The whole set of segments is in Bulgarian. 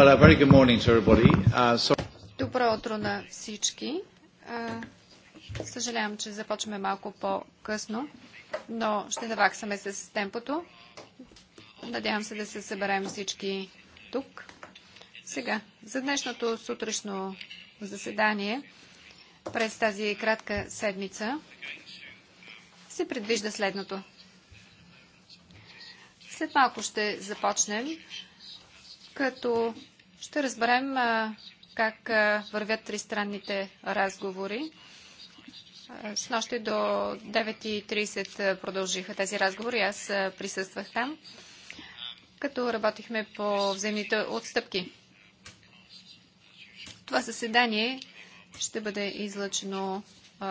Well, a very good morning to everybody. Uh, Добро утро на всички. съжалявам, че започваме малко по-късно, но ще наваксаме с темпото. Надявам се да се съберем всички тук. Сега, за днешното сутрешно заседание през тази кратка седмица се предвижда следното. След малко ще започнем, като ще разберем как вървят тристранните разговори. С нощи до 9.30 продължиха тези разговори. Аз присъствах там, като работихме по взаимните отстъпки. Това заседание ще бъде излъчено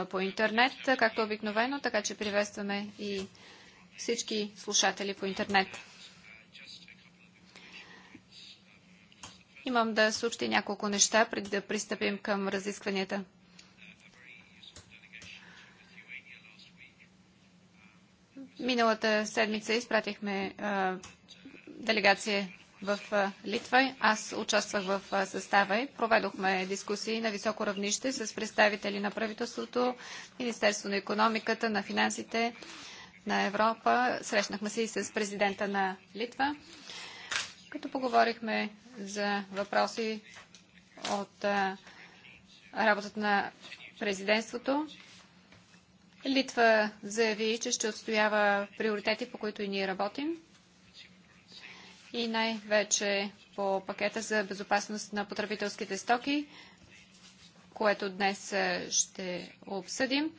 по интернет, както обикновено, така че приветстваме и всички слушатели по интернет. Имам да съобщи няколко неща, преди да пристъпим към разискванията. Миналата седмица изпратихме а, делегация в а, Литва. Аз участвах в а, състава и проведохме дискусии на високо равнище с представители на правителството, Министерство на економиката, на финансите на Европа. Срещнахме се и с президента на Литва като поговорихме за въпроси от работата на президентството. Литва заяви, че ще отстоява приоритети, по които и ние работим. И най-вече по пакета за безопасност на потребителските стоки, което днес ще обсъдим.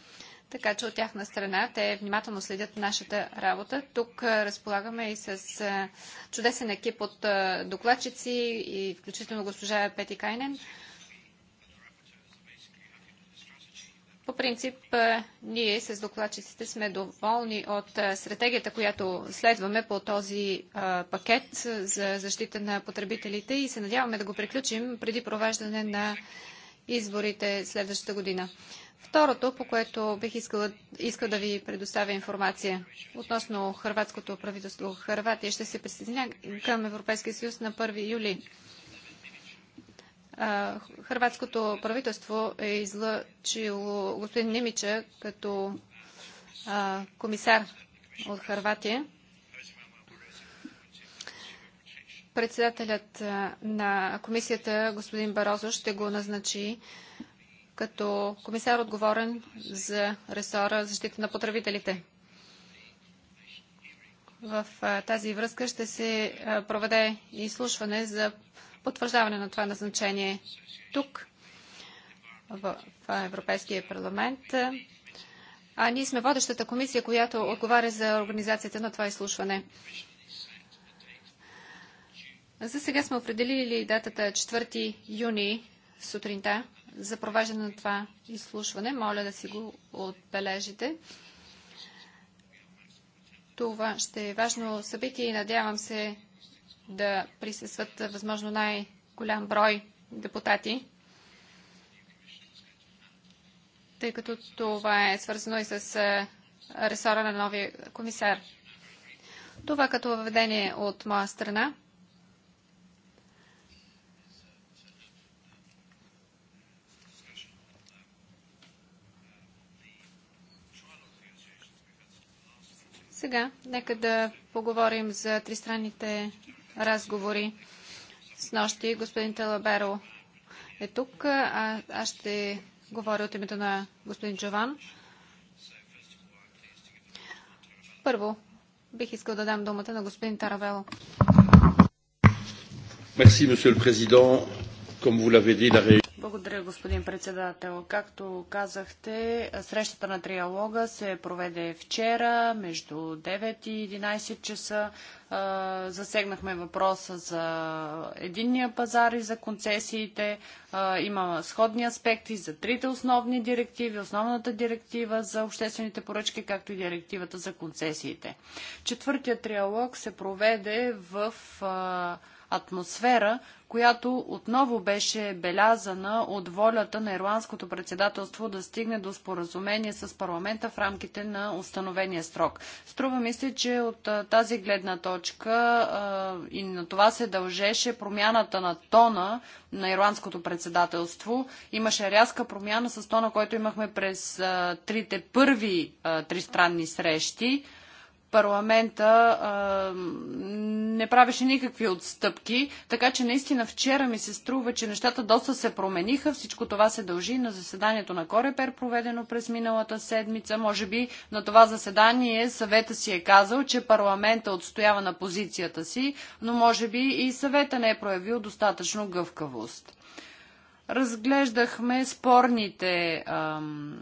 Така че от тяхна страна те внимателно следят нашата работа. Тук разполагаме и с чудесен екип от докладчици и включително госпожа Пети Кайнен. По принцип, ние с докладчиците сме доволни от стратегията, която следваме по този пакет за защита на потребителите и се надяваме да го приключим преди провеждане на изборите следващата година. Второто, по което бих искала, искал да ви предоставя информация относно хрватското правителство. Хрватия ще се присъединя към Европейския съюз на 1 юли. Хрватското правителство е излъчило господин Немича като комисар от Хрватия. Председателят на комисията, господин Барозо, ще го назначи като комисар отговорен за ресора защита на потребителите. В тази връзка ще се проведе изслушване за потвърждаване на това назначение тук, в Европейския парламент. А ние сме водещата комисия, която отговаря за организацията на това изслушване. За сега сме определили датата 4 юни сутринта за провеждане на това изслушване. Моля да си го отбележите. Това ще е важно събитие и надявам се да присъстват възможно най-голям брой депутати, тъй като това е свързано и с ресора на новия комисар. Това като въведение от моя страна. Сега, нека да поговорим за тристранните разговори. С нощи господин Телаберо е тук, а аз ще говоря от името на господин Джован. Първо, бих искал да дам думата на господин Таравело. Merci, господин президент. Както ви казах, благодаря, господин председател. Както казахте, срещата на триалога се проведе вчера между 9 и 11 часа. Засегнахме въпроса за единния пазар и за концесиите. Има сходни аспекти за трите основни директиви, основната директива за обществените поръчки, както и директивата за концесиите. Четвъртия триалог се проведе в атмосфера, която отново беше белязана от волята на ирландското председателство да стигне до споразумение с парламента в рамките на установения срок. Струва ми се, че от тази гледна точка а, и на това се дължеше промяната на тона на ирландското председателство. Имаше рязка промяна с тона, който имахме през а, трите първи тристранни срещи парламента а, не правеше никакви отстъпки, така че наистина вчера ми се струва, че нещата доста се промениха. Всичко това се дължи на заседанието на Корепер, проведено през миналата седмица. Може би на това заседание съвета си е казал, че парламента отстоява на позицията си, но може би и съвета не е проявил достатъчно гъвкавост. Разглеждахме спорните ам,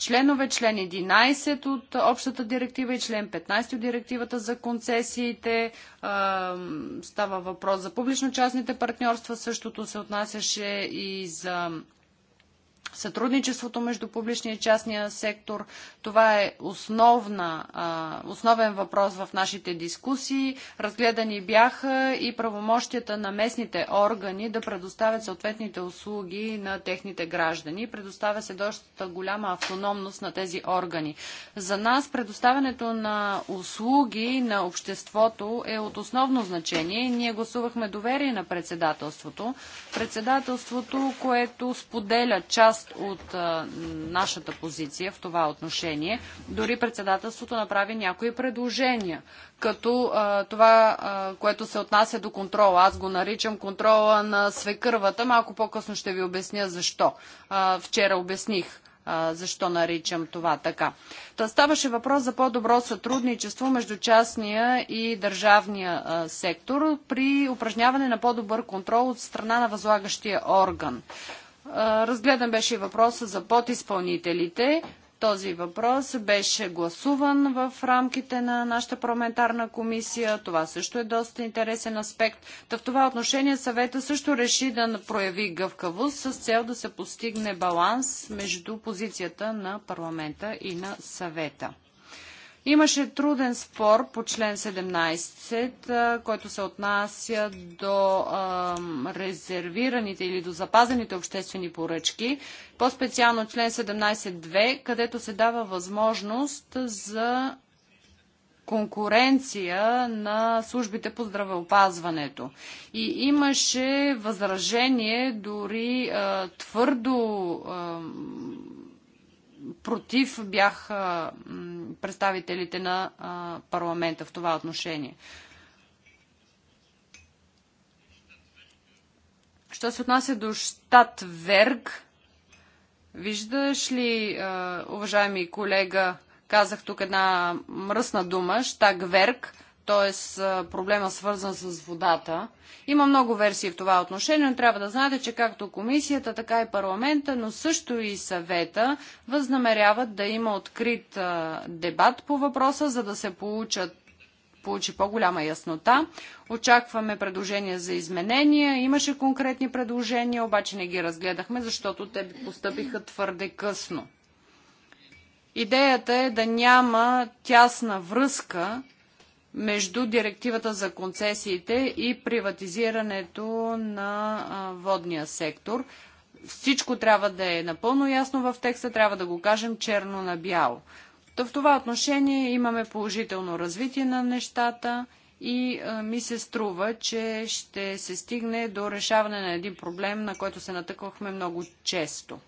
членове, член 11 от общата директива и член 15 от директивата за концесиите. Става въпрос за публично-частните партньорства. Същото се отнасяше и за сътрудничеството между публичния и частния сектор. Това е основна, основен въпрос в нашите дискусии. Разгледани бяха и правомощията на местните органи да предоставят съответните услуги на техните граждани. Предоставя се доста голяма автономност на тези органи. За нас предоставянето на услуги на обществото е от основно значение. Ние гласувахме доверие на председателството. Председателството, което споделя част част от а, нашата позиция в това отношение. Дори председателството направи някои предложения, като а, това, а, което се отнася до контрола. Аз го наричам контрола на свекървата. Малко по-късно ще ви обясня защо. вчера обясних защо наричам това така. Та ставаше въпрос за по-добро сътрудничество между частния и държавния а, сектор при упражняване на по-добър контрол от страна на възлагащия орган. Разгледан беше и въпроса за подизпълнителите. Този въпрос беше гласуван в рамките на нашата парламентарна комисия. Това също е доста интересен аспект. Та в това отношение съвета също реши да прояви гъвкавост с цел да се постигне баланс между позицията на парламента и на съвета. Имаше труден спор по член 17, който се отнася до резервираните или до запазените обществени поръчки, по-специално член 17.2, където се дава възможност за конкуренция на службите по здравеопазването. И имаше възражение, дори твърдо против бях представителите на парламента в това отношение. Що се отнася до щат Верг, виждаш ли, уважаеми колега, казах тук една мръсна дума, щат Верг – т.е. проблема свързан с водата. Има много версии в това отношение, но трябва да знаете, че както комисията, така и парламента, но също и съвета възнамеряват да има открит дебат по въпроса, за да се получат получи по-голяма яснота. Очакваме предложения за изменения. Имаше конкретни предложения, обаче не ги разгледахме, защото те поступиха твърде късно. Идеята е да няма тясна връзка между директивата за концесиите и приватизирането на водния сектор. Всичко трябва да е напълно ясно в текста, трябва да го кажем черно на бяло. То в това отношение имаме положително развитие на нещата и ми се струва, че ще се стигне до решаване на един проблем, на който се натъквахме много често.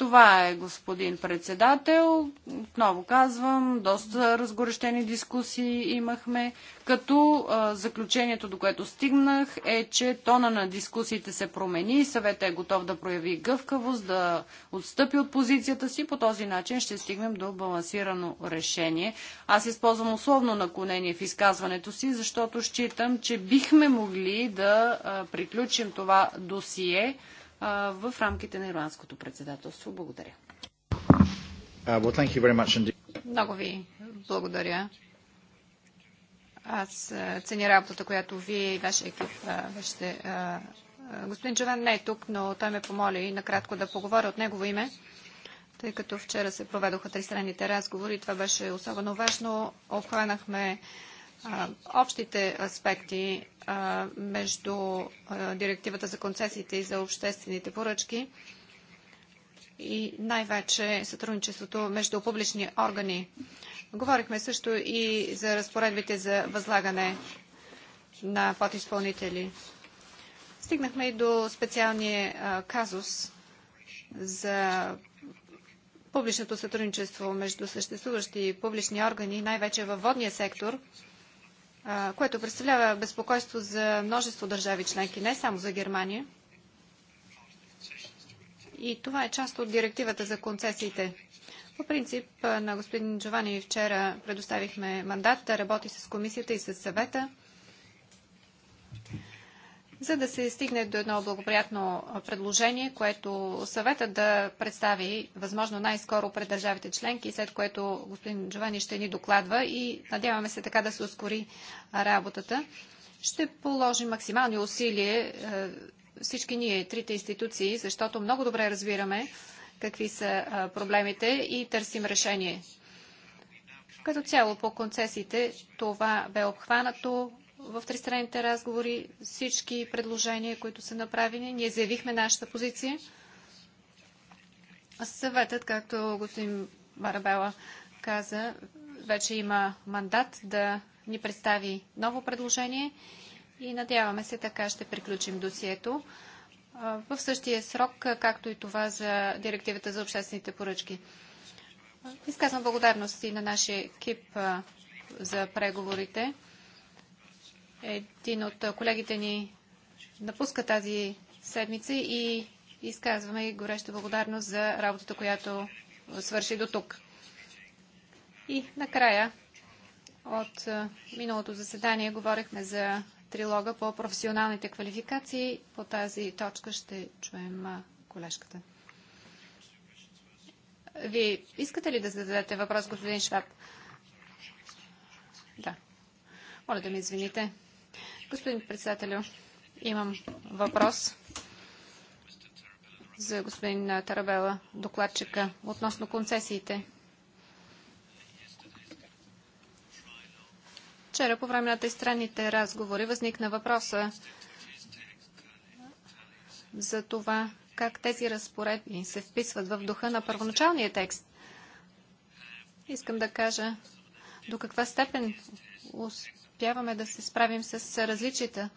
Това е, господин председател. Отново казвам, доста разгорещени дискусии имахме, като а, заключението, до което стигнах, е, че тона на дискусиите се промени и съветът е готов да прояви гъвкавост, да отстъпи от позицията си. По този начин ще стигнем до балансирано решение. Аз използвам условно наклонение в изказването си, защото считам, че бихме могли да а, приключим това досие в рамките на ирландското председателство. Благодаря. Uh, Много ви благодаря. Аз ценя работата, която вие и вашия екип ще... Господин Джован не е тук, но той ме помоли накратко да поговоря от негово име, тъй като вчера се проведоха тристранните разговори. Това беше особено важно. Обхванахме общите аспекти между директивата за концесиите и за обществените поръчки и най-вече сътрудничеството между публични органи. Говорихме също и за разпоредбите за възлагане на подизпълнители. Стигнахме и до специалния казус за публичното сътрудничество между съществуващи публични органи, най-вече във водния сектор – което представлява безпокойство за множество държави членки, не само за Германия. И това е част от директивата за концесиите. По принцип на господин Джовани вчера предоставихме мандат да работи с комисията и с съвета за да се стигне до едно благоприятно предложение, което съвета да представи възможно най-скоро пред държавите членки, след което господин Джовани ще ни докладва и надяваме се така да се ускори работата. Ще положим максимални усилия е, всички ние, трите институции, защото много добре разбираме какви са е, проблемите и търсим решение. Като цяло по концесиите това бе обхванато в тристранните разговори всички предложения, които са направени. Ние заявихме нашата позиция. Съветът, както господин Барабела каза, вече има мандат да ни представи ново предложение и надяваме се така ще приключим досието в същия срок, както и това за директивата за обществените поръчки. Изказвам благодарности на нашия екип за преговорите. Един от колегите ни напуска тази седмица и изказваме гореща благодарност за работата, която свърши до тук. И накрая от миналото заседание говорихме за трилога по професионалните квалификации. По тази точка ще чуем колежката. Вие искате ли да зададете въпрос, господин Шваб? Да. Моля да ми извините. Господин председателю, имам въпрос за господин Тарабела, докладчика, относно концесиите. Вчера по време на тристранните разговори възникна въпроса за това как тези разпоредби се вписват в духа на първоначалния текст. Искам да кажа до каква степен успяваме да се справим с различията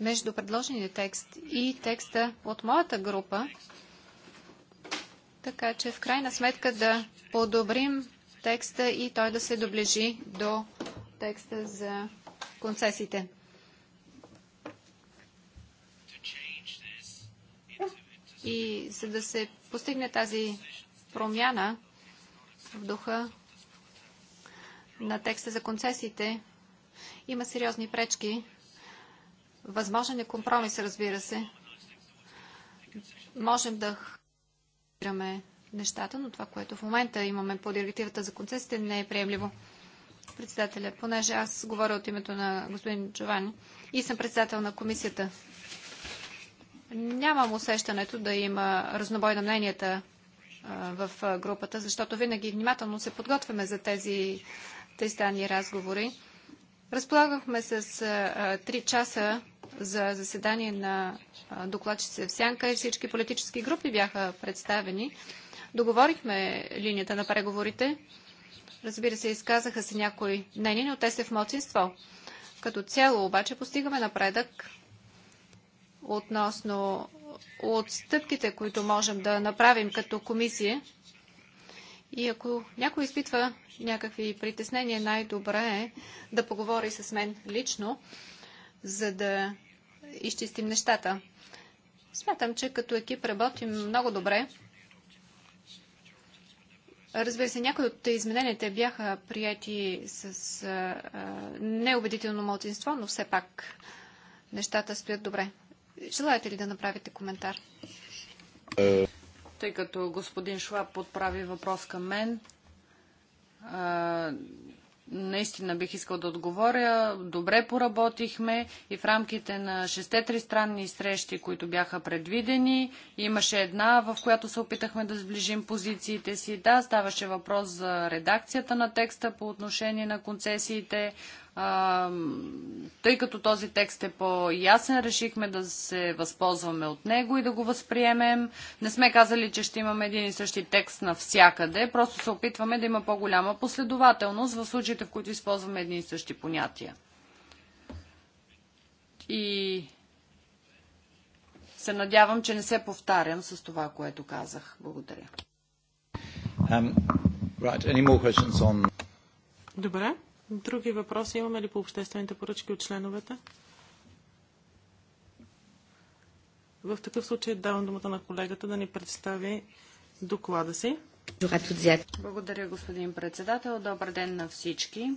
между предложения текст и текста от моята група, така че в крайна сметка да подобрим текста и той да се доближи до текста за концесиите. И за да се постигне тази промяна в духа на текста за концесиите, има сериозни пречки. Възможен е компромис, разбира се. Можем да хармонизираме нещата, но това, което в момента имаме по директивата за концесите, не е приемливо. Председателя, понеже аз говоря от името на господин Джовани и съм председател на комисията, нямам усещането да има разнобой на мненията в групата, защото винаги внимателно се подготвяме за тези тристранни разговори. Разполагахме с три часа за заседание на докладчица в Сянка и всички политически групи бяха представени. Договорихме линията на преговорите. Разбира се, изказаха се някои мнения, но те са в младсинство. Като цяло обаче постигаме напредък относно отстъпките, които можем да направим като комисия и ако някой изпитва някакви притеснения, най-добре е да поговори с мен лично, за да изчистим нещата. Смятам, че като екип работим много добре. Разбира се, някои от измененията бяха прияти с а, неубедително мълцинство, но все пак нещата стоят добре. Желаете ли да направите коментар? Е тъй като господин Шваб подправи въпрос към мен. наистина бих искал да отговоря. Добре поработихме и в рамките на шесте странни срещи, които бяха предвидени, имаше една, в която се опитахме да сближим позициите си. Да, ставаше въпрос за редакцията на текста по отношение на концесиите тъй като този текст е по-ясен, решихме да се възползваме от него и да го възприемем. Не сме казали, че ще имаме един и същи текст навсякъде, просто се опитваме да има по-голяма последователност в случаите, в които използваме едни и същи понятия. И се надявам, че не се повтарям с това, което казах. Благодаря. Um, right. on... Добре. Други въпроси имаме ли по обществените поръчки от членовете? В такъв случай давам думата на колегата да ни представи доклада си. Благодаря, господин председател. Добър ден на всички.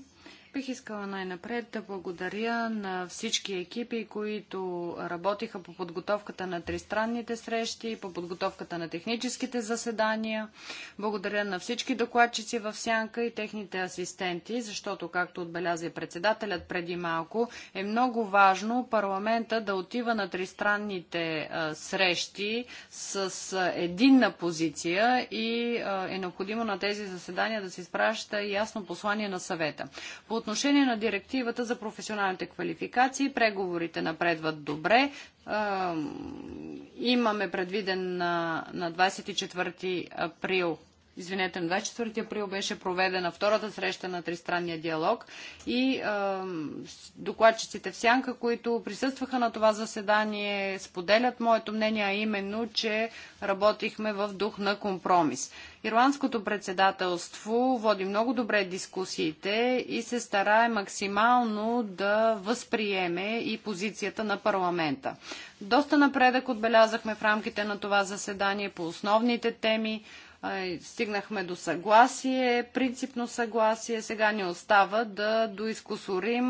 Бих искала най-напред да благодаря на всички екипи, които работиха по подготовката на тристранните срещи, по подготовката на техническите заседания. Благодаря на всички докладчици в Сянка и техните асистенти, защото, както отбеляза и председателят преди малко, е много важно парламента да отива на тристранните срещи с единна позиция и е необходимо на тези заседания да се изпраща ясно послание на съвета. По отношение на директивата за професионалните квалификации, преговорите напредват добре. Имаме предвиден на, 24 април извинете, на 24 април беше проведена втората среща на тристранния диалог и а, докладчиците в Сянка, които присъстваха на това заседание, споделят моето мнение, а именно, че работихме в дух на компромис. Ирландското председателство води много добре дискусиите и се старае максимално да възприеме и позицията на парламента. Доста напредък отбелязахме в рамките на това заседание по основните теми, Стигнахме до съгласие, принципно съгласие. Сега ни остава да доискусорим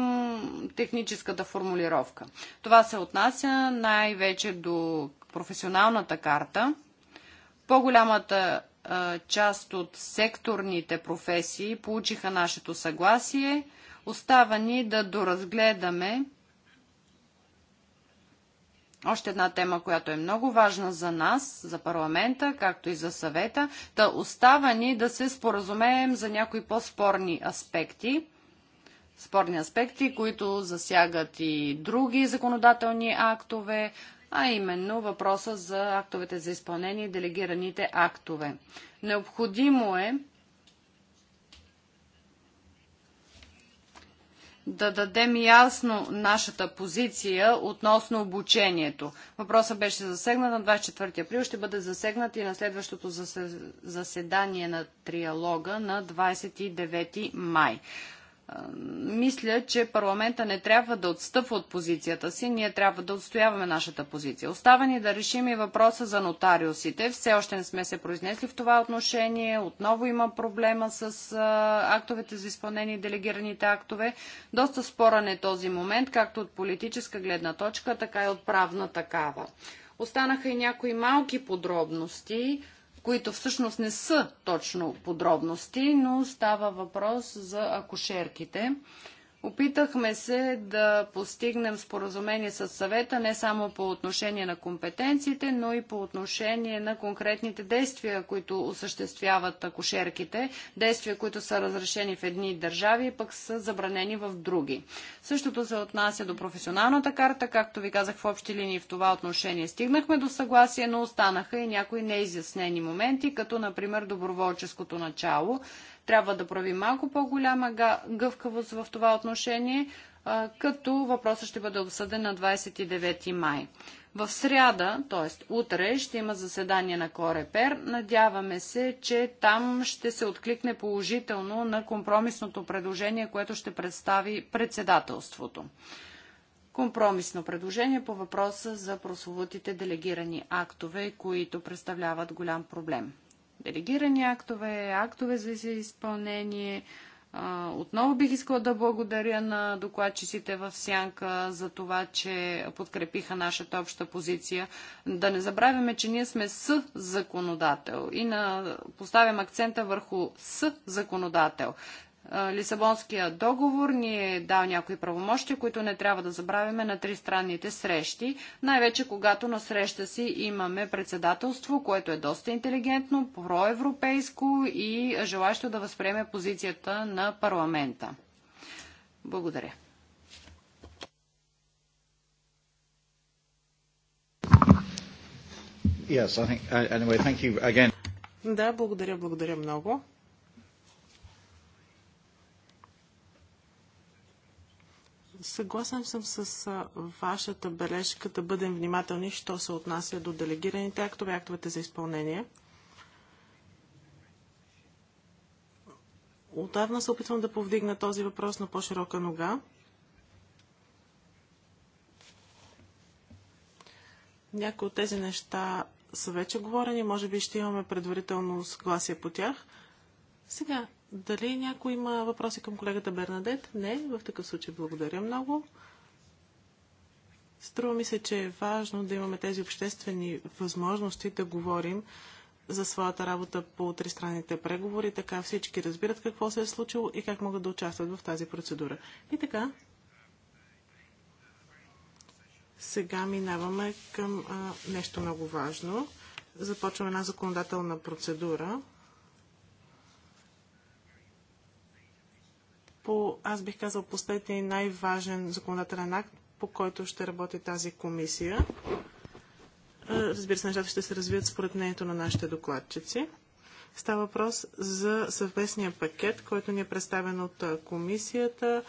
техническата формулировка. Това се отнася най-вече до професионалната карта. По-голямата част от секторните професии получиха нашето съгласие. Остава ни да доразгледаме още една тема, която е много важна за нас, за парламента, както и за съвета, да остава ни да се споразумеем за някои по-спорни аспекти спорни аспекти, които засягат и други законодателни актове, а именно въпроса за актовете за изпълнение и делегираните актове. Необходимо е да дадем ясно нашата позиция относно обучението. Въпросът беше засегнат на 24 април, ще бъде засегнат и на следващото заседание на триалога на 29 май мисля, че парламента не трябва да отстъпва от позицията си, ние трябва да отстояваме нашата позиция. Остава ни да решим и въпроса за нотариусите. Все още не сме се произнесли в това отношение. Отново има проблема с актовете за изпълнение и делегираните актове. Доста спорен е този момент, както от политическа гледна точка, така и от правна такава. Останаха и някои малки подробности, които всъщност не са точно подробности, но става въпрос за акушерките. Опитахме се да постигнем споразумение с съвета не само по отношение на компетенциите, но и по отношение на конкретните действия, които осъществяват акушерките, действия, които са разрешени в едни държави, пък са забранени в други. Същото се отнася до професионалната карта, както ви казах в общи линии в това отношение. Стигнахме до съгласие, но останаха и някои неизяснени моменти, като например доброволческото начало. Трябва да прави малко по-голяма гъвкавост в това отношение, като въпросът ще бъде обсъден на 29 май. В сряда, т.е. утре, ще има заседание на Корепер. Надяваме се, че там ще се откликне положително на компромисното предложение, което ще представи председателството. Компромисно предложение по въпроса за прословутите делегирани актове, които представляват голям проблем делегирани актове, актове за изпълнение. Отново бих искала да благодаря на докладчиците в Сянка за това, че подкрепиха нашата обща позиция. Да не забравяме, че ние сме с законодател и на... поставям акцента върху с законодател. Лисабонския договор ни е дал някои правомощи, които не трябва да забравяме на тристранните срещи, най-вече когато на среща си имаме председателство, което е доста интелигентно, проевропейско и желащо да възприеме позицията на парламента. Благодаря. Yes, I think, uh, anyway, thank you again. Да, благодаря, благодаря много. Съгласен съм с вашата бележка да бъдем внимателни, що се отнася до делегираните актове, актовете за изпълнение. Отдавна се опитвам да повдигна този въпрос на по-широка нога. Някои от тези неща са вече говорени, може би ще имаме предварително съгласие по тях – сега, дали някой има въпроси към колегата Бернадет? Не, в такъв случай благодаря много. Струва ми се, че е важно да имаме тези обществени възможности да говорим за своята работа по тристранните преговори, така всички разбират какво се е случило и как могат да участват в тази процедура. И така, сега минаваме към а, нещо много важно. Започваме една законодателна процедура. по, аз бих казал, последния и най-важен законодателен акт, по който ще работи тази комисия. Разбира се, нещата ще се развият според мнението на нашите докладчици. Става въпрос за съвместния пакет, който ни е представен от комисията,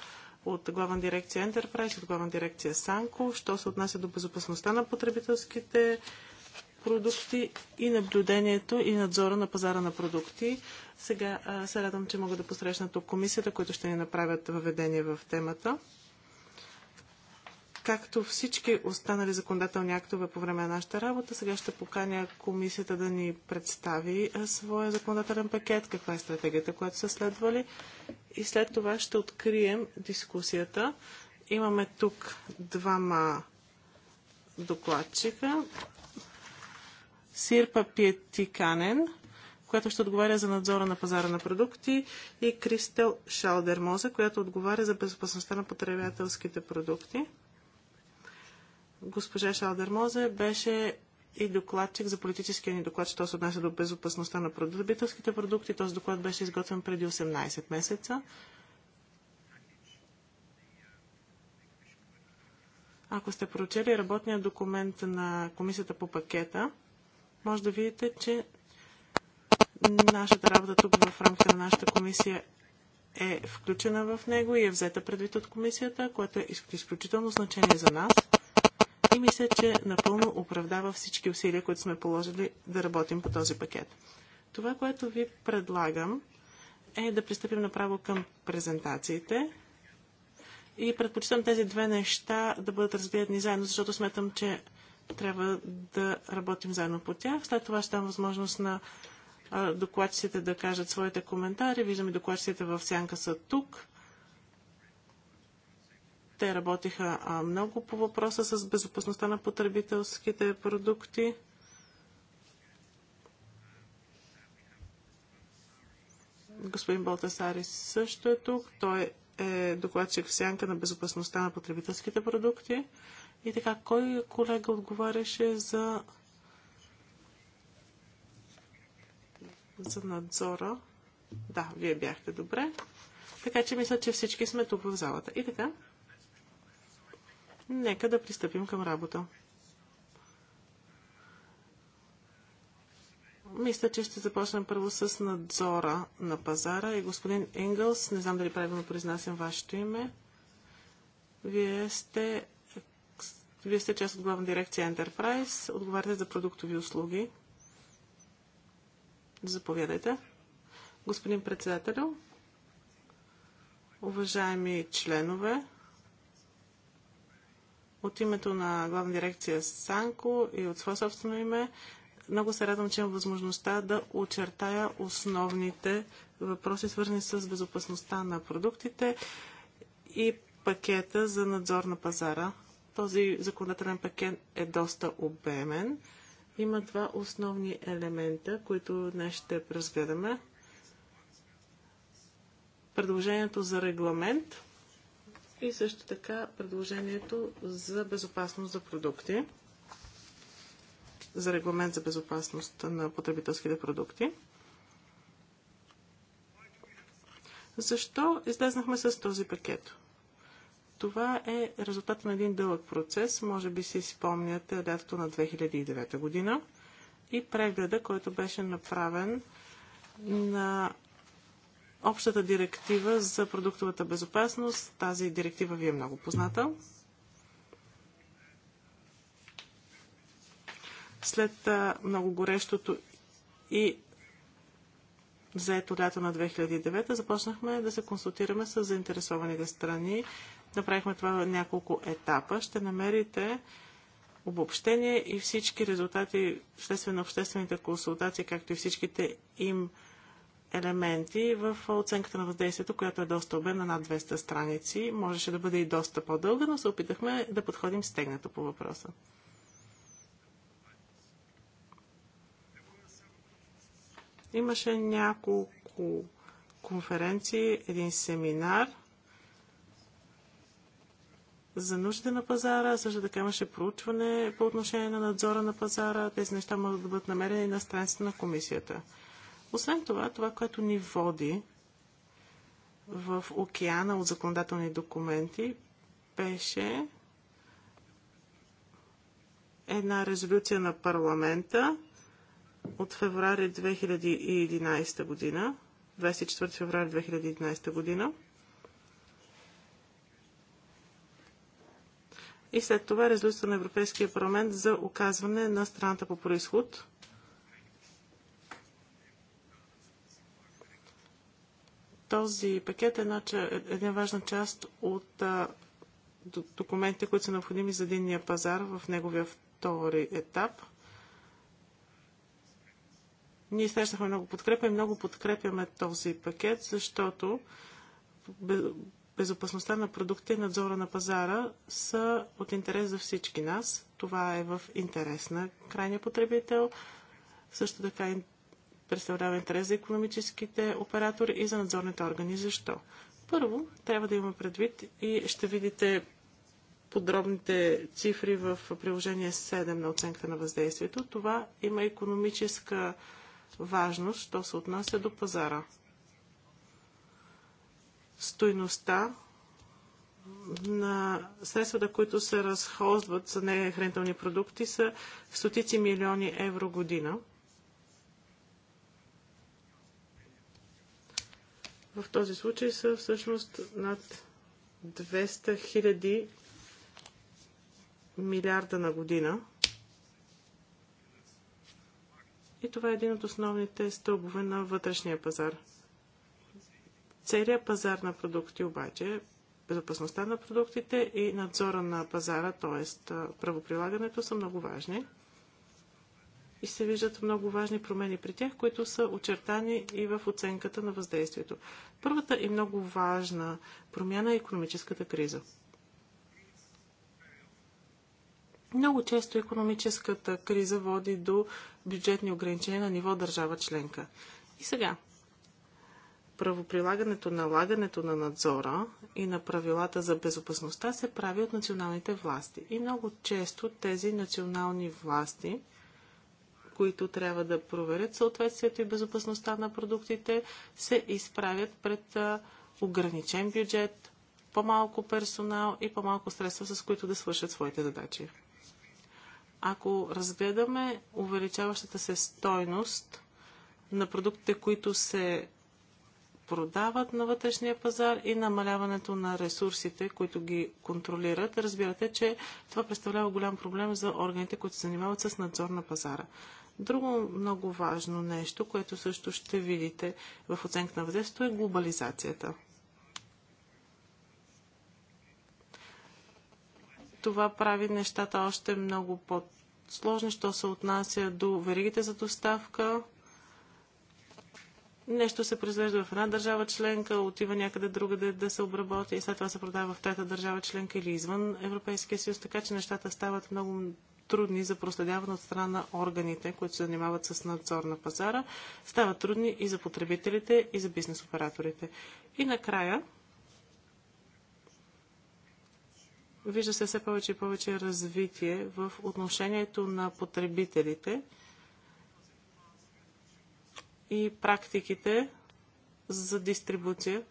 от главна дирекция Enterprise, от главна дирекция Санко, що се отнася до безопасността на потребителските продукти и наблюдението и надзора на пазара на продукти. Сега а, се радвам, че мога да посрещна тук комисията, които ще ни направят въведение в темата. Както всички останали законодателни актове по време на нашата работа, сега ще поканя комисията да ни представи своя законодателен пакет, каква е стратегията, която са следвали. И след това ще открием дискусията. Имаме тук двама докладчика. Сирпа Пиетиканен, която ще отговаря за надзора на пазара на продукти, и Кристел Шалдермоза, която отговаря за безопасността на потребителските продукти. Госпожа Шалдермозе беше и докладчик за политическия ни доклад, що се отнася до безопасността на потребителските продукти. Този доклад беше изготвен преди 18 месеца. Ако сте прочели работния документ на комисията по пакета, може да видите, че нашата работа тук в рамките на нашата комисия е включена в него и е взета предвид от комисията, което е изключително значение за нас. И мисля, че напълно оправдава всички усилия, които сме положили да работим по този пакет. Това, което ви предлагам, е да пристъпим направо към презентациите. И предпочитам тези две неща да бъдат разгледани заедно, защото сметам, че трябва да работим заедно по тях. След това ще дам възможност на докладчиците да кажат своите коментари. Виждаме докладчиците в сянка са тук. Те работиха много по въпроса с безопасността на потребителските продукти. Господин Болтасари също е тук. Той е докладчик в сянка на безопасността на потребителските продукти. И така, кой колега отговаряше за, за надзора? Да, вие бяхте добре. Така че мисля, че всички сме тук в залата. И така, нека да пристъпим към работа. Мисля, че ще започнем първо с надзора на пазара. И господин Енгълс, не знам дали правилно произнасям вашето име. Вие сте вие сте част от главна дирекция Enterprise, отговаряте за продуктови услуги. Заповядайте. Господин председател, уважаеми членове, от името на главна дирекция Санко и от свое собствено име, много се радвам, че имам възможността да очертая основните въпроси, свързани с безопасността на продуктите и пакета за надзор на пазара този законодателен пакет е доста обемен. Има два основни елемента, които днес ще разгледаме. Предложението за регламент и също така предложението за безопасност за продукти, за регламент за безопасност на потребителските продукти. Защо излезнахме с този пакет? Това е резултат на един дълъг процес. Може би си спомняте лятото на 2009 година и прегледа, който беше направен на общата директива за продуктовата безопасност. Тази директива ви е много позната. След много горещото и заето лято на 2009 започнахме да се консултираме с заинтересованите страни Направихме това в няколко етапа. Ще намерите обобщение и всички резултати следствено обществените консултации, както и всичките им елементи в оценката на въздействието, която е доста обемна, над 200 страници. Можеше да бъде и доста по-дълга, но се опитахме да подходим стегнато по въпроса. Имаше няколко конференции, един семинар – за нуждите на пазара. Също така имаше проучване по отношение на надзора на пазара. Тези неща могат да бъдат намерени на страницата на комисията. Освен това, това, което ни води в океана от законодателни документи, беше една резолюция на парламента от феврари 2011 година, 24 феврари 2011 година, и след това резолюция на Европейския парламент за оказване на страната по происход. Този пакет е една, е, една важна част от а, документите, които са необходими за единния пазар в неговия втори етап. Ние срещахме много подкрепа и много подкрепяме този пакет, защото безопасността на продукта и надзора на пазара са от интерес за всички нас. Това е в интерес на крайния потребител. Също така представлява интерес за економическите оператори и за надзорните органи. Защо? Първо, трябва да имаме предвид и ще видите подробните цифри в приложение 7 на оценка на въздействието. Това има економическа важност, що се отнася до пазара стойността на средствата, които се разхозват за нехранителни продукти, са стотици милиони евро година. В този случай са всъщност над 200 хиляди милиарда на година. И това е един от основните стълбове на вътрешния пазар – Целият пазар на продукти обаче, безопасността на продуктите и надзора на пазара, т.е. правоприлагането са много важни. И се виждат много важни промени при тях, които са очертани и в оценката на въздействието. Първата и много важна промяна е економическата криза. Много често економическата криза води до бюджетни ограничения на ниво държава членка. И сега, правоприлагането, налагането на надзора и на правилата за безопасността се прави от националните власти. И много често тези национални власти, които трябва да проверят съответствието и безопасността на продуктите, се изправят пред ограничен бюджет, по-малко персонал и по-малко средства, с които да свършат своите задачи. Ако разгледаме увеличаващата се стойност на продуктите, които се продават на вътрешния пазар и намаляването на ресурсите, които ги контролират. Разбирате, че това представлява голям проблем за органите, които се занимават с надзор на пазара. Друго много важно нещо, което също ще видите в оценка на въздействието е глобализацията. Това прави нещата още много по-сложни, що се отнася до веригите за доставка, Нещо се произвежда в една държава членка, отива някъде да, да се обработи и след това се продава в трета държава членка или извън Европейския съюз, така че нещата стават много трудни за проследяване от страна на органите, които се занимават с надзор на пазара, стават трудни и за потребителите, и за бизнес операторите. И накрая, вижда се все повече и повече развитие в отношението на потребителите – и практиките за дистрибуция.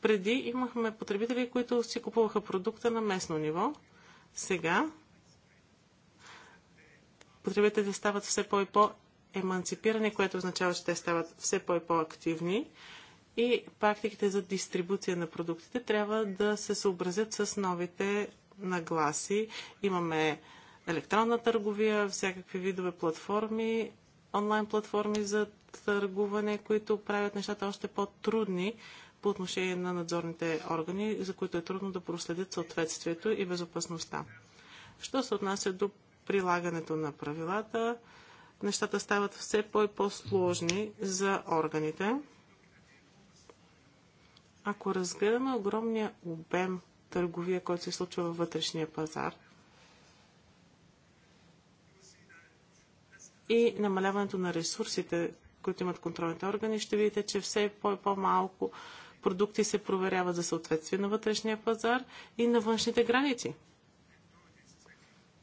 Преди имахме потребители, които си купуваха продукта на местно ниво. Сега потребителите стават все по- и по-еманципирани, което означава, че те стават все по- и по-активни и практиките за дистрибуция на продуктите трябва да се съобразят с новите нагласи. Имаме електронна търговия, всякакви видове платформи, онлайн платформи за търгуване, които правят нещата още по-трудни по отношение на надзорните органи, за които е трудно да проследят съответствието и безопасността. Що се отнася до прилагането на правилата, нещата стават все по- и по-сложни за органите. Ако разгледаме огромния обем търговия, който се случва във вътрешния пазар – и намаляването на ресурсите, които имат контролните органи, ще видите, че все по- по-малко продукти се проверяват за съответствие на вътрешния пазар и на външните граници.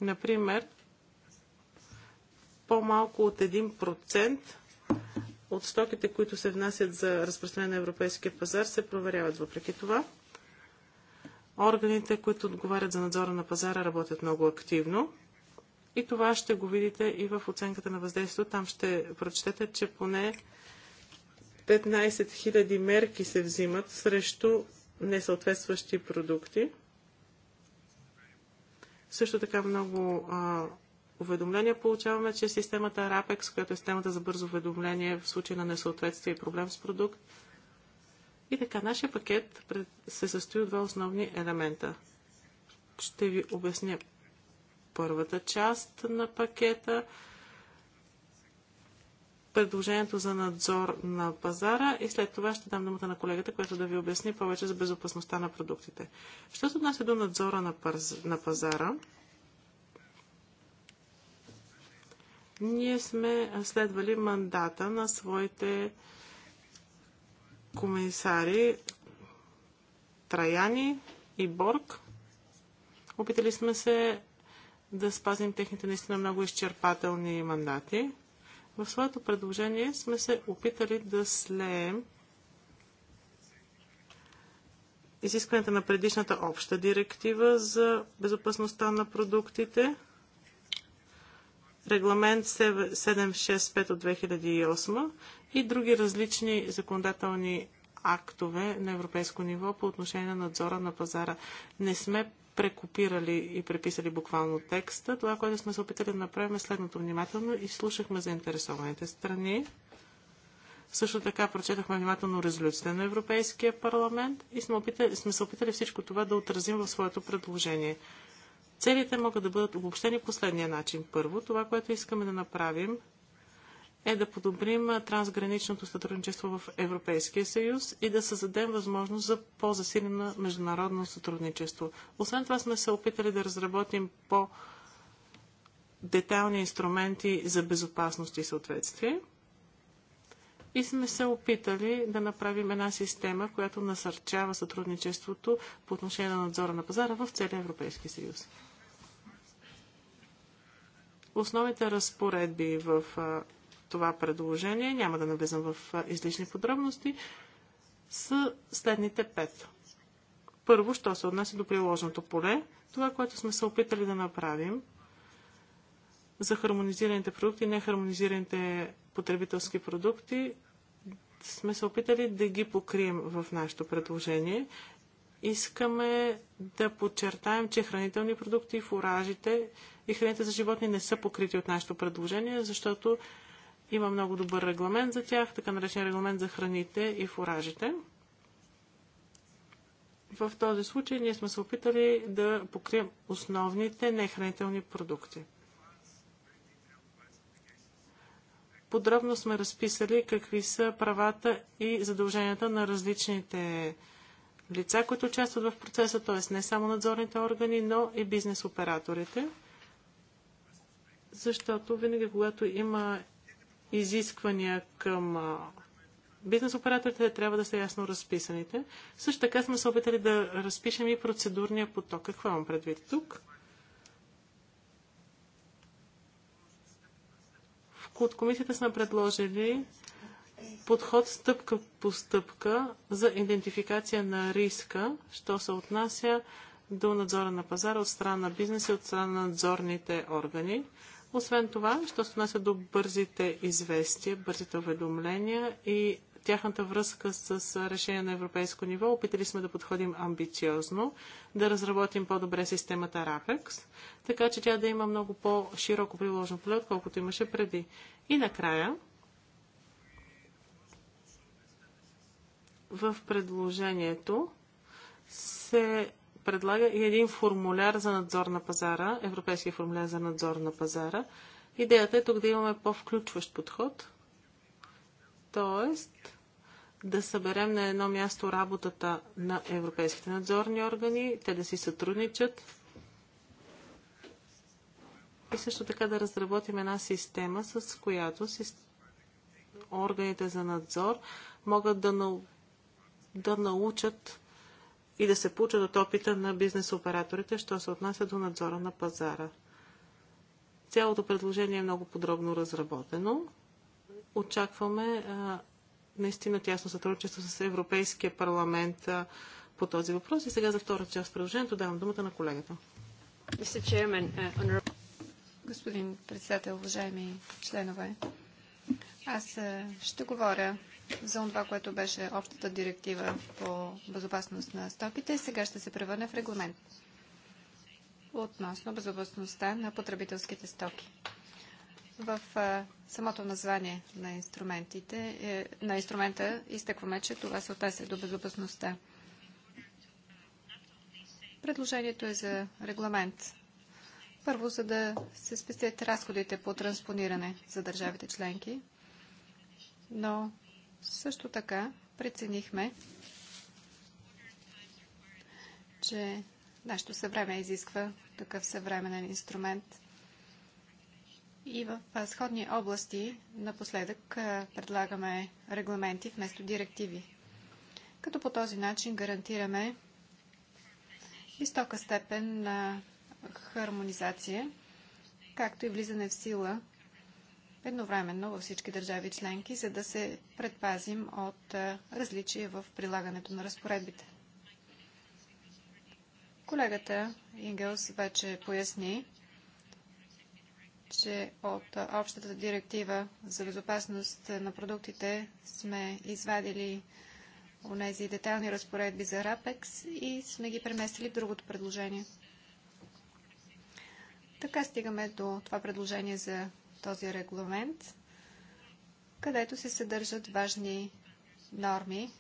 Например, по-малко от 1% от стоките, които се внасят за разпространение на европейския пазар, се проверяват. Въпреки това, органите, които отговарят за надзора на пазара, работят много активно. И това ще го видите и в оценката на въздействието. Там ще прочетете, че поне 15 000 мерки се взимат срещу несъответстващи продукти. Също така много а, уведомления получаваме, че системата RAPEX, която е системата за бързо уведомление в случай на несъответствие и проблем с продукт. И така, нашия пакет се състои от два основни елемента. Ще ви обясня първата част на пакета. Предложението за надзор на пазара и след това ще дам думата на колегата, която да ви обясни повече за безопасността на продуктите. Що се отнася до надзора на, паз... на пазара, ние сме следвали мандата на своите комисари Траяни и Борг. Опитали сме се да спазим техните наистина много изчерпателни мандати. В своето предложение сме се опитали да слеем изискването на предишната обща директива за безопасността на продуктите, регламент 765 от 2008 и други различни законодателни актове на европейско ниво по отношение на надзора на пазара. Не сме прекопирали и преписали буквално текста. Това, което сме се опитали да направим е следното внимателно и слушахме заинтересованите страни. Също така прочетахме внимателно резолюцията на Европейския парламент и сме, опитали, сме се опитали всичко това да отразим в своето предложение. Целите могат да бъдат обобщени последния начин. Първо, това, което искаме да направим е да подобрим трансграничното сътрудничество в Европейския съюз и да създадем възможност за по-засилено международно сътрудничество. Освен това сме се опитали да разработим по- детайлни инструменти за безопасност и съответствие. И сме се опитали да направим една система, която насърчава сътрудничеството по отношение на надзора на пазара в целия Европейски съюз. Основните разпоредби в това предложение, няма да навлизам в излишни подробности, са следните пет. Първо, що се отнася до приложното поле, това, което сме се опитали да направим за хармонизираните продукти и нехармонизираните потребителски продукти, сме се опитали да ги покрием в нашето предложение. Искаме да подчертаем, че хранителни продукти, фуражите и храните за животни не са покрити от нашето предложение, защото има много добър регламент за тях, така наречен регламент за храните и фуражите. В този случай ние сме се опитали да покрием основните нехранителни продукти. Подробно сме разписали какви са правата и задълженията на различните лица, които участват в процеса, т.е. не само надзорните органи, но и бизнес операторите. Защото винаги, когато има изисквания към бизнес операторите трябва да са ясно разписаните. Също така сме се опитали да разпишем и процедурния поток. Какво имам предвид тук? От комисията сме предложили подход стъпка по стъпка за идентификация на риска, що се отнася до надзора на пазара от страна на бизнеса и от страна на надзорните органи. Освен това, що се отнася до бързите известия, бързите уведомления и тяхната връзка с решение на европейско ниво, опитали сме да подходим амбициозно, да разработим по-добре системата RAPEX, така че тя да има много по-широко приложено поле, отколкото имаше преди. И накрая, в предложението се предлага и един формуляр за надзор на пазара, европейски формуляр за надзор на пазара. Идеята е тук да имаме по-включващ подход, т.е. да съберем на едно място работата на европейските надзорни органи, те да си сътрудничат и също така да разработим една система, с която органите за надзор могат да, на... да научат и да се получат от опита на бизнес операторите, що се отнася до надзора на пазара. Цялото предложение е много подробно разработено. Очакваме а, наистина тясно сътрудничество с Европейския парламент а, по този въпрос. И сега за втора част предложението давам думата на колегата. Господин председател, уважаеми членове, аз ще говоря за това, което беше общата директива по безопасност на стоките, сега ще се превърне в регламент относно безопасността на потребителските стоки. В самото название на, инструментите, е, на инструмента изтъкваме, че това се отнася до безопасността. Предложението е за регламент. Първо, за да се спестят разходите по транспониране за държавите членки, но също така преценихме, че нашето съвреме изисква такъв съвременен инструмент. И в сходни области напоследък предлагаме регламенти вместо директиви. Като по този начин гарантираме висока степен на хармонизация, както и влизане в сила едновременно във всички държави членки, за да се предпазим от различия в прилагането на разпоредбите. Колегата Ингелс вече поясни, че от общата директива за безопасност на продуктите сме извадили нези детайлни разпоредби за РАПЕКС и сме ги преместили в другото предложение. Така стигаме до това предложение за този регламент, където се съдържат важни норми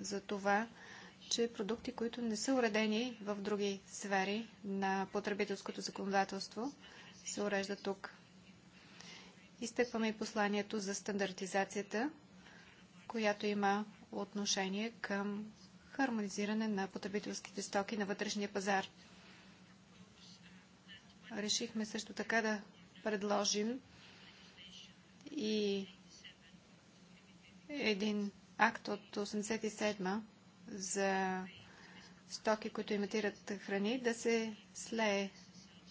за това, че продукти, които не са уредени в други сфери на потребителското законодателство, се уреждат тук. Изтъкваме и посланието за стандартизацията, която има отношение към хармонизиране на потребителските стоки на вътрешния пазар. Решихме също така да предложим и един акт от 87 за стоки, които имитират храни, да се слее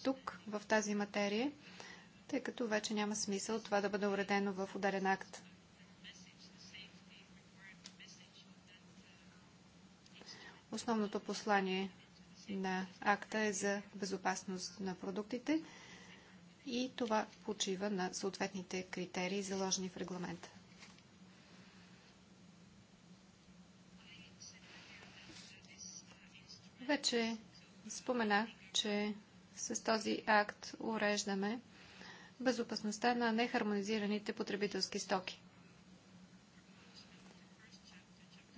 тук, в тази материя, тъй като вече няма смисъл това да бъде уредено в ударен акт. Основното послание на акта е за безопасност на продуктите – и това почива на съответните критерии, заложени в регламента. Вече споменах, че с този акт уреждаме безопасността на нехармонизираните потребителски стоки.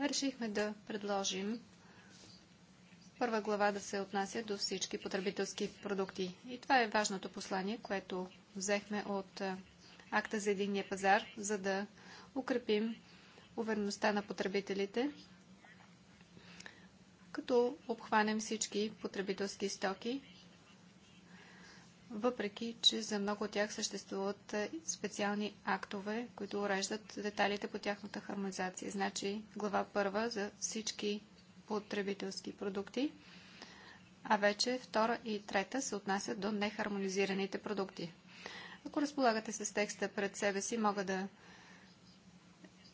Решихме да предложим първа глава да се отнася до всички потребителски продукти. И това е важното послание, което взехме от акта за единния пазар, за да укрепим увереността на потребителите, като обхванем всички потребителски стоки, въпреки че за много от тях съществуват специални актове, които уреждат деталите по тяхната хармонизация. Значи глава първа за всички потребителски продукти, а вече втора и трета се отнасят до нехармонизираните продукти. Ако разполагате с текста пред себе си, мога да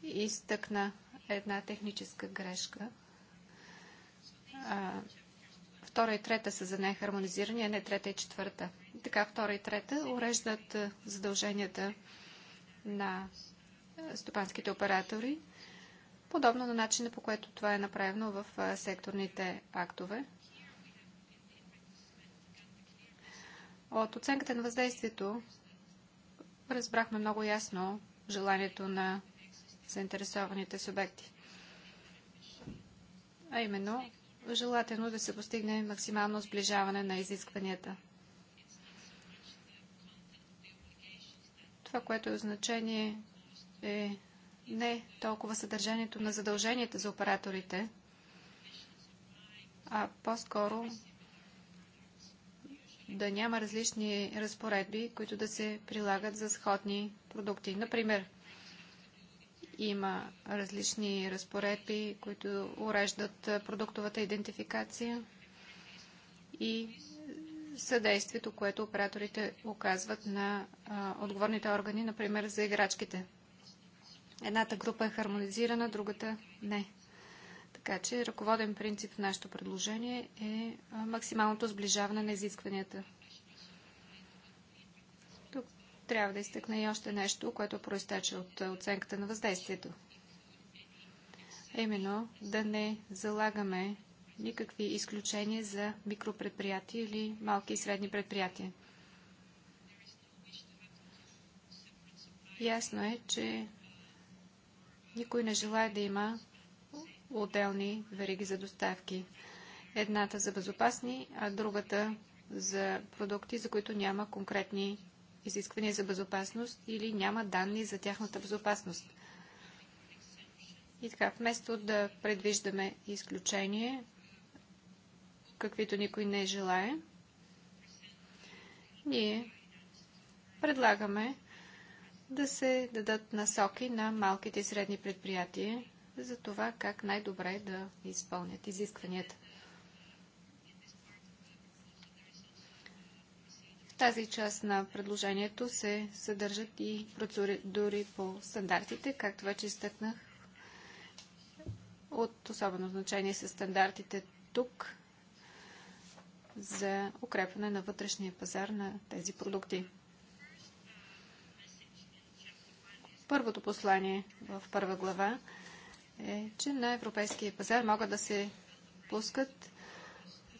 изтъкна една техническа грешка. А, втора и трета са за нехармонизирани, а не трета и четвърта. така, втора и трета уреждат задълженията на стопанските оператори подобно на начина по което това е направено в секторните актове. От оценката на въздействието разбрахме много ясно желанието на заинтересованите субекти. А именно, желателно да се постигне максимално сближаване на изискванията. Това, което е значение е не толкова съдържанието на задълженията за операторите, а по-скоро да няма различни разпоредби, които да се прилагат за сходни продукти. Например, има различни разпоредби, които уреждат продуктовата идентификация и съдействието, което операторите оказват на а, отговорните органи, например за играчките. Едната група е хармонизирана, другата не. Така че ръководен принцип в нашето предложение е максималното сближаване на изискванията. Тук трябва да изтъкна и още нещо, което проистече от оценката на въздействието. Именно да не залагаме никакви изключения за микропредприятия или малки и средни предприятия. Ясно е, че никой не желая да има отделни вериги за доставки. Едната за безопасни, а другата за продукти, за които няма конкретни изисквания за безопасност или няма данни за тяхната безопасност. И така, вместо да предвиждаме изключение, каквито никой не желая, ние предлагаме да се дадат насоки на малките и средни предприятия за това как най-добре да изпълнят изискванията. В тази част на предложението се съдържат и процедури по стандартите, както вече изтъкнах. От особено значение са стандартите тук за укрепване на вътрешния пазар на тези продукти. Първото послание в първа глава е, че на европейския пазар могат да се пускат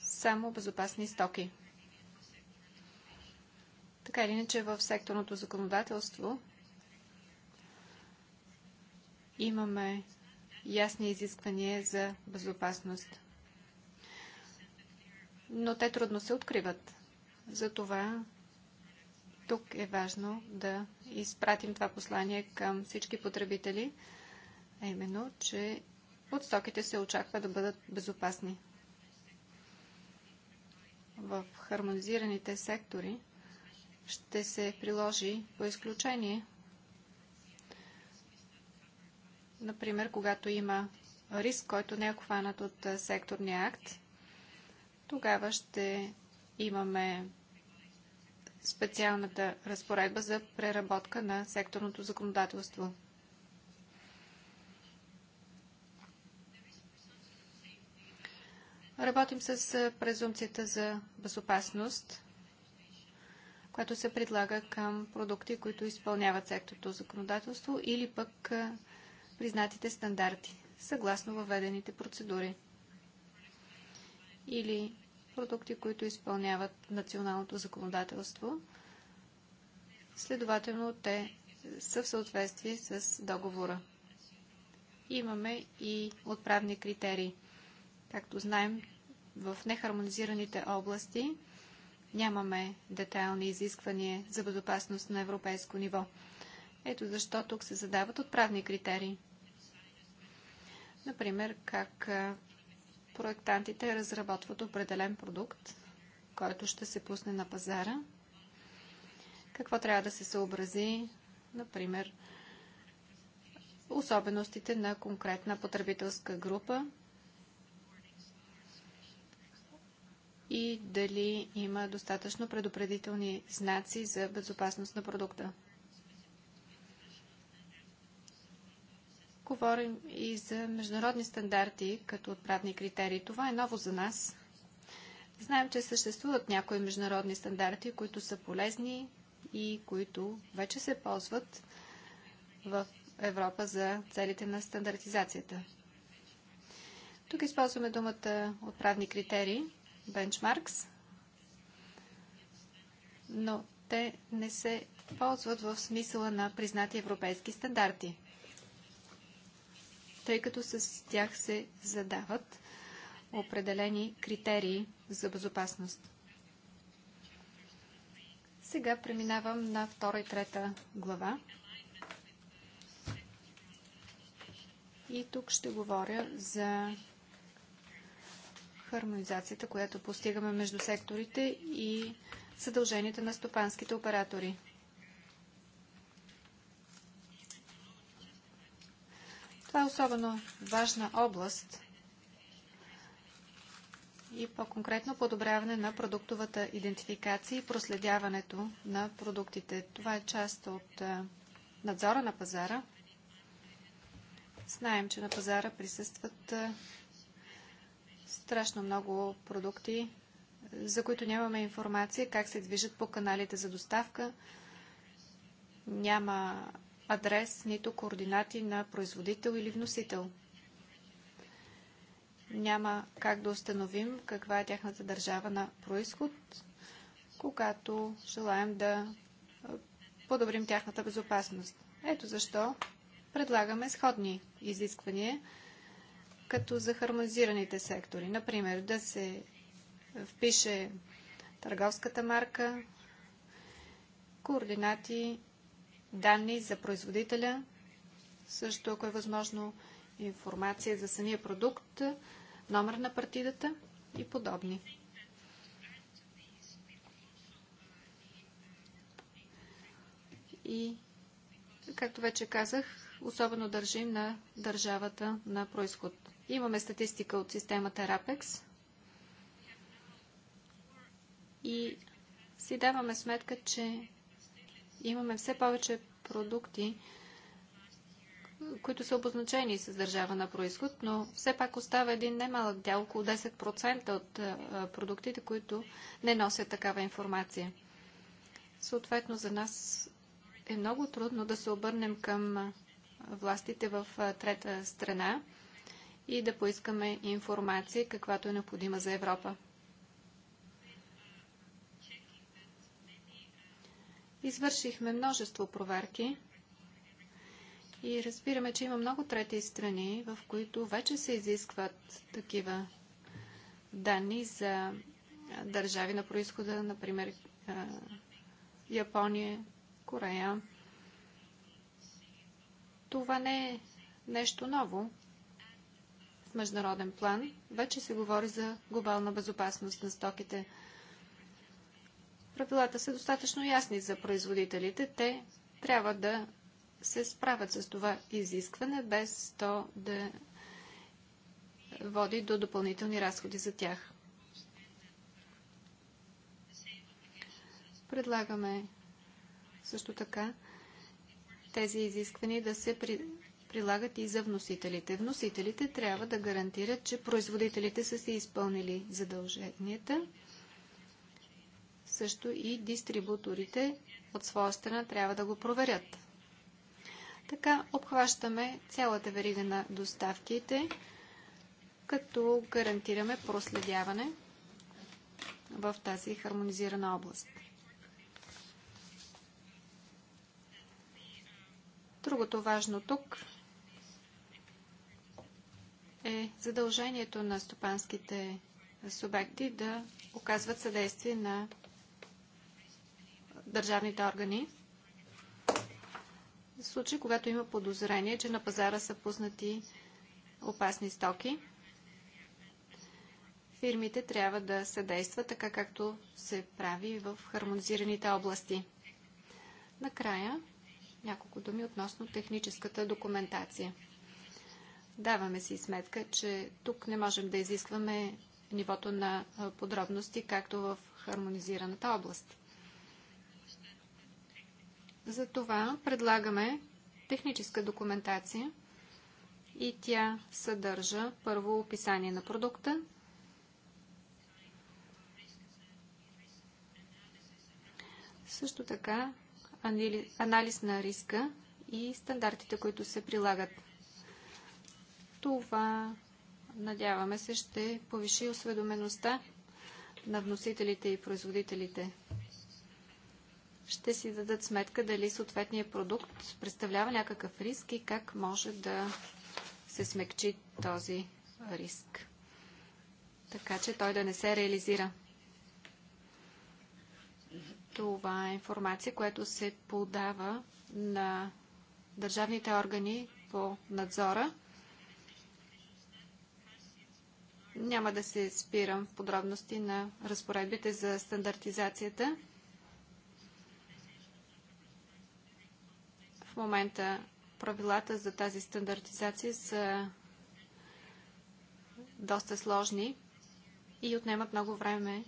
само безопасни стоки. Така или иначе в секторното законодателство имаме ясни изисквания за безопасност. Но те трудно се откриват. Затова тук е важно да изпратим това послание към всички потребители, а именно, че от стоките се очаква да бъдат безопасни. В хармонизираните сектори ще се приложи по изключение. Например, когато има риск, който не е хванат от секторния акт, тогава ще имаме специалната разпоредба за преработка на секторното законодателство. Работим с презумцията за безопасност, която се предлага към продукти, които изпълняват секторното законодателство или пък признатите стандарти, съгласно въведените процедури. Или продукти, които изпълняват националното законодателство. Следователно, те са в съответствие с договора. Имаме и отправни критерии. Както знаем, в нехармонизираните области нямаме детайлни изисквания за безопасност на европейско ниво. Ето защо тук се задават отправни критерии. Например, как проектантите разработват определен продукт, който ще се пусне на пазара. Какво трябва да се съобрази, например, особеностите на конкретна потребителска група и дали има достатъчно предупредителни знаци за безопасност на продукта. Говорим и за международни стандарти като отправни критерии. Това е ново за нас. Знаем, че съществуват някои международни стандарти, които са полезни и които вече се ползват в Европа за целите на стандартизацията. Тук използваме думата отправни критерии, бенчмаркс, но те не се ползват в смисъла на признати европейски стандарти тъй като с тях се задават определени критерии за безопасност. Сега преминавам на втора и трета глава. И тук ще говоря за хармонизацията, която постигаме между секторите и задълженията на стопанските оператори. Това е особено важна област и по-конкретно подобряване на продуктовата идентификация и проследяването на продуктите. Това е част от е, надзора на пазара. Знаем, че на пазара присъстват е, страшно много продукти, за които нямаме информация, как се движат по каналите за доставка. Няма адрес, нито координати на производител или вносител. Няма как да установим каква е тяхната държава на происход, когато желаем да подобрим тяхната безопасност. Ето защо предлагаме сходни изисквания, като за хармонизираните сектори. Например, да се впише търговската марка, координати данни за производителя, също ако е възможно информация за самия продукт, номер на партидата и подобни. И, както вече казах, особено държим на държавата на происход. Имаме статистика от системата RAPEX и си даваме сметка, че имаме все повече продукти, които са обозначени с държава на происход, но все пак остава един немалък дял, около 10% от продуктите, които не носят такава информация. Съответно, за нас е много трудно да се обърнем към властите в трета страна и да поискаме информация, каквато е необходима за Европа. Извършихме множество проверки и разбираме, че има много трети страни, в които вече се изискват такива данни за държави на происхода, например Япония, Корея. Това не е нещо ново в международен план. Вече се говори за глобална безопасност на стоките – Правилата са достатъчно ясни за производителите. Те трябва да се справят с това изискване, без то да води до допълнителни разходи за тях. Предлагаме също така тези изисквания да се при... прилагат и за вносителите. Вносителите трябва да гарантират, че производителите са си изпълнили задълженията също и дистрибуторите от своя страна трябва да го проверят. Така обхващаме цялата верига на доставките, като гарантираме проследяване в тази хармонизирана област. Другото важно тук е задължението на стопанските субекти да оказват съдействие на държавните органи в случай, когато има подозрение, че на пазара са пуснати опасни стоки. Фирмите трябва да съдействат така, както се прави в хармонизираните области. Накрая, няколко думи относно техническата документация. Даваме си сметка, че тук не можем да изискваме нивото на подробности, както в хармонизираната област. Затова предлагаме техническа документация и тя съдържа първо описание на продукта, също така анализ на риска и стандартите, които се прилагат. Това, надяваме се, ще повиши осведомеността на вносителите и производителите ще си дадат сметка дали съответният продукт представлява някакъв риск и как може да се смекчи този риск. Така че той да не се реализира. Това е информация, която се подава на държавните органи по надзора. Няма да се спирам в подробности на разпоредбите за стандартизацията. В момента правилата за тази стандартизация са доста сложни и отнемат много време.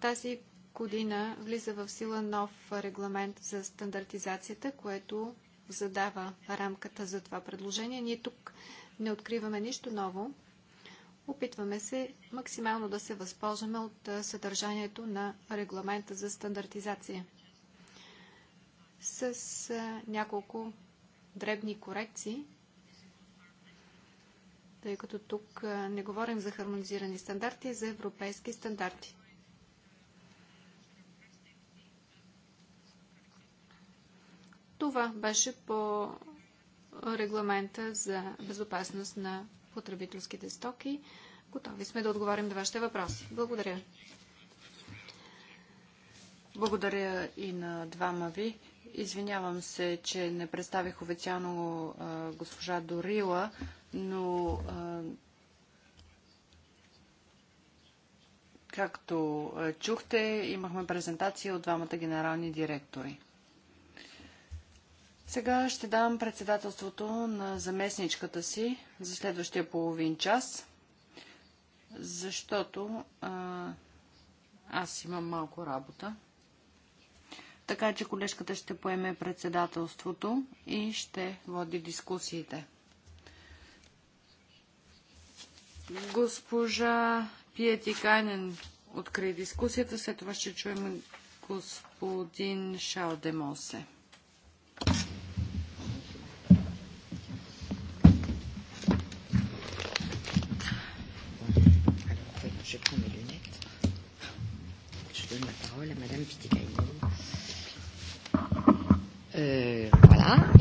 Тази година влиза в сила нов регламент за стандартизацията, което задава рамката за това предложение. Ние тук не откриваме нищо ново. Опитваме се максимално да се възползваме от съдържанието на регламента за стандартизация с няколко дребни корекции, тъй като тук не говорим за хармонизирани стандарти, за европейски стандарти. Това беше по регламента за безопасност на потребителските стоки. Готови сме да отговорим на вашите въпроси. Благодаря. Благодаря и на двама ви. Извинявам се, че не представих официално госпожа Дорила, но както чухте, имахме презентация от двамата генерални директори. Сега ще дам председателството на заместничката си за следващия половин час, защото аз имам малко работа така че колежката ще поеме председателството и ще води дискусиите. Госпожа Пиети Кайнен откри дискусията, след това ще чуем господин Шалдемосе. Демосе.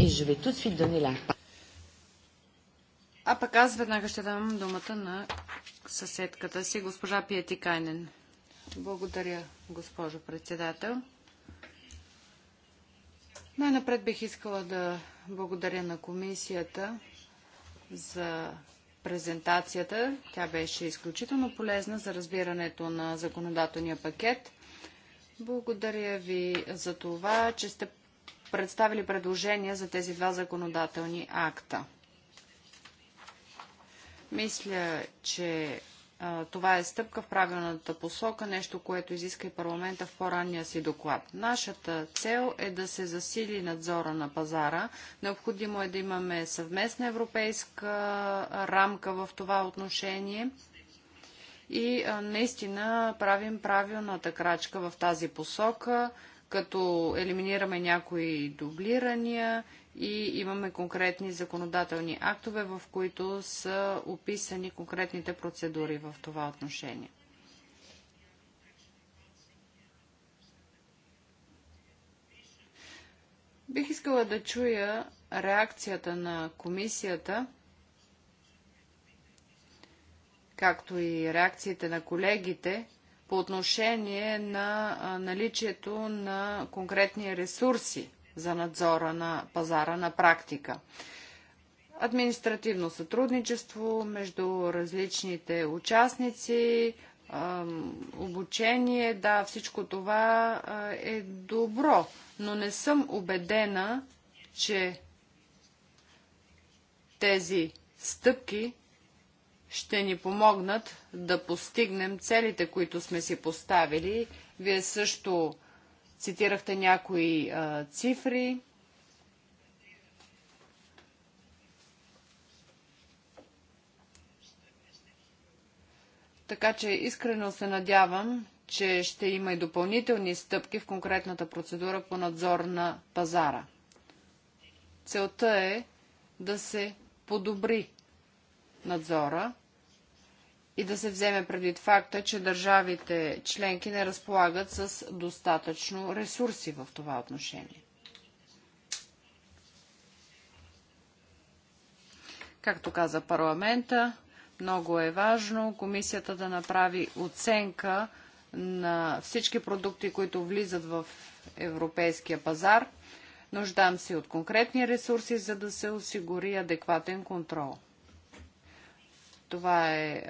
и je vais tout de suite donner la а пък аз веднага ще дам думата на съседката си, госпожа Пиети Кайнен. Благодаря, госпожо председател. Най-напред бих искала да благодаря на комисията за презентацията. Тя беше изключително полезна за разбирането на законодателния пакет. Благодаря ви за това, че сте представили предложения за тези два законодателни акта. Мисля, че това е стъпка в правилната посока, нещо, което изиска и парламента в по-ранния си доклад. Нашата цел е да се засили надзора на пазара. Необходимо е да имаме съвместна европейска рамка в това отношение и наистина правим правилната крачка в тази посока като елиминираме някои дублирания и имаме конкретни законодателни актове, в които са описани конкретните процедури в това отношение. Бих искала да чуя реакцията на комисията, както и реакциите на колегите, по отношение на наличието на конкретни ресурси за надзора на пазара на практика. Административно сътрудничество между различните участници, обучение, да, всичко това е добро, но не съм убедена, че тези стъпки ще ни помогнат да постигнем целите, които сме си поставили. Вие също цитирахте някои а, цифри. Така че искрено се надявам, че ще има и допълнителни стъпки в конкретната процедура по надзор на пазара. Целта е да се подобри надзора и да се вземе предвид факта, че държавите членки не разполагат с достатъчно ресурси в това отношение. Както каза парламента, много е важно комисията да направи оценка на всички продукти, които влизат в европейския пазар. Нуждам се от конкретни ресурси, за да се осигури адекватен контрол. Това е, е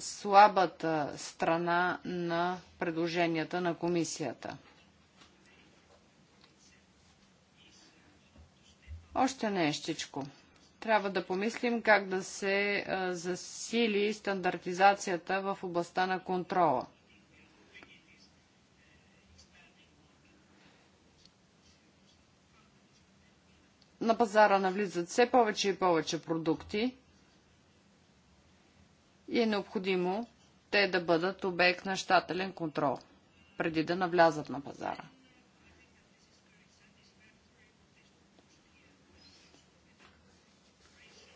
слабата страна на предложенията на комисията. Още нещичко. Трябва да помислим как да се е, засили стандартизацията в областта на контрола. На пазара навлизат все повече и повече продукти – и е необходимо те да бъдат обект на щателен контрол, преди да навлязат на пазара.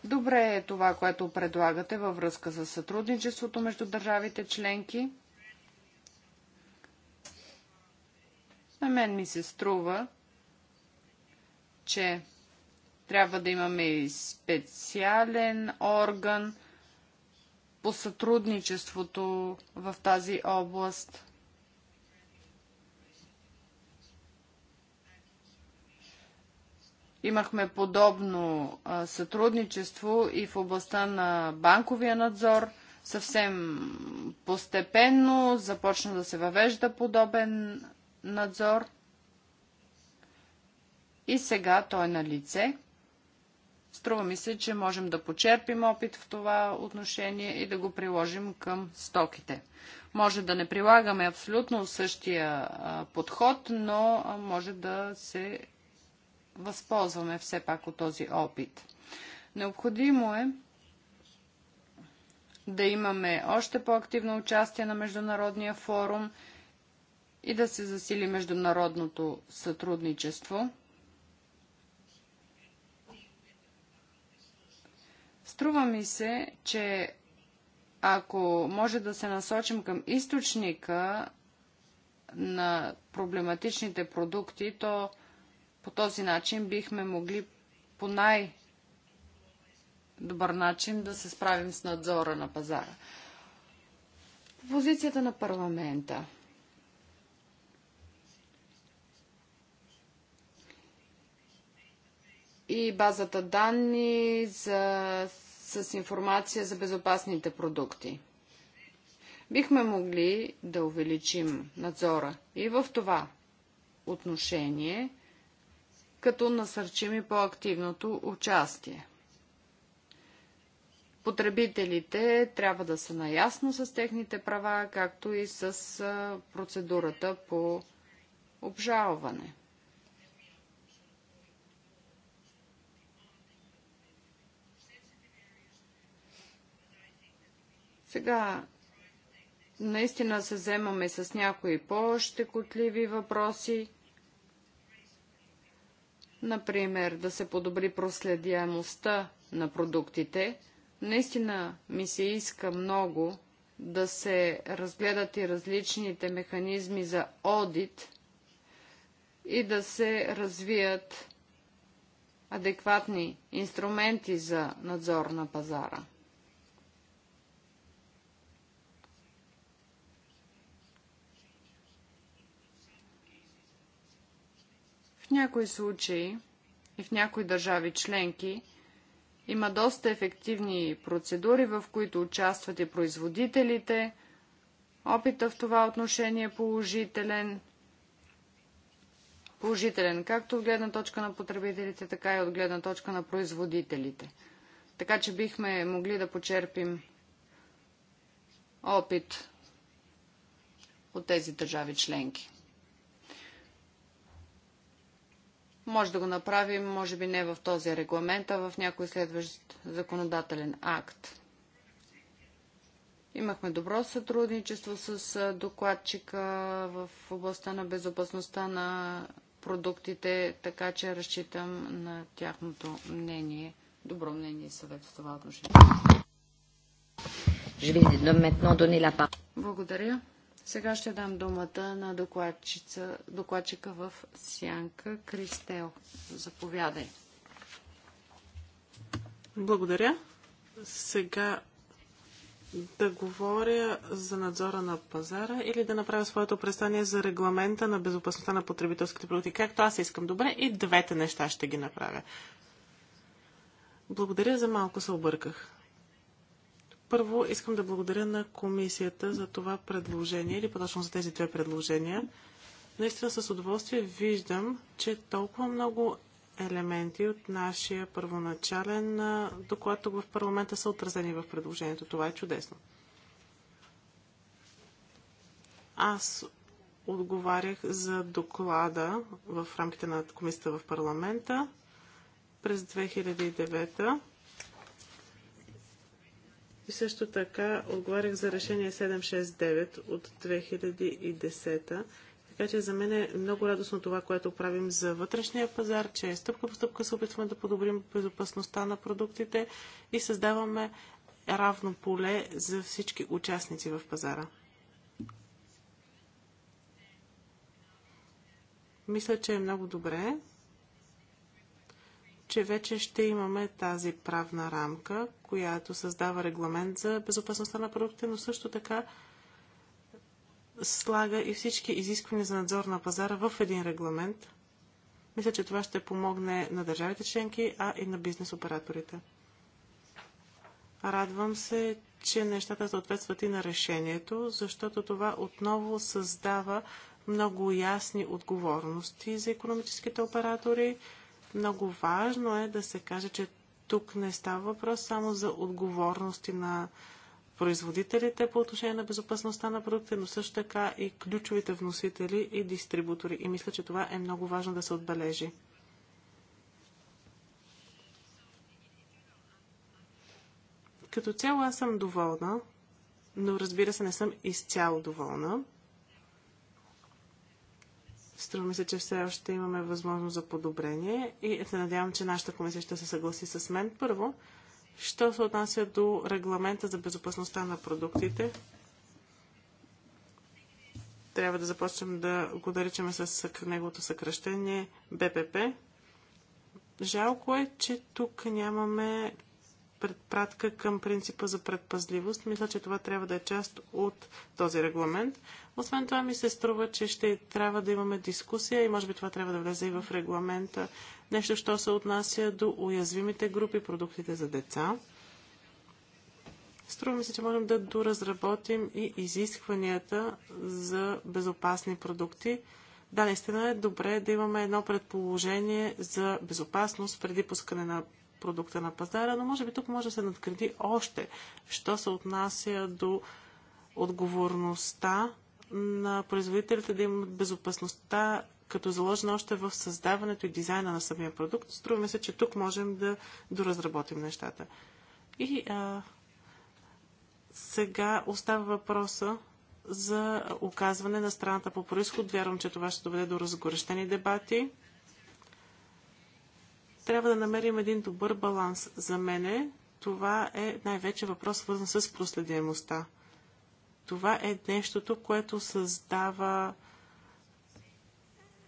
Добре е това, което предлагате във връзка с сътрудничеството между държавите членки. На мен ми се струва, че трябва да имаме и специален орган, по сътрудничеството в тази област. Имахме подобно сътрудничество и в областта на банковия надзор. Съвсем постепенно започна да се въвежда подобен надзор. И сега той е на лице. Струва ми се, че можем да почерпим опит в това отношение и да го приложим към стоките. Може да не прилагаме абсолютно същия подход, но може да се възползваме все пак от този опит. Необходимо е да имаме още по-активно участие на Международния форум и да се засили международното сътрудничество – Струва ми се, че ако може да се насочим към източника на проблематичните продукти, то по този начин бихме могли по най- добър начин да се справим с надзора на пазара. позицията на парламента. И базата данни за с информация за безопасните продукти. Бихме могли да увеличим надзора и в това отношение, като насърчим и по-активното участие. Потребителите трябва да са наясно с техните права, както и с процедурата по обжалване. Сега наистина се вземаме с някои по-щекотливи въпроси. Например, да се подобри проследяемостта на продуктите. Наистина ми се иска много да се разгледат и различните механизми за одит и да се развият адекватни инструменти за надзор на пазара. някои случаи и в някои държави членки има доста ефективни процедури, в които участват и производителите. Опита в това отношение е положителен. Положителен, както от гледна точка на потребителите, така и от гледна точка на производителите. Така че бихме могли да почерпим опит от тези държави членки. Може да го направим, може би не в този регламент, а в някой следващ законодателен акт. Имахме добро сътрудничество с докладчика в областта на безопасността на продуктите, така че разчитам на тяхното мнение, добро мнение и съвет в това отношение. Благодаря. Сега ще дам думата на докладчика в Сянка Кристел. Заповядай. Благодаря. Сега да говоря за надзора на пазара или да направя своето представление за регламента на безопасността на потребителските продукти, както аз искам. Добре, и двете неща ще ги направя. Благодаря за малко се обърках. Първо искам да благодаря на комисията за това предложение, или по-точно за тези две предложения. Наистина с удоволствие виждам, че толкова много елементи от нашия първоначален доклад тук в парламента са отразени в предложението. Това е чудесно. Аз отговарях за доклада в рамките на комисията в парламента през 2009 и също така отговарях за решение 769 от 2010 така че за мен е много радостно това, което правим за вътрешния пазар, че стъпка по стъпка се опитваме да подобрим безопасността на продуктите и създаваме равно поле за всички участници в пазара. Мисля, че е много добре че вече ще имаме тази правна рамка, която създава регламент за безопасността на продуктите, но също така слага и всички изисквания за надзор на пазара в един регламент. Мисля, че това ще помогне на държавите членки, а и на бизнес операторите. Радвам се, че нещата съответстват и на решението, защото това отново създава много ясни отговорности за економическите оператори, много важно е да се каже, че тук не става въпрос само за отговорности на производителите по отношение на безопасността на продукта, но също така и ключовите вносители и дистрибутори. И мисля, че това е много важно да се отбележи. Като цяло аз съм доволна, но разбира се не съм изцяло доволна. Струва ми се, че все още имаме възможност за подобрение и се надявам, че нашата комисия ще се съгласи с мен. Първо, що се отнася до регламента за безопасността на продуктите, трябва да започнем да го наричаме с неговото съкръщение БПП. Жалко е, че тук нямаме предпратка към принципа за предпазливост. Мисля, че това трябва да е част от този регламент. Освен това ми се струва, че ще трябва да имаме дискусия и може би това трябва да влезе и в регламента. Нещо, що се отнася до уязвимите групи, продуктите за деца. Струва ми се, че можем да доразработим и изискванията за безопасни продукти. Да, наистина е добре да имаме едно предположение за безопасност преди пускане на продукта на пазара, но може би тук може да се надгради още, що се отнася до отговорността на производителите да имат безопасността като е заложена още в създаването и дизайна на самия продукт. Струваме се, че тук можем да доразработим нещата. И а, сега остава въпроса за оказване на страната по происход. Вярвам, че това ще доведе до разгорещени дебати. Трябва да намерим един добър баланс. За мене това е най-вече въпрос, свързан с проследяемостта. Това е нещото, което създава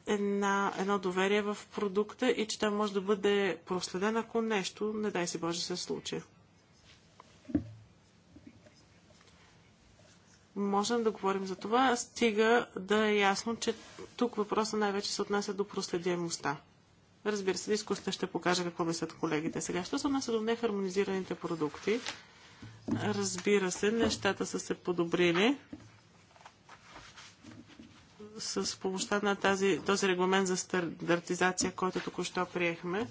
една, едно доверие в продукта и че там може да бъде проследен, ако нещо, не дай си Боже, се случи. Можем да говорим за това, стига да е ясно, че тук въпросът най-вече се отнася до проследяемостта. Разбира се, дискусията ще покаже какво мислят колегите. Сега, що се отнася до нехармонизираните продукти, разбира се, нещата са се подобрили с помощта на тази, този регламент за стандартизация, който току-що приехме.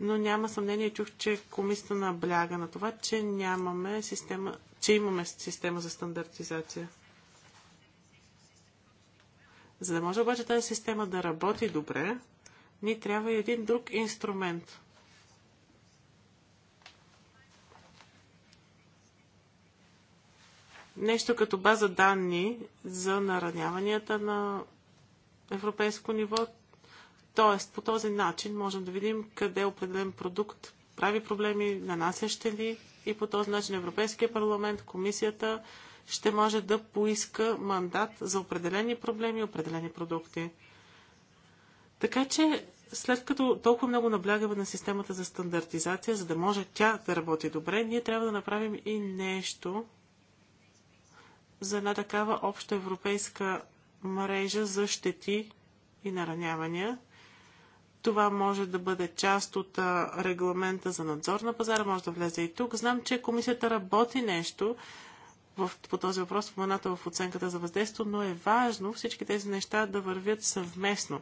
Но няма съмнение, чух, че комисията набляга на това, че нямаме система, че имаме система за стандартизация. За да може обаче тази система да работи добре, ни трябва и един друг инструмент. Нещо като база данни за нараняванията на европейско ниво. Тоест, по този начин можем да видим къде определен продукт прави проблеми, нанася ли и по този начин Европейския парламент, комисията ще може да поиска мандат за определени проблеми и определени продукти. Така че, след като толкова много наблягаме на системата за стандартизация, за да може тя да работи добре, ние трябва да направим и нещо за една такава обща европейска мрежа за щети и наранявания. Това може да бъде част от регламента за надзор на пазара, може да влезе и тук. Знам, че комисията работи нещо в, по този въпрос, спомената в оценката за въздействие, но е важно всички тези неща да вървят съвместно.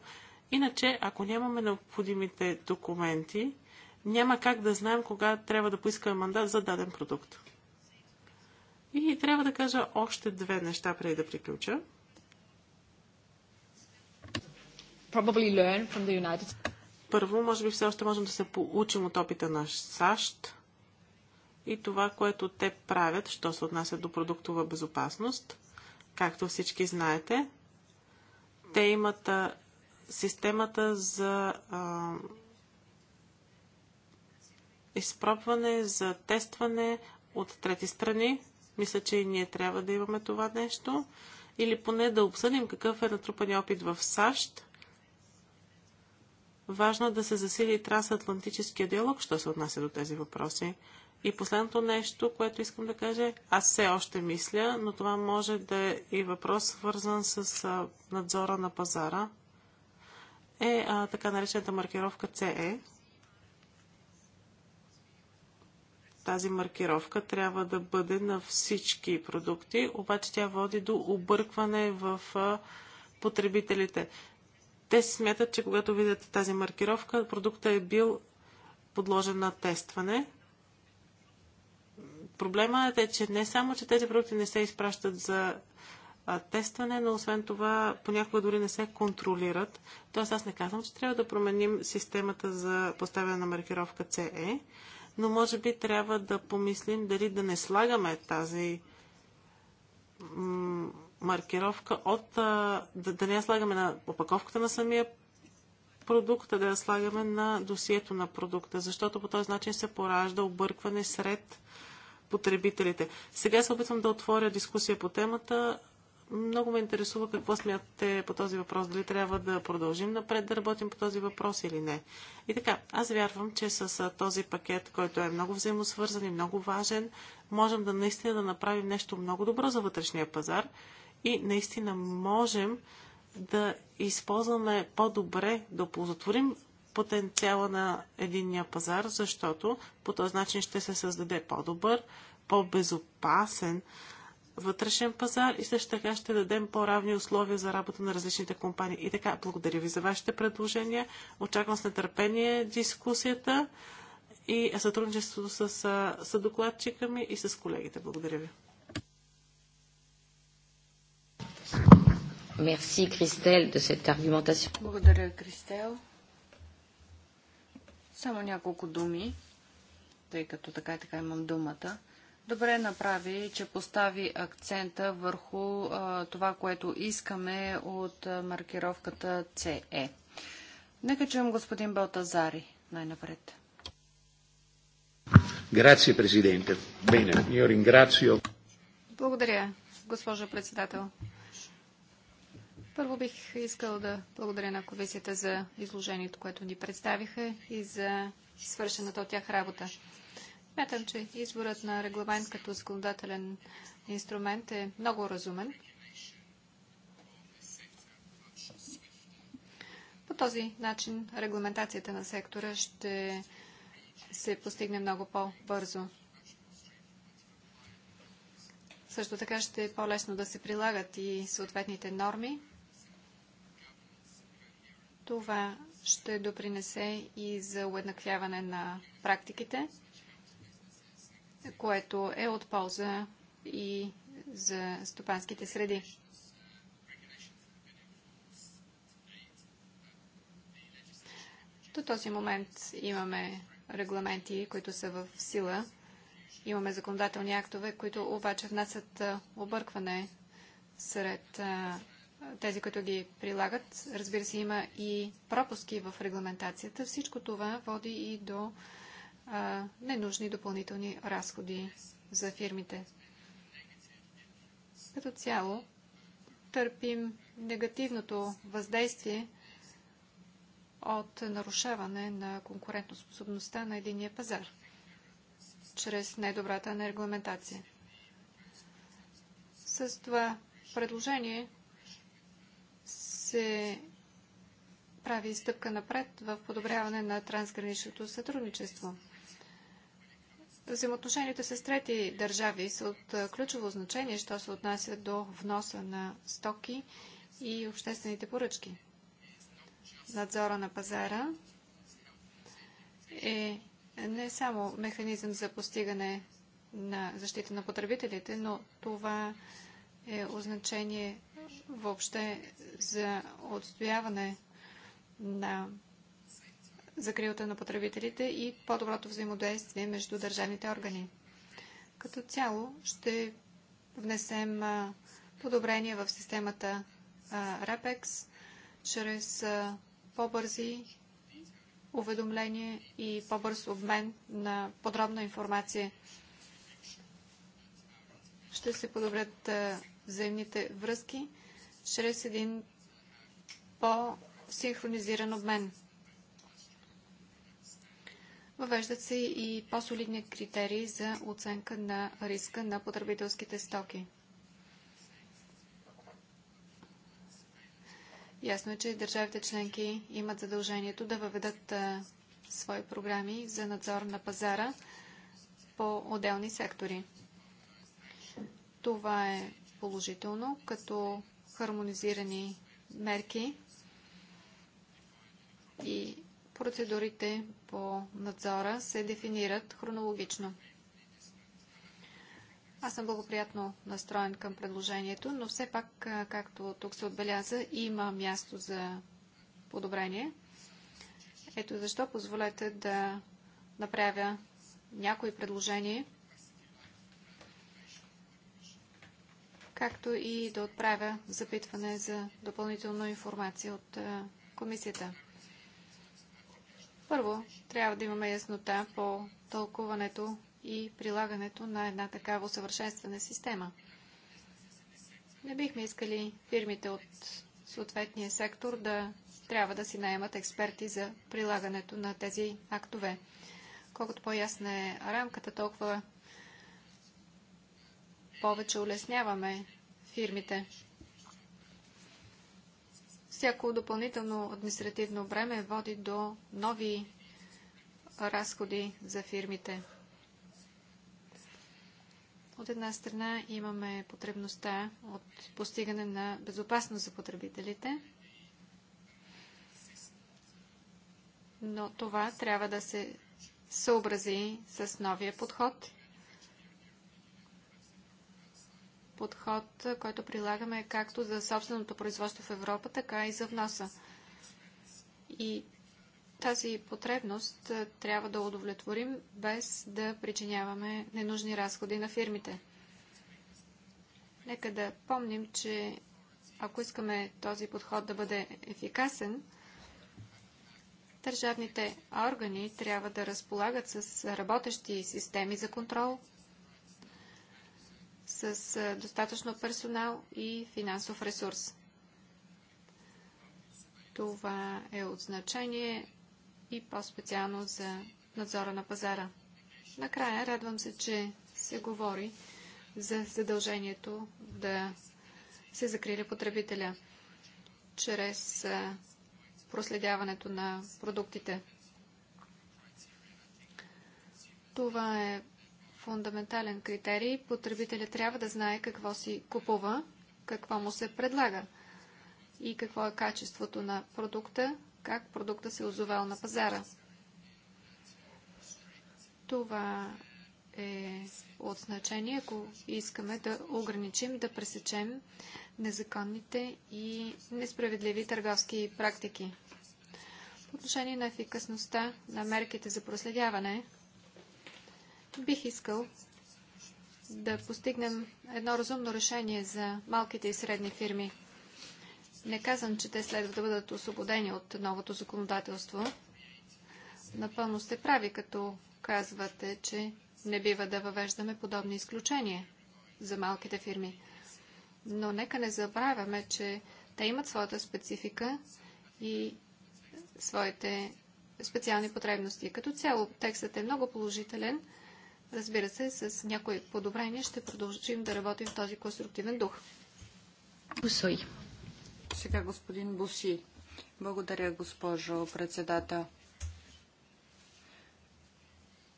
Иначе, ако нямаме необходимите документи, няма как да знаем кога трябва да поискаме мандат за даден продукт. И трябва да кажа още две неща преди да приключа. Първо, може би все още можем да се получим от опита на САЩ и това, което те правят, що се отнася до продуктова безопасност. Както всички знаете, те имат системата за а, изпробване, за тестване от трети страни. Мисля, че и ние трябва да имаме това нещо. Или поне да обсъдим какъв е натрупан опит в САЩ. Важно да се засили трансатлантическия диалог, що се отнася до тези въпроси. И последното нещо, което искам да кажа, аз все още мисля, но това може да е и въпрос свързан с надзора на пазара е а, така наречената маркировка CE. Тази маркировка трябва да бъде на всички продукти, обаче тя води до объркване в а, потребителите. Те смятат, че когато видят тази маркировка, продукта е бил подложен на тестване. Проблемът е, че не само, че тези продукти не се изпращат за тестване, но освен това понякога дори не се контролират. Тоест аз не казвам, че трябва да променим системата за поставяне на маркировка CE, но може би трябва да помислим дали да не слагаме тази маркировка от... Да, да не я слагаме на опаковката на самия продукта, да я слагаме на досието на продукта, защото по този начин се поражда объркване сред потребителите. Сега се опитвам да отворя дискусия по темата. Много ме интересува какво смятате по този въпрос. Дали трябва да продължим напред да работим по този въпрос или не. И така, аз вярвам, че с този пакет, който е много взаимосвързан и много важен, можем да наистина да направим нещо много добро за вътрешния пазар и наистина можем да използваме по-добре, да оползотворим потенциала на единния пазар, защото по този начин ще се създаде по-добър, по-безопасен вътрешен пазар и също така ще дадем по-равни условия за работа на различните компании. И така, благодаря ви за вашите предложения. Очаквам с нетърпение дискусията и сътрудничеството с съдокладчика ми и с колегите. Благодаря ви. Merci Christelle de cette argumentation. Благодаря, Кристел. Само няколко думи, тъй като така и така имам думата. Добре направи, че постави акцента върху а, това, което искаме от маркировката CE. Нека чуем господин Балтазари най-напред. Грация, президенте. Бене, Благодаря, госпожо председател. Първо бих искал да благодаря на комисията за изложението, което ни представиха и за свършената от тях работа. Мятам, че изборът на регламент като законодателен инструмент е много разумен. По този начин регламентацията на сектора ще се постигне много по-бързо. Също така ще е по-лесно да се прилагат и съответните норми. Това ще допринесе и за уеднаквяване на практиките което е от полза и за стопанските среди. До този момент имаме регламенти, които са в сила. Имаме законодателни актове, които обаче внасят объркване сред тези, които ги прилагат. Разбира се, има и пропуски в регламентацията. Всичко това води и до а, ненужни допълнителни разходи за фирмите. Като цяло търпим негативното въздействие от нарушаване на конкурентоспособността на единия пазар чрез недобрата на регламентация. С това предложение се прави стъпка напред в подобряване на трансграничното сътрудничество. Взаимоотношенията с трети държави са от ключово значение, що се отнася до вноса на стоки и обществените поръчки. Надзора на пазара е не само механизъм за постигане на защита на потребителите, но това е означение въобще за отстояване на закрилата на потребителите и по-доброто взаимодействие между държавните органи. Като цяло ще внесем подобрения в системата RAPEX чрез по-бързи уведомления и по-бърз обмен на подробна информация. Ще се подобрят взаимните връзки чрез един по-синхронизиран обмен. Въвеждат се и по-солидни критерии за оценка на риска на потребителските стоки. Ясно е, че държавите членки имат задължението да въведат свои програми за надзор на пазара по отделни сектори. Това е положително, като хармонизирани мерки и процедурите по надзора се дефинират хронологично. Аз съм благоприятно настроен към предложението, но все пак, както тук се отбеляза, има място за подобрение. Ето защо позволете да направя някои предложения, както и да отправя запитване за допълнителна информация от комисията. Първо, трябва да имаме яснота по тълкуването и прилагането на една такава усъвършенствана система. Не бихме искали фирмите от съответния сектор да трябва да си наемат експерти за прилагането на тези актове. Колкото по-ясна е рамката, толкова повече улесняваме фирмите. Всяко допълнително административно време води до нови разходи за фирмите. От една страна имаме потребността от постигане на безопасност за потребителите, но това трябва да се съобрази с новия подход – подход, който прилагаме както за собственото производство в Европа, така и за вноса. И тази потребност трябва да удовлетворим, без да причиняваме ненужни разходи на фирмите. Нека да помним, че ако искаме този подход да бъде ефикасен, държавните органи трябва да разполагат с работещи системи за контрол – с достатъчно персонал и финансов ресурс. Това е от значение и по-специално за надзора на пазара. Накрая радвам се, че се говори за задължението да се закриля потребителя чрез проследяването на продуктите. Това е фундаментален критерий. Потребителя трябва да знае какво си купува, какво му се предлага и какво е качеството на продукта, как продукта се е озовал на пазара. Това е от значение, ако искаме да ограничим, да пресечем незаконните и несправедливи търговски практики. По отношение на ефикасността на мерките за проследяване, Бих искал да постигнем едно разумно решение за малките и средни фирми. Не казвам, че те следва да бъдат освободени от новото законодателство. Напълно сте прави, като казвате, че не бива да въвеждаме подобни изключения за малките фирми. Но нека не забравяме, че те имат своята специфика и своите специални потребности. Като цяло текстът е много положителен – Разбира се, с някои подобрения ще продължим да работим в този конструктивен дух. Бусой. Сега господин Буси. Благодаря, госпожо председател.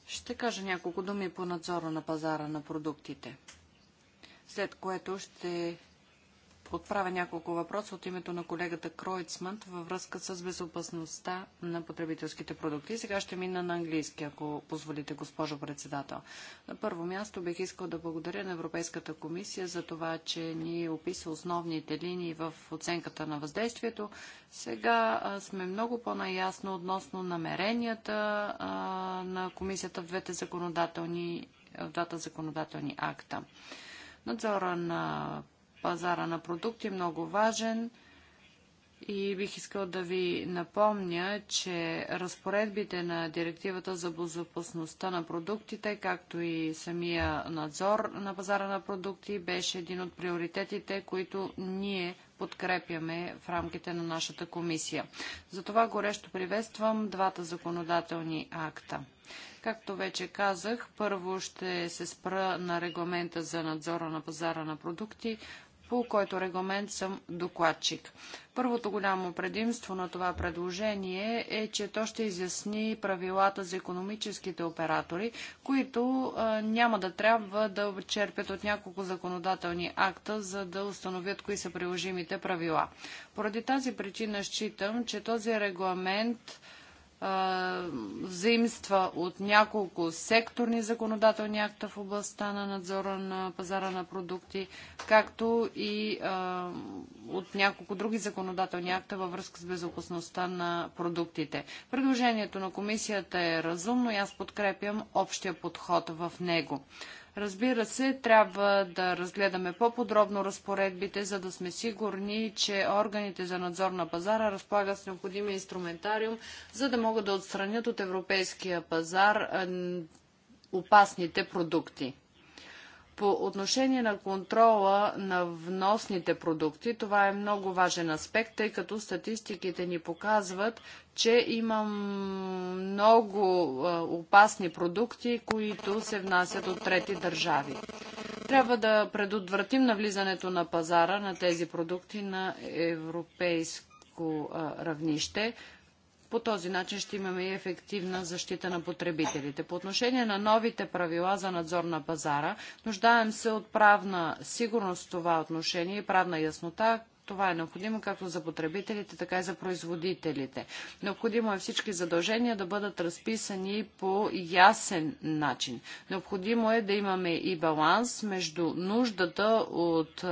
Ще кажа няколко думи по надзора на пазара на продуктите, след което ще отправя няколко въпроса от името на колегата Кройцмант във връзка с безопасността на потребителските продукти. Сега ще мина на английски, ако позволите, госпожо председател. На първо място бих искал да благодаря на Европейската комисия за това, че ни описа основните линии в оценката на въздействието. Сега сме много по-наясно относно намеренията на комисията в двете законодателни, в двата законодателни акта. Надзора на пазара на продукти, много важен. И бих искал да ви напомня, че разпоредбите на директивата за безопасността на продуктите, както и самия надзор на пазара на продукти, беше един от приоритетите, които ние подкрепяме в рамките на нашата комисия. Затова горещо приветствам двата законодателни акта. Както вече казах, първо ще се спра на регламента за надзора на пазара на продукти, по който регламент съм докладчик. Първото голямо предимство на това предложение е, че то ще изясни правилата за економическите оператори, които а, няма да трябва да черпят от няколко законодателни акта, за да установят кои са приложимите правила. Поради тази причина считам, че този регламент взаимства от няколко секторни законодателни акта в областта на надзора на пазара на продукти, както и а, от няколко други законодателни акта във връзка с безопасността на продуктите. Предложението на комисията е разумно и аз подкрепям общия подход в него. Разбира се, трябва да разгледаме по-подробно разпоредбите, за да сме сигурни, че органите за надзор на пазара разполагат с необходимия инструментариум, за да могат да отстранят от европейския пазар опасните продукти. По отношение на контрола на вносните продукти, това е много важен аспект, тъй като статистиките ни показват, че има много опасни продукти, които се внасят от трети държави. Трябва да предотвратим навлизането на пазара на тези продукти на европейско равнище. По този начин ще имаме и ефективна защита на потребителите. По отношение на новите правила за надзор на пазара, нуждаем се от правна сигурност в това отношение и правна яснота, това е необходимо както за потребителите, така и за производителите. Необходимо е всички задължения да бъдат разписани по ясен начин. Необходимо е да имаме и баланс между нуждата от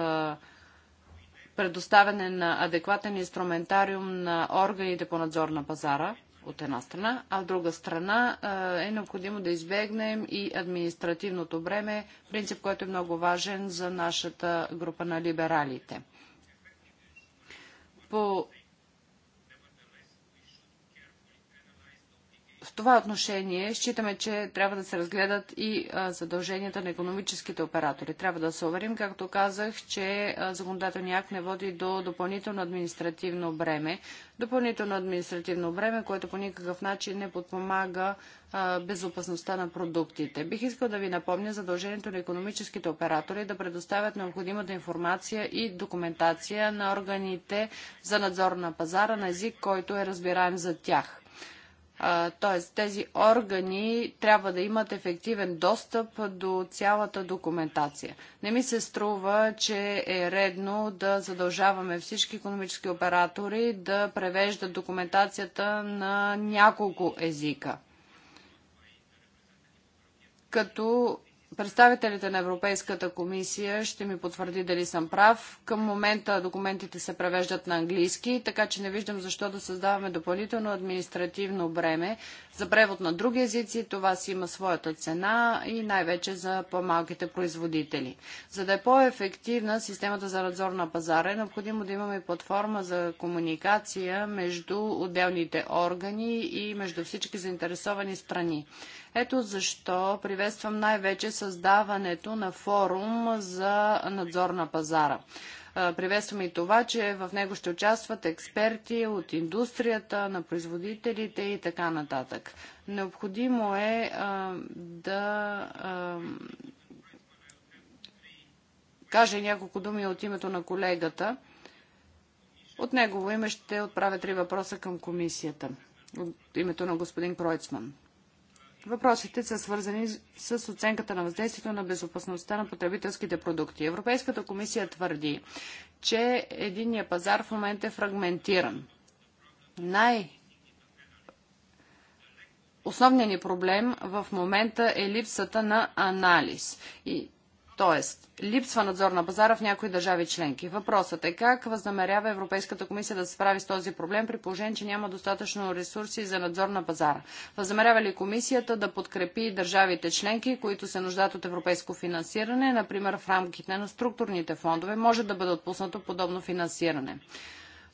предоставяне на адекватен инструментариум на органите по надзор на пазара, от една страна, а от друга страна е необходимо да избегнем и административното бреме, принцип, който е много важен за нашата група на либералите. По в това отношение считаме, че трябва да се разгледат и задълженията на економическите оператори. Трябва да се уверим, както казах, че законодателният акт не води до допълнително административно бреме. Допълнително административно бреме, което по никакъв начин не подпомага безопасността на продуктите. Бих искал да ви напомня задължението на економическите оператори да предоставят необходимата информация и документация на органите за надзор на пазара на език, който е разбираем за тях т.е. тези органи трябва да имат ефективен достъп до цялата документация. Не ми се струва, че е редно да задължаваме всички економически оператори да превеждат документацията на няколко езика. Като Представителите на Европейската комисия ще ми потвърди дали съм прав. Към момента документите се превеждат на английски, така че не виждам защо да създаваме допълнително административно бреме. За превод на други езици това си има своята цена и най-вече за по-малките производители. За да е по-ефективна системата за надзор на пазара е необходимо да имаме платформа за комуникация между отделните органи и между всички заинтересовани страни. Ето защо приветствам най-вече създаването на форум за надзор на пазара. Приветствам и това, че в него ще участват експерти от индустрията, на производителите и така нататък. Необходимо е а, да а, кажа няколко думи от името на колегата. От негово име ще отправя три въпроса към комисията. От името на господин Кройцман. Въпросите са свързани с оценката на въздействието на безопасността на потребителските продукти. Европейската комисия твърди, че единния пазар в момента е фрагментиран. Най- Основният ни проблем в момента е липсата на анализ. И т.е. липсва надзор на пазара в някои държави членки. Въпросът е как възнамерява Европейската комисия да се справи с този проблем при положение, че няма достатъчно ресурси за надзор на пазара. Възнамерява ли комисията да подкрепи държавите членки, които се нуждат от европейско финансиране, например в рамките на структурните фондове, може да бъде отпуснато подобно финансиране?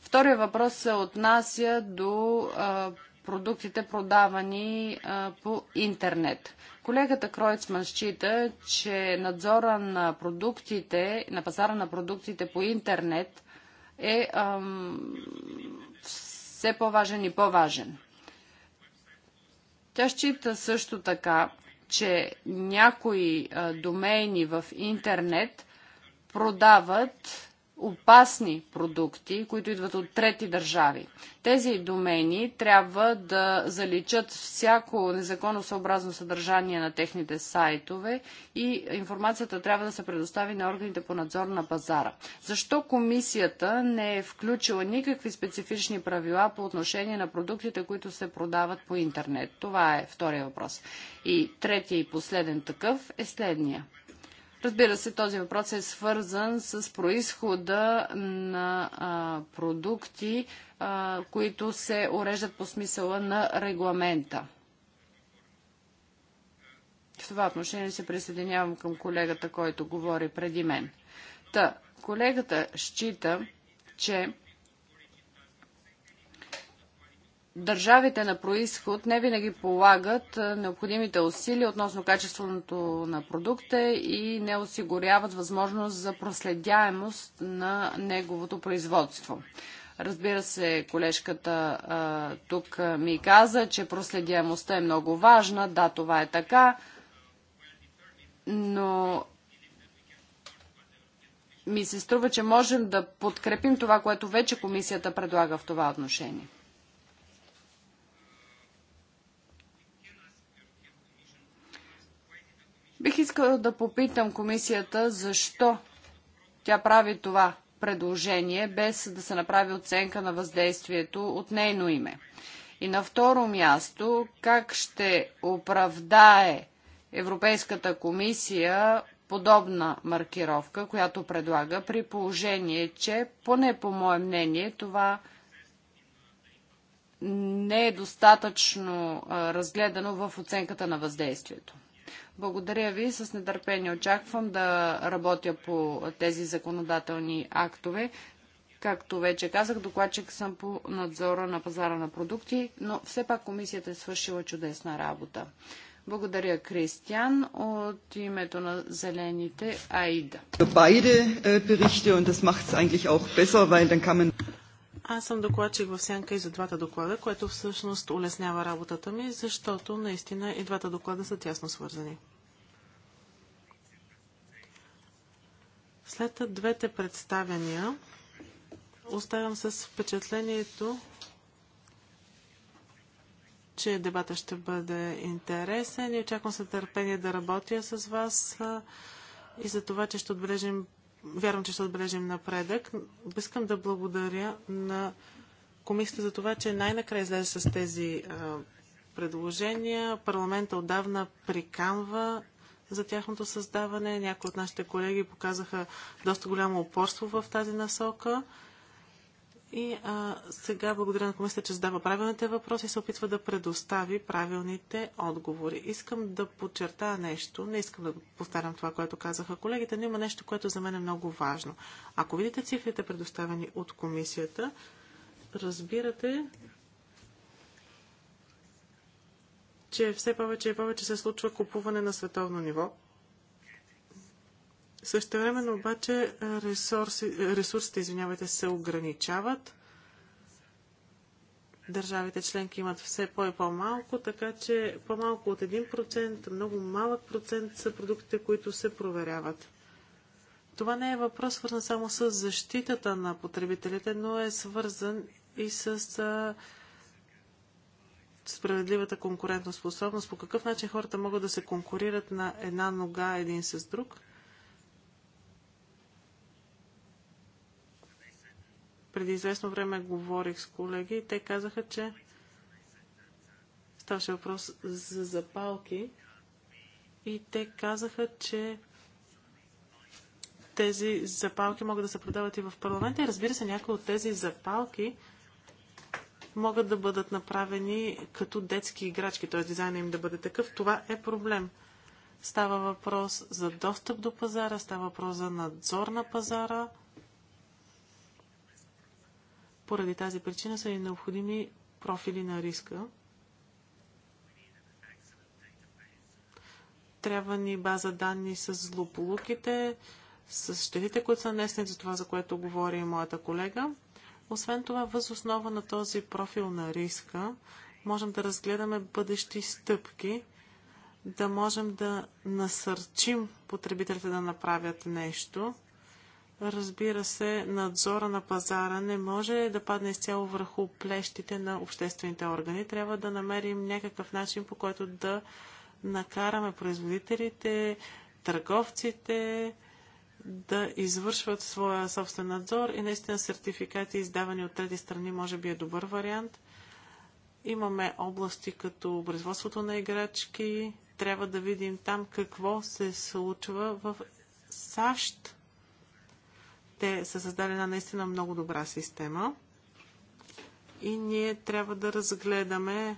Втория въпрос се отнася до а, продуктите продавани а, по интернет. Колегата Кройцман счита, че надзора на продуктите, на пазара на продуктите по интернет е ам, все по-важен и по-важен. Тя счита също така, че някои а, домейни в интернет продават опасни продукти, които идват от трети държави. Тези домени трябва да заличат всяко незаконно съобразно съдържание на техните сайтове и информацията трябва да се предостави на органите по надзор на пазара. Защо комисията не е включила никакви специфични правила по отношение на продуктите, които се продават по интернет? Това е втория въпрос. И третия и последен такъв е следния. Разбира се, този въпрос е свързан с происхода на а, продукти, а, които се уреждат по смисъла на регламента. В това отношение се присъединявам към колегата, който говори преди мен. Та, колегата счита, че държавите на происход не винаги полагат е, необходимите усилия относно качеството на продукта и не осигуряват възможност за проследяемост на неговото производство. Разбира се, колежката а, тук ми каза, че проследяемостта е много важна. Да, това е така, но ми се струва, че можем да подкрепим това, което вече комисията предлага в това отношение. Бих искала да попитам комисията защо тя прави това предложение, без да се направи оценка на въздействието от нейно име. И на второ място, как ще оправдае Европейската комисия подобна маркировка, която предлага, при положение, че, поне по мое мнение, това не е достатъчно разгледано в оценката на въздействието. Благодаря ви. С нетърпение очаквам да работя по тези законодателни актове. Както вече казах, докладчик съм по надзора на пазара на продукти, но все пак комисията е свършила чудесна работа. Благодаря, Кристиан. От името на Зелените, Аида. Beide э, Berichte und das macht es eigentlich auch besser, weil dann kann man... Аз съм докладчик в сянка и за двата доклада, което всъщност улеснява работата ми, защото наистина и двата доклада са тясно свързани. След двете представяния оставям с впечатлението, че дебата ще бъде интересен и очаквам с търпение да работя с вас и за това, че ще отбележим Вярвам, че ще отбележим напредък. Искам да благодаря на комисията за това, че най-накрая излезе с тези а, предложения. Парламента отдавна приканва за тяхното създаване. Някои от нашите колеги показаха доста голямо упорство в тази насока. И а, сега благодаря на комисията, че задава правилните въпроси и се опитва да предостави правилните отговори. Искам да подчертая нещо. Не искам да повтарям това, което казаха колегите, но има нещо, което за мен е много важно. Ако видите цифрите, предоставени от комисията, разбирате, че все повече и повече се случва купуване на световно ниво. Също обаче ресурси, ресурсите извинявайте, се ограничават. Държавите членки имат все по- и по-малко, така че по-малко от 1%, много малък процент са продуктите, които се проверяват. Това не е въпрос свързан само с защитата на потребителите, но е свързан и с справедливата конкурентоспособност, по какъв начин хората могат да се конкурират на една нога един с друг – преди известно време говорих с колеги и те казаха, че ставаше въпрос за запалки и те казаха, че тези запалки могат да се продават и в парламента. И разбира се, някои от тези запалки могат да бъдат направени като детски играчки, т.е. дизайна им да бъде такъв. Това е проблем. Става въпрос за достъп до пазара, става въпрос за надзор на пазара, поради тази причина са и необходими профили на риска. Трябва ни база данни с злополуките, с щетите, които са нанесени за това, за което говори и моята колега. Освен това, въз основа на този профил на риска, можем да разгледаме бъдещи стъпки, да можем да насърчим потребителите да направят нещо – Разбира се, надзора на пазара не може да падне изцяло върху плещите на обществените органи. Трябва да намерим някакъв начин, по който да накараме производителите, търговците да извършват своя собствен надзор и наистина сертификати, издавани от трети страни, може би е добър вариант. Имаме области като производството на играчки. Трябва да видим там какво се случва в САЩ те са създали една наистина много добра система и ние трябва да разгледаме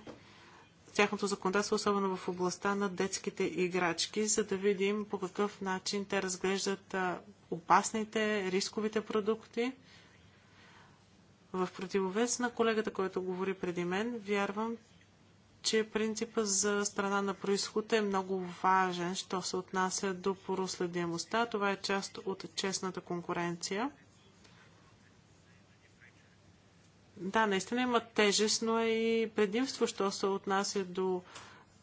тяхното законодателство, особено в областта на детските играчки, за да видим по какъв начин те разглеждат опасните, рисковите продукти. В противовес на колегата, който говори преди мен, вярвам, че принципът за страна на происход е много важен, що се отнася до проследимостта. Това е част от честната конкуренция. Да, наистина има тежест, но е и предимство, що се отнася до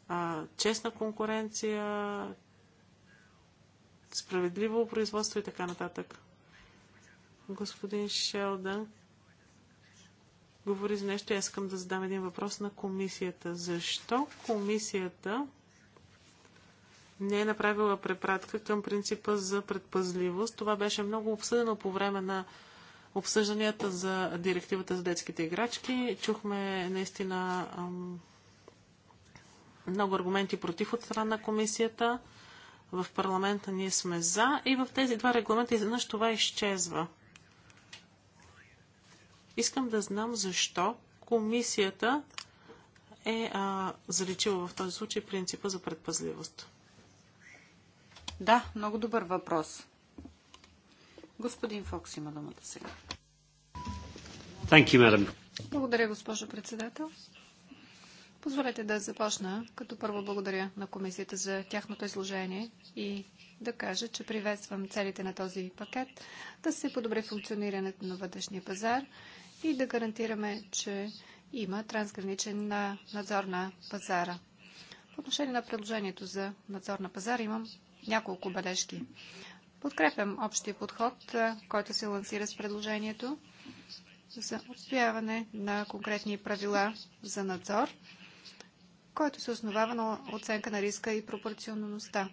а, честна конкуренция, справедливо производство и така нататък. Господин Шелдън говори за нещо, аз искам да задам един въпрос на комисията. Защо комисията не е направила препратка към принципа за предпазливост? Това беше много обсъдено по време на обсъжданията за директивата за детските играчки. Чухме наистина ам, много аргументи против от страна на комисията. В парламента ние сме за и в тези два регламента изведнъж това изчезва. Искам да знам защо комисията е а, заличила в този случай принципа за предпазливост. Да, много добър въпрос. Господин Фокс има думата сега. Thank you, madam. Благодаря, госпожо председател. Позволете да започна, като първо благодаря на комисията за тяхното изложение и да кажа, че приветствам целите на този пакет, да се подобри функционирането на вътрешния пазар и да гарантираме, че има трансграничен надзор на пазара. По отношение на предложението за надзор на пазара имам няколко бележки. Подкрепям общия подход, който се лансира с предложението за отстояване на конкретни правила за надзор който се основава на оценка на риска и пропорционалността.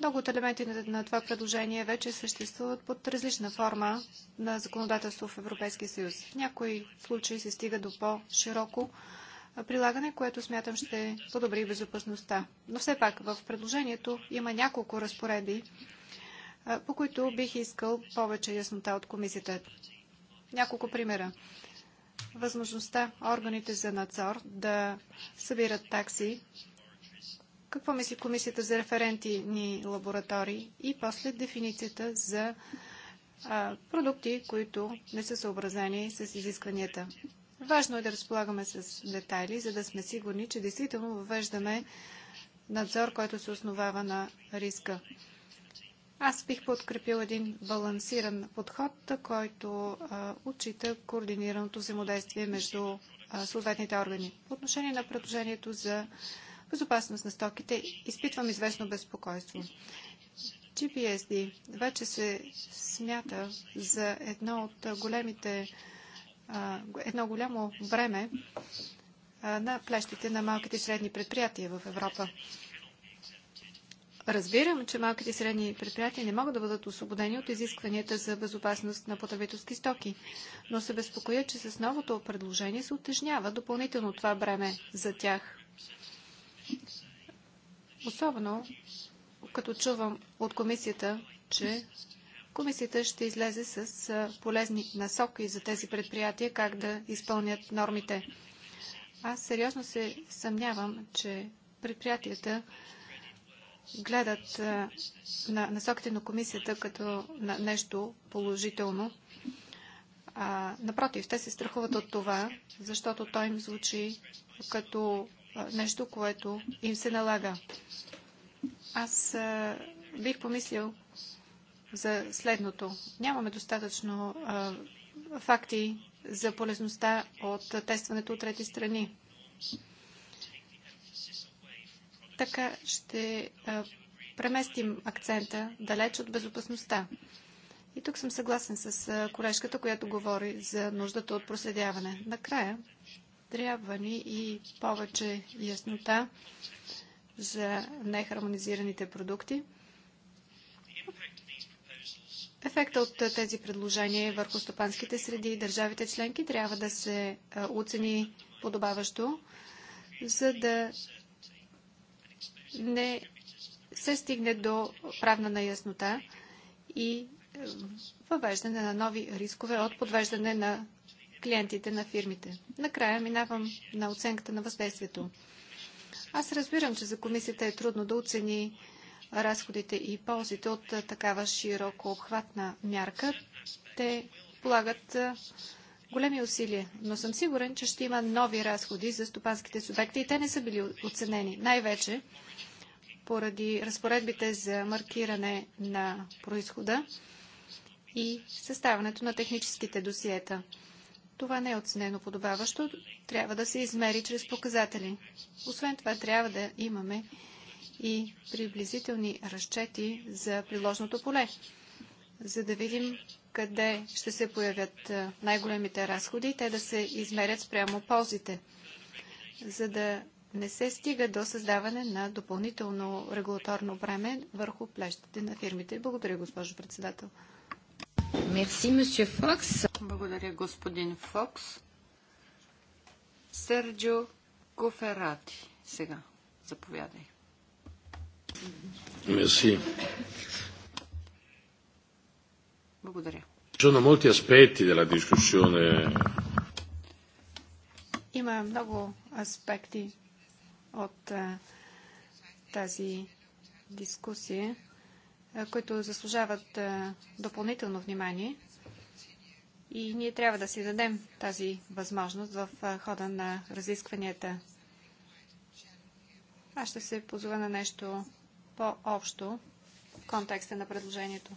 Много от елементите на това предложение вече съществуват под различна форма на законодателство в Европейския съюз. В някои случаи се стига до по-широко прилагане, което смятам ще подобри безопасността. Но все пак в предложението има няколко разпореди, по които бих искал повече яснота от комисията. Няколко примера възможността органите за надзор да събират такси. Какво мисли комисията за референти ни лаборатории и после дефиницията за а, продукти, които не са съобразени с изискванията. Важно е да разполагаме с детайли, за да сме сигурни, че действително въвеждаме надзор, който се основава на риска. Аз бих подкрепил един балансиран подход, който а, отчита координираното взаимодействие между а, съответните органи. По отношение на предложението за безопасност на стоките, изпитвам известно безпокойство. GPSD вече се смята за едно от големите, а, едно голямо време на плещите на малките и средни предприятия в Европа. Разбирам, че малките и средни предприятия не могат да бъдат освободени от изискванията за безопасност на потребителски стоки, но се безпокоя, че с новото предложение се утежнява допълнително това бреме за тях. Особено като чувам от комисията, че комисията ще излезе с полезни насоки за тези предприятия как да изпълнят нормите. Аз сериозно се съмнявам, че предприятията гледат на насоките на комисията като на нещо положително. А, напротив, те се страхуват от това, защото той им звучи като нещо, което им се налага. Аз а, бих помислил за следното. Нямаме достатъчно а, факти за полезността от тестването от трети страни. Така ще преместим акцента далеч от безопасността. И тук съм съгласен с колежката, която говори за нуждата от проследяване. Накрая трябва ни и повече яснота за нехармонизираните продукти. Ефекта от тези предложения върху стопанските среди и държавите членки трябва да се оцени подобаващо, за да не се стигне до правна наяснота и е, въвеждане на нови рискове от подвеждане на клиентите на фирмите. Накрая минавам на оценката на въздействието. Аз разбирам, че за комисията е трудно да оцени разходите и ползите от е, такава широко обхватна мярка. Те полагат е, големи усилия, но съм сигурен, че ще има нови разходи за стопанските субекти и те не са били оценени. Най-вече поради разпоредбите за маркиране на происхода и съставането на техническите досиета. Това не е оценено подобаващо. Трябва да се измери чрез показатели. Освен това, трябва да имаме и приблизителни разчети за приложното поле, за да видим къде ще се появят най-големите разходи, те да се измерят спрямо ползите, за да не се стига до създаване на допълнително регулаторно време върху плещите на фирмите. Благодаря, госпожо председател. Мерси, месье Фокс. Благодаря, господин Фокс. Серджо Коферати. Сега, заповядай. Мерси. Благодаря. Има много аспекти от е, тази дискусия, е, които заслужават е, допълнително внимание. И ние трябва да си дадем тази възможност в хода на разискванията. Аз ще се позова на нещо по-общо в контекста на предложението.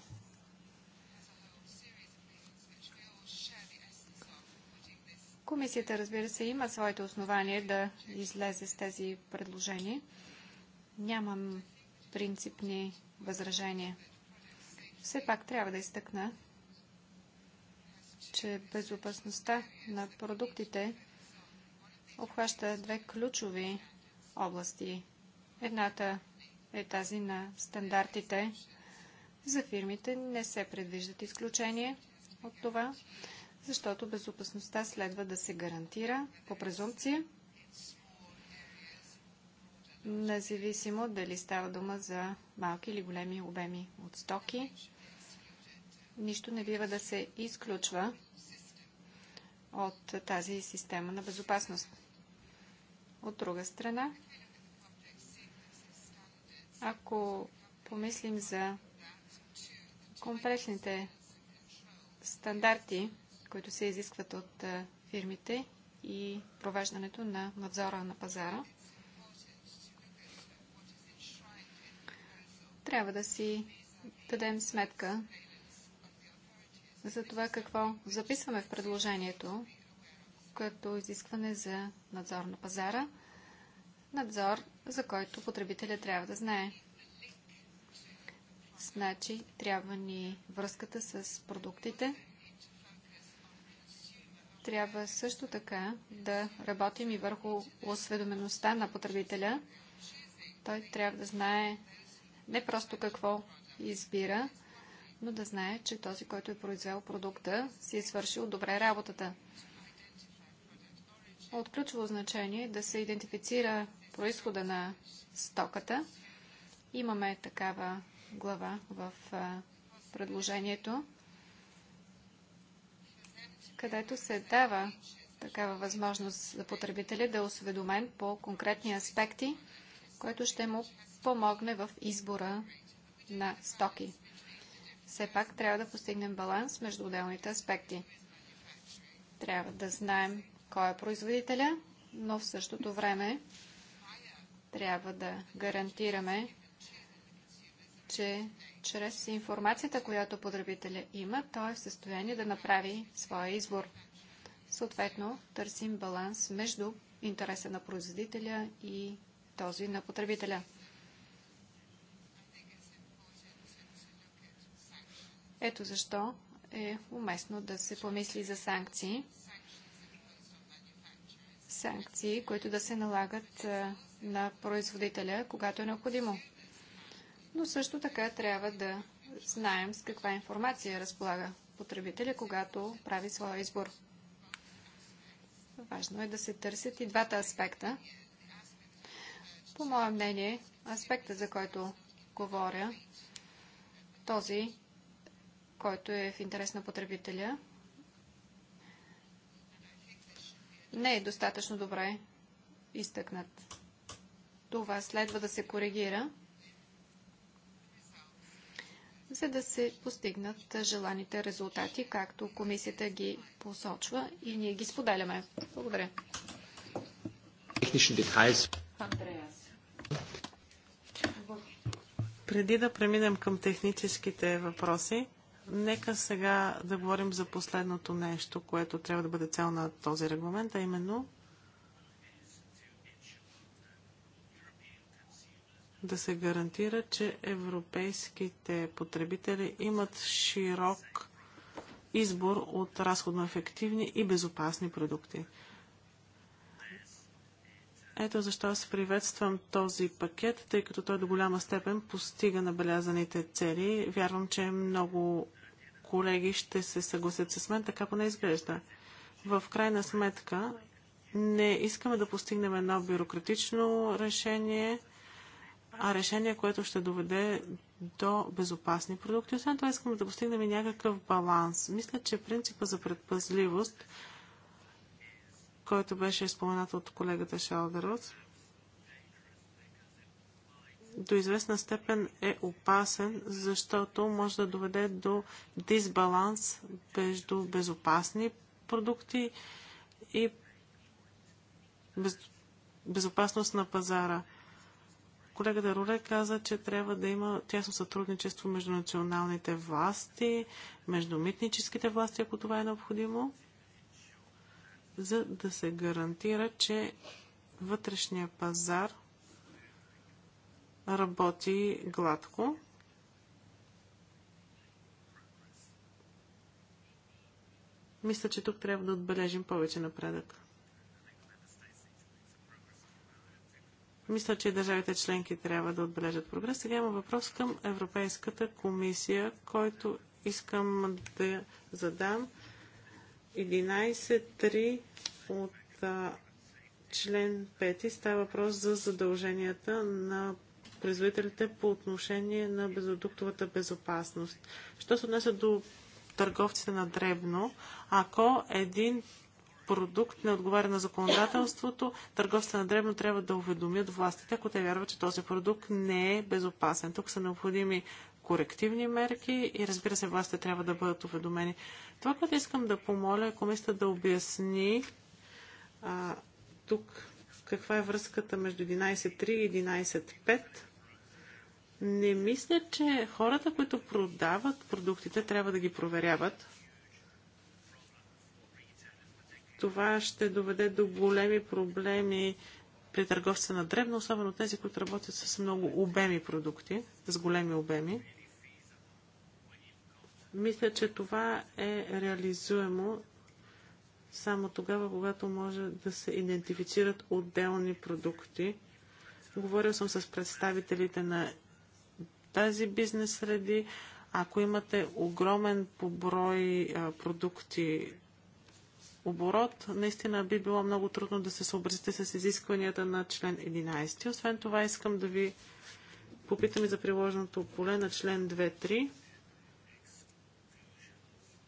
Комисията, разбира се, има своите основания да излезе с тези предложения. Нямам принципни възражения. Все пак трябва да изтъкна, че безопасността на продуктите обхваща две ключови области. Едната е тази на стандартите. За фирмите не се предвиждат изключения от това защото безопасността следва да се гарантира по презумпция, независимо дали става дума за малки или големи обеми от стоки. Нищо не бива да се изключва от тази система на безопасност. От друга страна, ако помислим за комплексните стандарти които се изискват от фирмите и провеждането на надзора на пазара. Трябва да си дадем сметка за това какво записваме в предложението като изискване за надзор на пазара. Надзор, за който потребителя трябва да знае. Значи трябва ни връзката с продуктите, трябва също така да работим и върху осведомеността на потребителя. Той трябва да знае не просто какво избира, но да знае, че този, който е произвел продукта, си е свършил добре работата. От ключово значение е да се идентифицира происхода на стоката. Имаме такава глава в предложението където се дава такава възможност за потребителя да е осведомен по конкретни аспекти, което ще му помогне в избора на стоки. Все пак трябва да постигнем баланс между отделните аспекти. Трябва да знаем кой е производителя, но в същото време трябва да гарантираме, че чрез информацията, която потребителя има, той е в състояние да направи своя избор. Съответно, търсим баланс между интереса на производителя и този на потребителя. Ето защо е уместно да се помисли за санкции. Санкции, които да се налагат на производителя, когато е необходимо но също така трябва да знаем с каква информация разполага потребителя, когато прави своя избор. Важно е да се търсят и двата аспекта. По мое мнение, аспекта, за който говоря, този, който е в интерес на потребителя, не е достатъчно добре изтъкнат. Това следва да се коригира за да се постигнат желаните резултати, както комисията ги посочва и ние ги споделяме. Благодаря. Андреас. Преди да преминем към техническите въпроси, нека сега да говорим за последното нещо, което трябва да бъде цел на този регламент, а именно да се гарантира, че европейските потребители имат широк избор от разходно ефективни и безопасни продукти. Ето защо аз приветствам този пакет, тъй като той до голяма степен постига набелязаните цели. Вярвам, че много колеги ще се съгласят с мен, така поне изглежда. В крайна сметка, не искаме да постигнем едно бюрократично решение, решение, което ще доведе до безопасни продукти. Освен това искаме да постигнем и някакъв баланс. Мисля, че принципа за предпазливост, който беше споменат от колегата Шелдерот, до известна степен е опасен, защото може да доведе до дисбаланс между безопасни продукти и без... безопасност на пазара. Колегата Руле каза, че трябва да има тясно сътрудничество между националните власти, между митническите власти, ако това е необходимо, за да се гарантира, че вътрешния пазар работи гладко. Мисля, че тук трябва да отбележим повече напредък. Мисля, че държавите членки трябва да отбележат прогрес. Сега има въпрос към Европейската комисия, който искам да задам. 11.3 от а, член 5 става въпрос за задълженията на производителите по отношение на безодуктовата безопасност. Що се отнася до търговците на дребно, ако един продукт не отговаря на законодателството, търговците на дребно трябва да уведомят властите, ако те вярват, че този продукт не е безопасен. Тук са необходими корективни мерки и разбира се, властите трябва да бъдат уведомени. Това, което искам да помоля е комисията да обясни а, тук каква е връзката между 11.3 и 11.5. Не мисля, че хората, които продават продуктите, трябва да ги проверяват това ще доведе до големи проблеми при търговците на дребно, особено тези, които работят с много обеми продукти, с големи обеми. Мисля, че това е реализуемо само тогава, когато може да се идентифицират отделни продукти. Говорил съм с представителите на тази бизнес среди. Ако имате огромен поброй продукти оборот, наистина би било много трудно да се съобразите с изискванията на член 11. Освен това искам да ви попитам и за приложеното поле на член 2.3.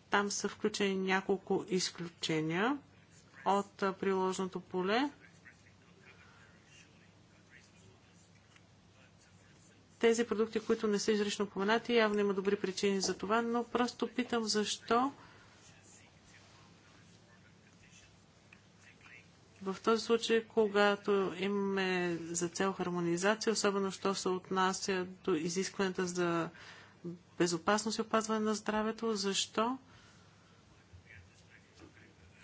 Там са включени няколко изключения от приложеното поле. Тези продукти, които не са изрично поменати, явно има добри причини за това, но просто питам защо В този случай, когато имаме за цел хармонизация, особено що се отнася до изискването за безопасност и опазване на здравето, защо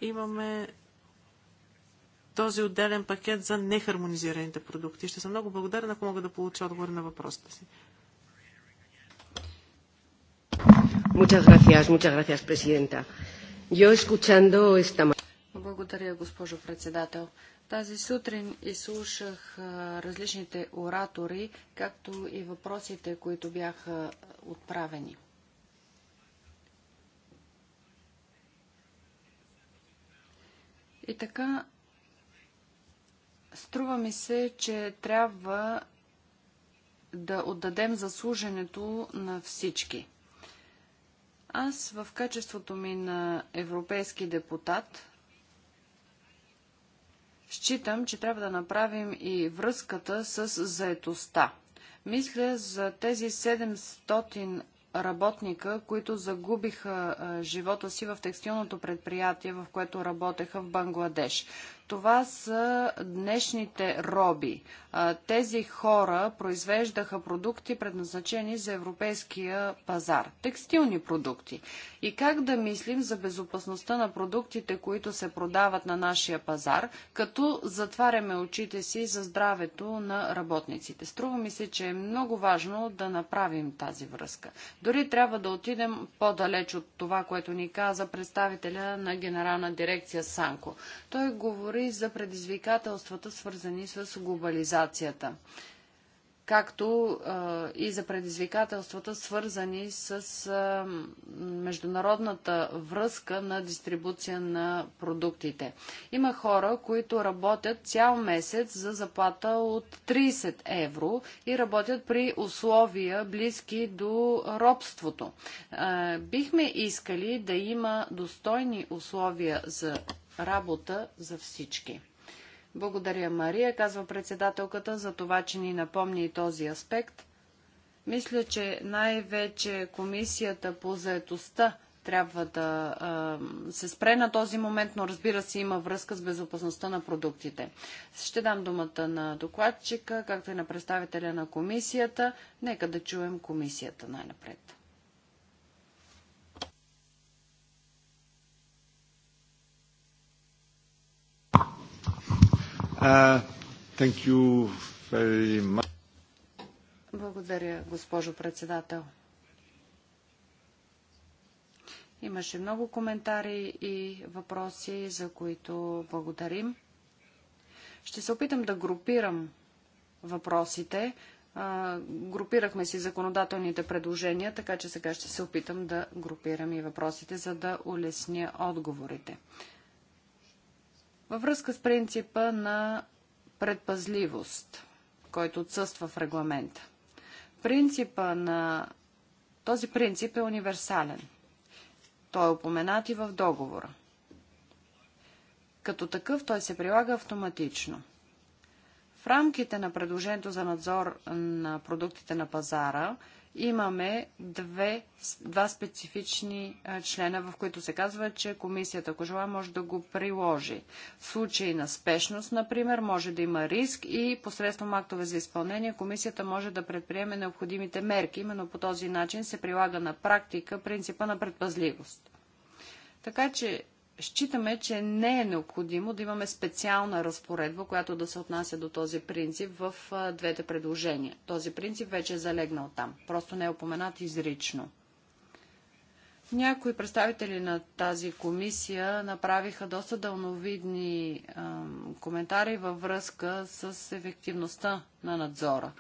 имаме този отделен пакет за нехармонизираните продукти. Ще съм много благодарен, ако мога да получа отговор на въпросите си. Muchas gracias, muchas gracias, Presidenta. Yo escuchando esta благодаря, госпожо председател. Тази сутрин изслушах различните оратори, както и въпросите, които бяха отправени. И така, струва ми се, че трябва да отдадем заслуженето на всички. Аз в качеството ми на европейски депутат Считам, че трябва да направим и връзката с заетостта. Мисля за тези 700 работника, които загубиха живота си в текстилното предприятие, в което работеха в Бангладеш. Това са днешните роби. Тези хора произвеждаха продукти, предназначени за европейския пазар. Текстилни продукти. И как да мислим за безопасността на продуктите, които се продават на нашия пазар, като затваряме очите си за здравето на работниците? Струва ми се, че е много важно да направим тази връзка. Дори трябва да отидем по-далеч от това, което ни каза представителя на генерална дирекция Санко. Той говори говори за предизвикателствата, свързани с глобализацията, както и за предизвикателствата, свързани с международната връзка на дистрибуция на продуктите. Има хора, които работят цял месец за заплата от 30 евро и работят при условия близки до робството. Бихме искали да има достойни условия за работа за всички. Благодаря, Мария, казва председателката, за това, че ни напомни и този аспект. Мисля, че най-вече комисията по заетостта трябва да а, се спре на този момент, но разбира се има връзка с безопасността на продуктите. Ще дам думата на докладчика, както и на представителя на комисията. Нека да чуем комисията най-напред. Uh, thank you very much. Благодаря, госпожо председател. Имаше много коментари и въпроси, за които благодарим. Ще се опитам да групирам въпросите. групирахме си законодателните предложения, така че сега ще се опитам да групирам и въпросите, за да улесня отговорите. Във връзка с принципа на предпазливост, който отсъства в регламента. Принципа на... Този принцип е универсален. Той е упоменат и в договора. Като такъв той се прилага автоматично. В рамките на предложението за надзор на продуктите на пазара – имаме две, два специфични члена, в които се казва, че комисията, ако желая, може да го приложи. В случай на спешност, например, може да има риск и посредством актове за изпълнение комисията може да предприеме необходимите мерки. Именно по този начин се прилага на практика принципа на предпазливост. Така че считаме, че не е необходимо да имаме специална разпоредба, която да се отнася до този принцип в двете предложения. Този принцип вече е залегнал там. Просто не е упоменат изрично. Някои представители на тази комисия направиха доста дълновидни е, коментари във връзка с ефективността на надзора.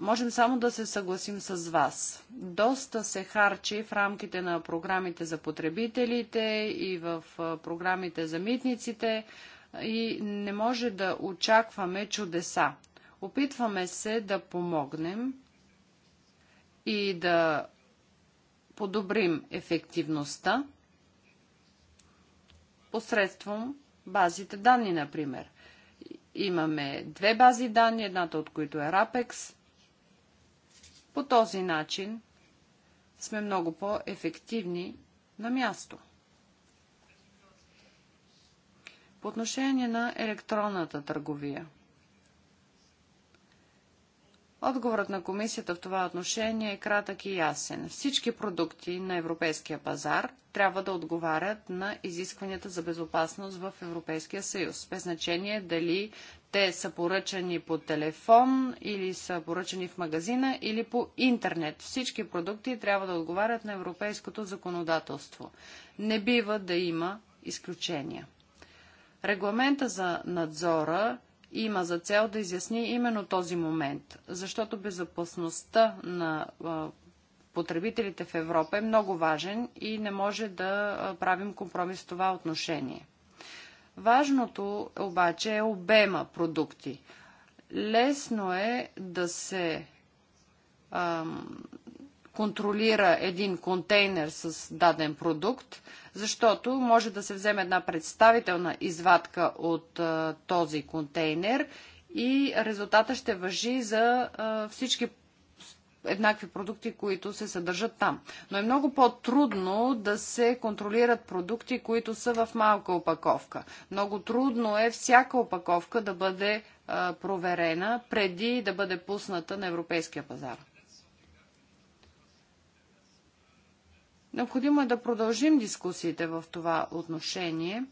Можем само да се съгласим с вас. Доста се харчи в рамките на програмите за потребителите и в програмите за митниците и не може да очакваме чудеса. Опитваме се да помогнем и да подобрим ефективността посредством базите данни, например. Имаме две бази данни, едната от които е RAPEX – по този начин сме много по-ефективни на място. По отношение на електронната търговия. Отговорът на комисията в това отношение е кратък и ясен. Всички продукти на европейския пазар трябва да отговарят на изискванията за безопасност в Европейския съюз, без значение дали те са поръчани по телефон или са поръчани в магазина или по интернет. Всички продукти трябва да отговарят на европейското законодателство. Не бива да има изключения. Регламента за надзора има за цел да изясни именно този момент, защото безопасността на потребителите в Европа е много важен и не може да правим компромис в това отношение. Важното обаче е обема продукти. Лесно е да се ам, контролира един контейнер с даден продукт, защото може да се вземе една представителна извадка от а, този контейнер и резултата ще въжи за а, всички еднакви продукти, които се съдържат там. Но е много по-трудно да се контролират продукти, които са в малка опаковка. Много трудно е всяка опаковка да бъде проверена преди да бъде пусната на европейския пазар. Необходимо е да продължим дискусиите в това отношение.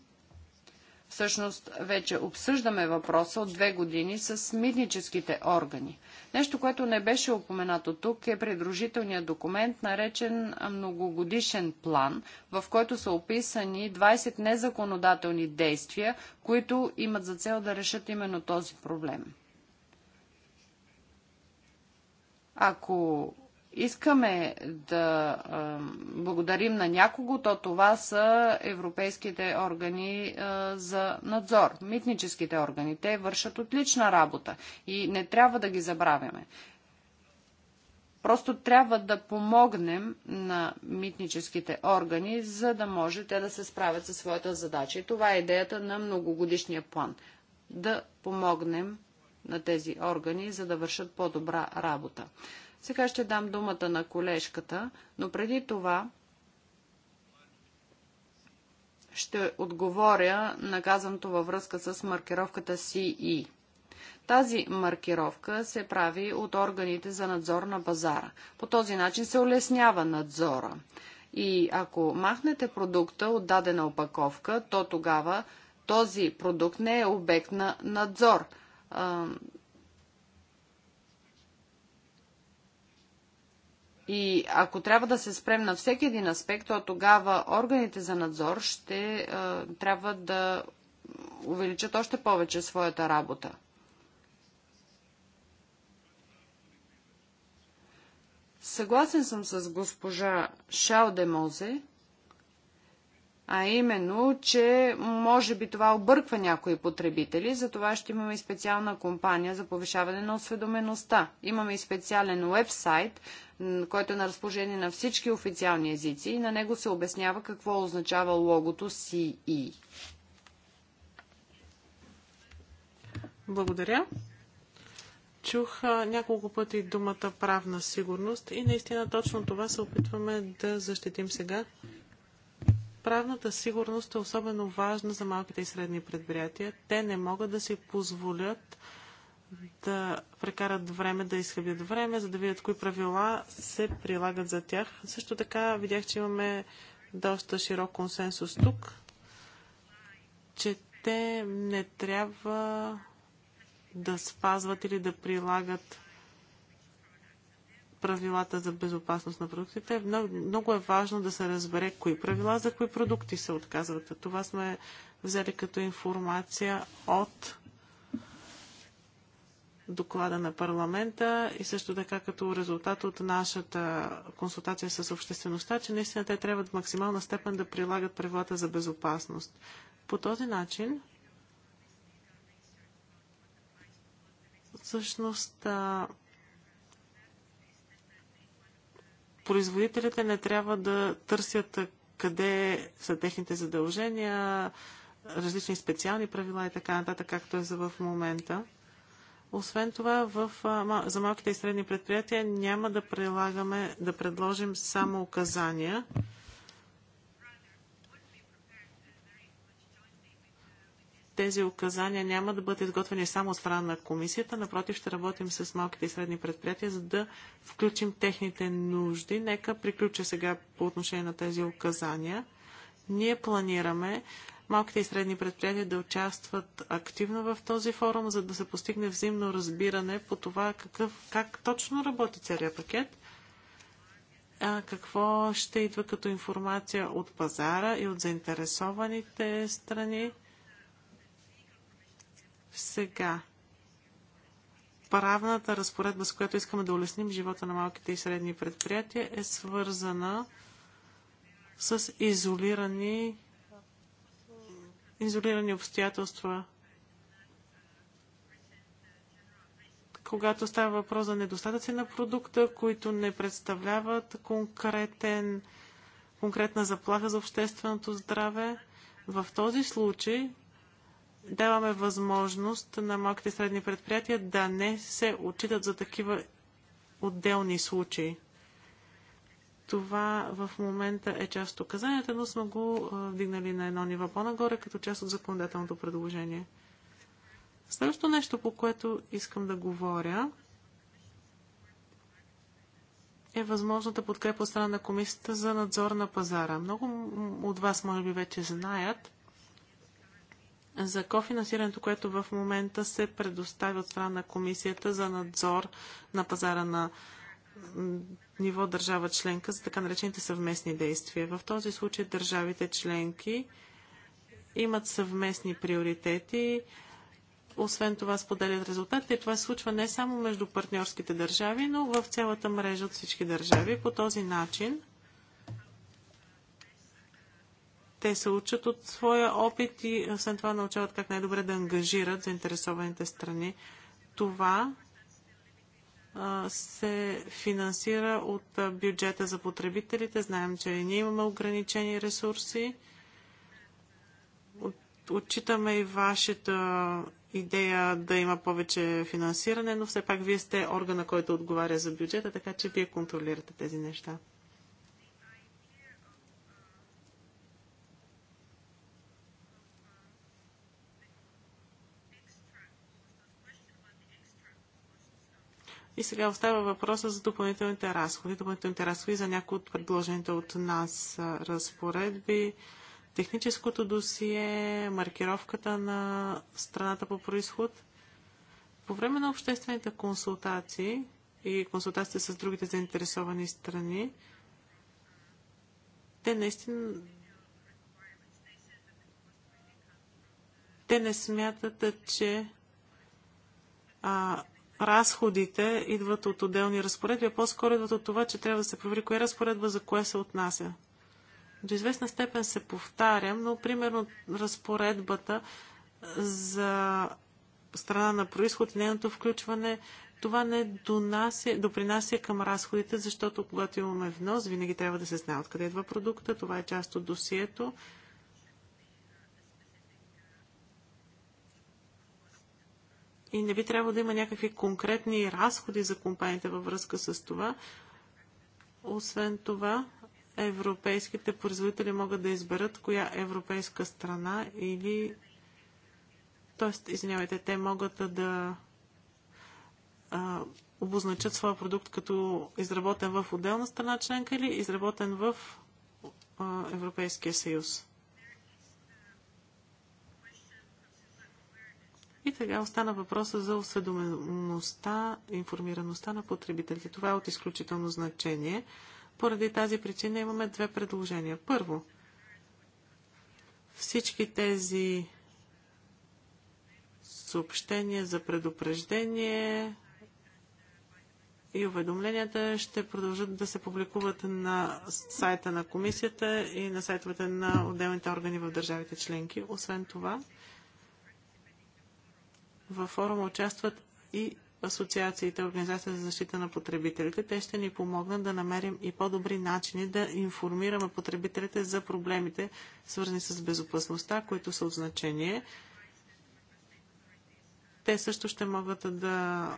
Всъщност вече обсъждаме въпроса от две години с митническите органи. Нещо, което не беше упоменато тук е придружителният документ, наречен многогодишен план, в който са описани 20 незаконодателни действия, които имат за цел да решат именно този проблем. Ако искаме да благодарим на някого, то това са европейските органи за надзор, митническите органи. Те вършат отлична работа и не трябва да ги забравяме. Просто трябва да помогнем на митническите органи, за да може те да се справят със своята задача. И това е идеята на многогодишния план. Да помогнем на тези органи, за да вършат по-добра работа. Сега ще дам думата на колежката, но преди това ще отговоря на казаното във връзка с маркировката CE. Тази маркировка се прави от органите за надзор на базара. По този начин се улеснява надзора. И ако махнете продукта от дадена опаковка, то тогава този продукт не е обект на надзор. И ако трябва да се спрем на всеки един аспект, то тогава органите за надзор ще а, е, трябва да увеличат още повече своята работа. Съгласен съм с госпожа Шао Мозе. А именно, че може би това обърква някои потребители, за това ще имаме и специална компания за повишаване на осведомеността. Имаме и специален вебсайт, който е на разположение на всички официални езици и на него се обяснява какво означава логото CE. Благодаря. Чух няколко пъти думата правна сигурност и наистина точно това се опитваме да защитим сега Правната сигурност е особено важна за малките и средни предприятия. Те не могат да си позволят да прекарат време, да изхъбят време, за да видят кои правила се прилагат за тях. Също така видях, че имаме доста широк консенсус тук, че те не трябва да спазват или да прилагат правилата за безопасност на продуктите, много, много е важно да се разбере кои правила за кои продукти се отказват. Това сме взели като информация от доклада на парламента и също така като резултат от нашата консултация с обществеността, че наистина те трябва в максимална степен да прилагат правилата за безопасност. По този начин, всъщност, производителите не трябва да търсят къде са техните задължения, различни специални правила и така нататък, както е за в момента. Освен това, в, за малките и средни предприятия няма да, прилагаме, да предложим само указания. тези указания няма да бъдат изготвени само от страна на комисията. Напротив, ще работим с малките и средни предприятия, за да включим техните нужди. Нека приключа сега по отношение на тези указания. Ние планираме малките и средни предприятия да участват активно в този форум, за да се постигне взаимно разбиране по това какъв, как точно работи целият пакет, а какво ще идва като информация от пазара и от заинтересованите страни сега, правната разпоредба, с която искаме да улесним живота на малките и средни предприятия, е свързана с изолирани, изолирани обстоятелства. Когато става въпрос за недостатъци на продукта, които не представляват конкретен, конкретна заплаха за общественото здраве, в този случай даваме възможност на малките и средни предприятия да не се отчитат за такива отделни случаи. Това в момента е част от указанията, но сме го вдигнали на едно ниво по-нагоре, като част от законодателното предложение. Следващото нещо, по което искам да говоря, е възможната подкрепа от страна на комисията за надзор на пазара. Много от вас, може би, вече знаят, за кофинансирането, което в момента се предоставя от страна на комисията за надзор на пазара на ниво държава членка за така наречените съвместни действия. В този случай държавите членки имат съвместни приоритети, освен това споделят резултатите. И това се случва не само между партньорските държави, но в цялата мрежа от всички държави. По този начин Те се учат от своя опит и след това научават как най-добре да ангажират заинтересованите страни. Това се финансира от бюджета за потребителите. Знаем, че ние имаме ограничени ресурси. Отчитаме и вашата идея да има повече финансиране, но все пак вие сте органа, който отговаря за бюджета, така че вие контролирате тези неща. И сега остава въпроса за допълнителните разходи. Допълнителните разходи за някои от предложените от нас разпоредби, техническото досие, маркировката на страната по происход. По време на обществените консултации и консултации с другите заинтересовани страни, те наистина те не смятат, че а, разходите идват от отделни разпоредби, а по-скоро идват от това, че трябва да се провери коя е разпоредба за кое се отнася. До известна степен се повтарям, но примерно разпоредбата за страна на происход и нейното включване, това не донася, допринася към разходите, защото когато имаме внос, винаги трябва да се знае откъде идва продукта, това е част от досието. и не би трябвало да има някакви конкретни разходи за компаниите във връзка с това. Освен това, европейските производители могат да изберат коя европейска страна или... Тоест, извинявайте, те могат да а, обозначат своя продукт като изработен в отделна страна членка или изработен в а, Европейския съюз. И така остана въпроса за осведомеността, информираността на потребителите. Това е от изключително значение. Поради тази причина имаме две предложения. Първо, всички тези съобщения за предупреждение и уведомленията ще продължат да се публикуват на сайта на комисията и на сайтовете на отделните органи в държавите членки. Освен това, във форума участват и асоциациите, Организация за защита на потребителите. Те ще ни помогнат да намерим и по-добри начини да информираме потребителите за проблемите, свързани с безопасността, които са от значение. Те също ще могат да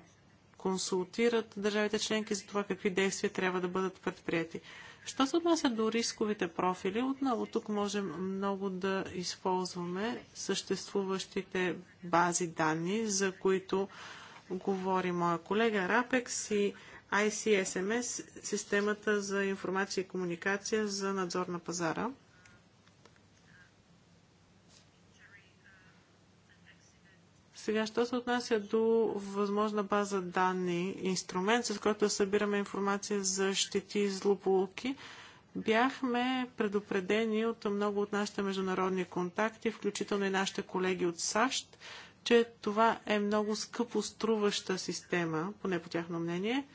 консултират държавите членки за това какви действия трябва да бъдат предприяти. Що се отнася до рисковите профили, отново тук можем много да използваме съществуващите бази данни, за които говори моя колега Рапекс и ICSMS, системата за информация и комуникация за надзор на пазара – Сега, що се отнася до възможна база данни, инструмент, с който събираме информация за щети и злополуки, бяхме предупредени от много от нашите международни контакти, включително и нашите колеги от САЩ, че това е много скъпо струваща система, поне по тяхно мнение.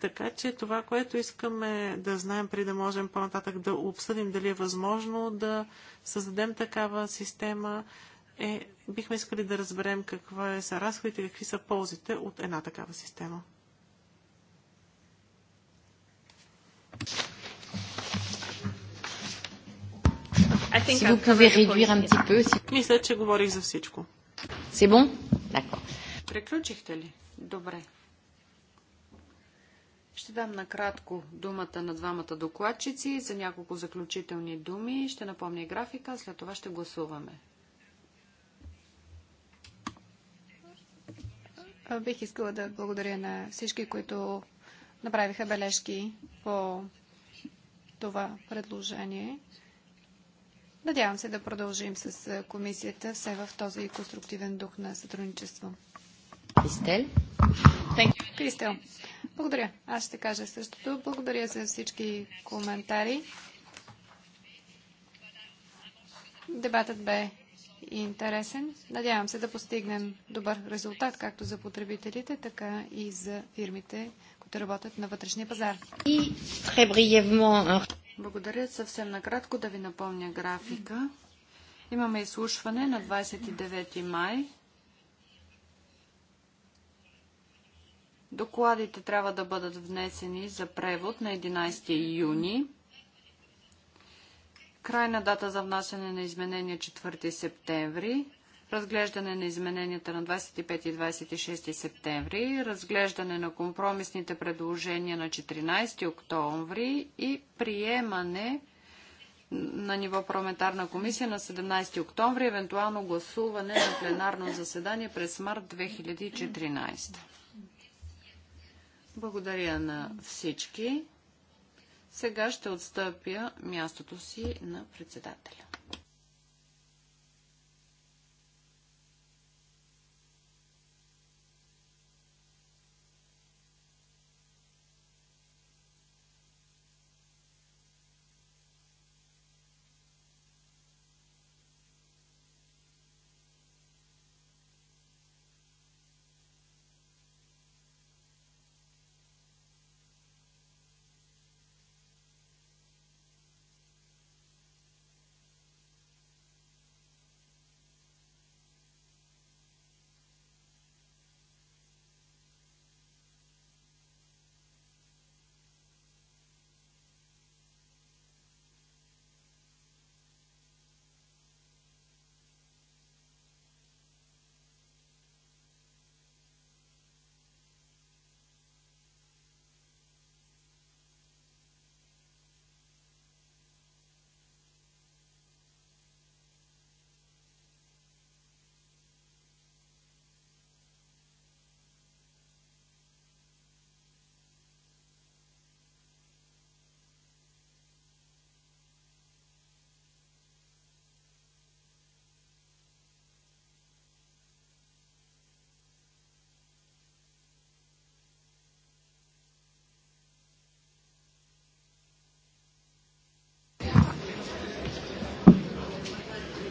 Така че това, което искаме да знаем, при да можем по-нататък да обсъдим дали е възможно да създадем такава система, е, бихме искали да разберем каква е- са разходите и какви са ползите от една такава система. Si vous pouvez réduire un petit peu. Si... Мисля, че говорих за всичко. C'est bon? Приключихте ли? Добре. Ще дам накратко думата на двамата докладчици за няколко заключителни думи. Ще напомня графика, след това ще гласуваме. Бих искала да благодаря на всички, които направиха бележки по това предложение. Надявам се да продължим с комисията все в този конструктивен дух на сътрудничество. Кристел? Кристел, благодаря. Аз ще кажа същото. Благодаря за всички коментари. Дебатът бе и интересен. Надявам се да постигнем добър резултат, както за потребителите, така и за фирмите, които работят на вътрешния пазар. И Благодаря съвсем накратко да ви напомня графика. Имаме изслушване на 29 май. Докладите трябва да бъдат внесени за превод на 11 юни. Крайна дата за внасяне на изменения 4 е септември. Разглеждане на измененията на 25 и 26 септември. Разглеждане на компромисните предложения на 14 октомври. И приемане на ниво парламентарна комисия на 17 октомври, евентуално гласуване на пленарно заседание през март 2014. Благодаря на всички. Сега ще отстъпя мястото си на председателя.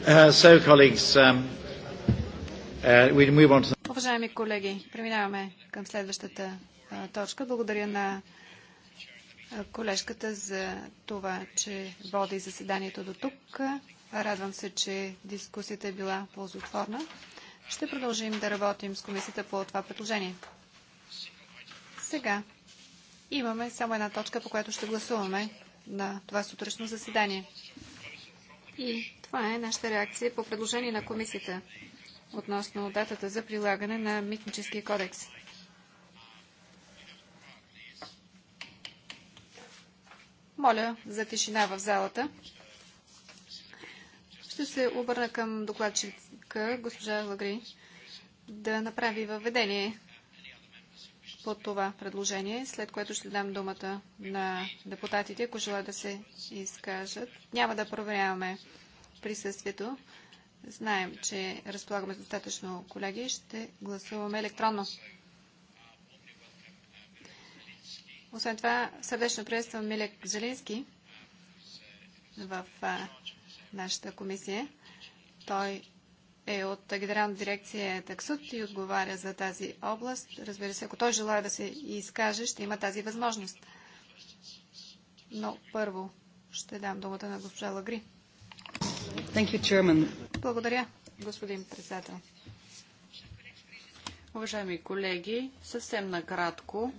Uh, um, uh, Уважаеми колеги, преминаваме към следващата точка. Благодаря на колежката за това, че води заседанието до тук. Радвам се, че дискусията е била ползотворна. Ще продължим да работим с комисията по това предложение. Сега имаме само една точка, по която ще гласуваме на това сутрешно заседание. И това е нашата реакция по предложение на комисията относно датата за прилагане на Митническия кодекс. Моля за тишина в залата. Ще се обърна към докладчика, госпожа Лагри, да направи въведение по това предложение, след което ще дам думата на депутатите, ако желаят да се изкажат. Няма да проверяваме присъствието. Знаем, че разполагаме достатъчно колеги. Ще гласуваме електронно. Освен това, сърдечно приветствам Милек Зелински в нашата комисия. Той е от Генерална дирекция Таксут и отговаря за тази област. Разбира се, ако той желая да се изкаже, ще има тази възможност. Но първо ще дам думата на госпожа Лагри. You, Благодаря, господин председател. Уважаеми колеги, съвсем накратко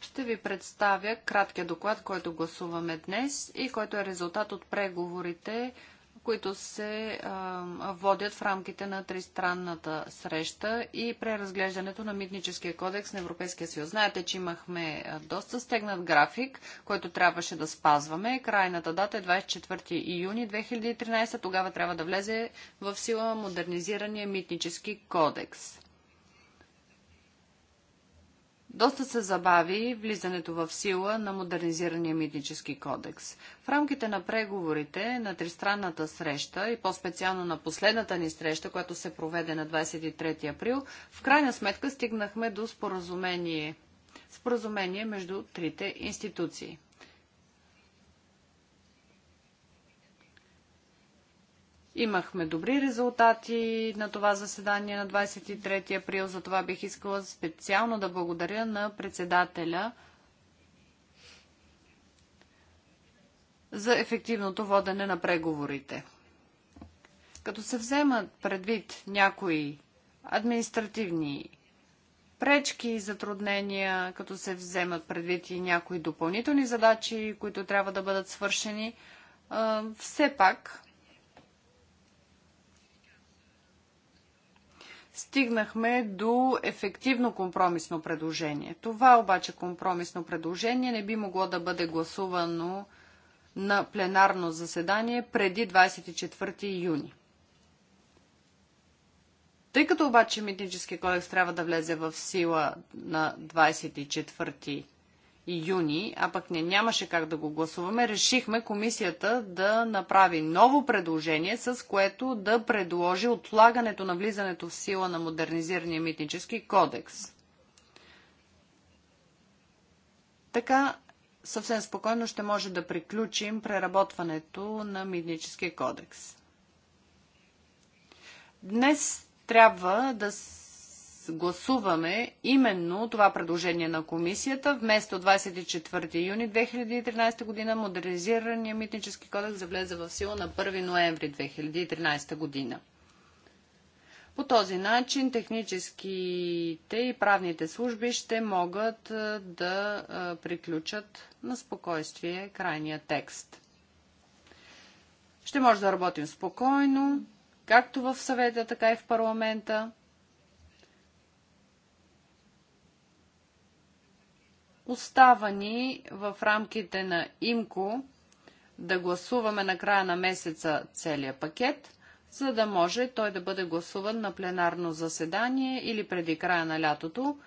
ще ви представя краткия доклад, който гласуваме днес и който е резултат от преговорите които се водят в рамките на тристранната среща и преразглеждането на митническия кодекс на Европейския съюз. Знаете, че имахме доста стегнат график, който трябваше да спазваме. Крайната дата е 24 июни 2013. Тогава трябва да влезе в сила модернизирания митнически кодекс. Доста се забави влизането в сила на модернизирания митнически кодекс. В рамките на преговорите на тристранната среща и по-специално на последната ни среща, която се проведе на 23 април, в крайна сметка стигнахме до споразумение, споразумение между трите институции. Имахме добри резултати на това заседание на 23 април, за това бих искала специално да благодаря на председателя за ефективното водене на преговорите. Като се вземат предвид някои административни пречки и затруднения, като се вземат предвид и някои допълнителни задачи, които трябва да бъдат свършени, все пак стигнахме до ефективно компромисно предложение. Това обаче компромисно предложение не би могло да бъде гласувано на пленарно заседание преди 24 юни. Тъй като обаче митнически кодекс трябва да влезе в сила на 24 и юни, а пък не нямаше как да го гласуваме, решихме комисията да направи ново предложение, с което да предложи отлагането на влизането в сила на модернизирания митнически кодекс. Така съвсем спокойно ще може да приключим преработването на митническия кодекс. Днес трябва да гласуваме именно това предложение на комисията вместо 24 юни 2013 година модернизирания митнически кодекс да влезе в сила на 1 ноември 2013 година. По този начин техническите и правните служби ще могат да приключат на спокойствие крайния текст. Ще може да работим спокойно, както в съвета, така и в парламента. Остава ни в рамките на ИМКО да гласуваме на края на месеца целия пакет, за да може той да бъде гласуван на пленарно заседание или преди края на лятото,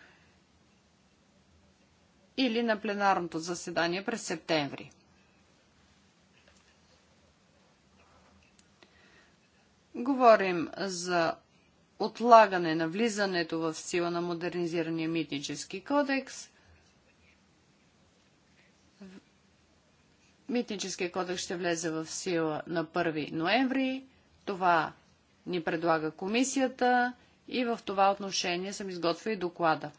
или на пленарното заседание през септември. Говорим за отлагане на влизането в сила на модернизирания митнически кодекс – Митническия кодекс ще влезе в сила на 1 ноември. Това ни предлага комисията и в това отношение съм изготвила и доклада,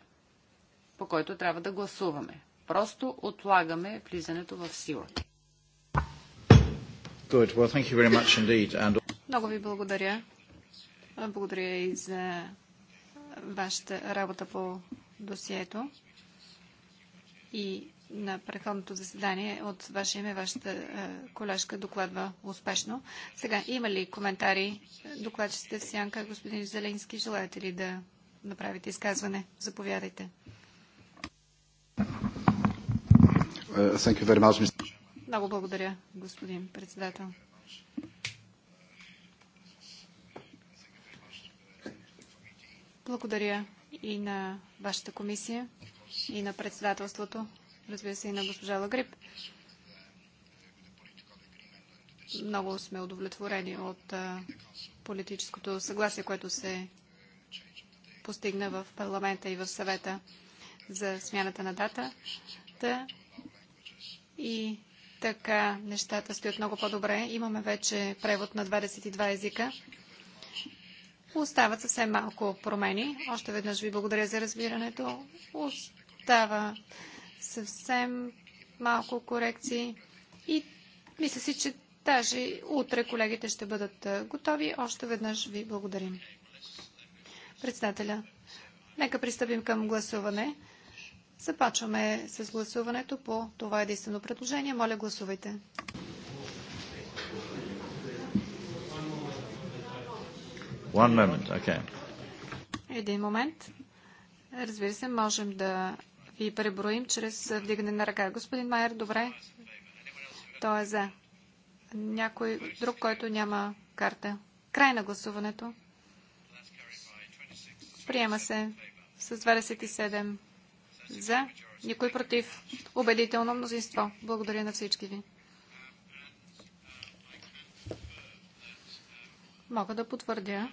по който трябва да гласуваме. Просто отлагаме влизането в сила. Well, And... Много ви благодаря. Благодаря и за вашата работа по досието. И на предходното заседание от ваше име, вашата е, колежка докладва успешно. Сега, има ли коментари? Докладчиците в сянка, господин Зеленски, желаете ли да направите изказване? Заповядайте. Е, Много благодаря, господин председател. Благодаря и на вашата комисия, и на председателството разбира се и на госпожа Лагрип. Много сме удовлетворени от политическото съгласие, което се постигна в парламента и в съвета за смяната на дата. И така нещата стоят много по-добре. Имаме вече превод на 22 езика. Остават съвсем малко промени. Още веднъж ви благодаря за разбирането. Остава съвсем малко корекции и мисля си, че даже утре колегите ще бъдат готови. Още веднъж ви благодарим. Председателя, нека пристъпим към гласуване. Започваме с гласуването по това единствено предложение. Моля, гласувайте. One moment, okay. Един момент. Разбира се, можем да ви преброим чрез вдигане на ръка. Господин Майер, добре. Той е за. Някой друг, който няма карта. Край на гласуването. Приема се с 27 за, никой против. Убедително мнозинство. Благодаря на всички ви. Мога да потвърдя,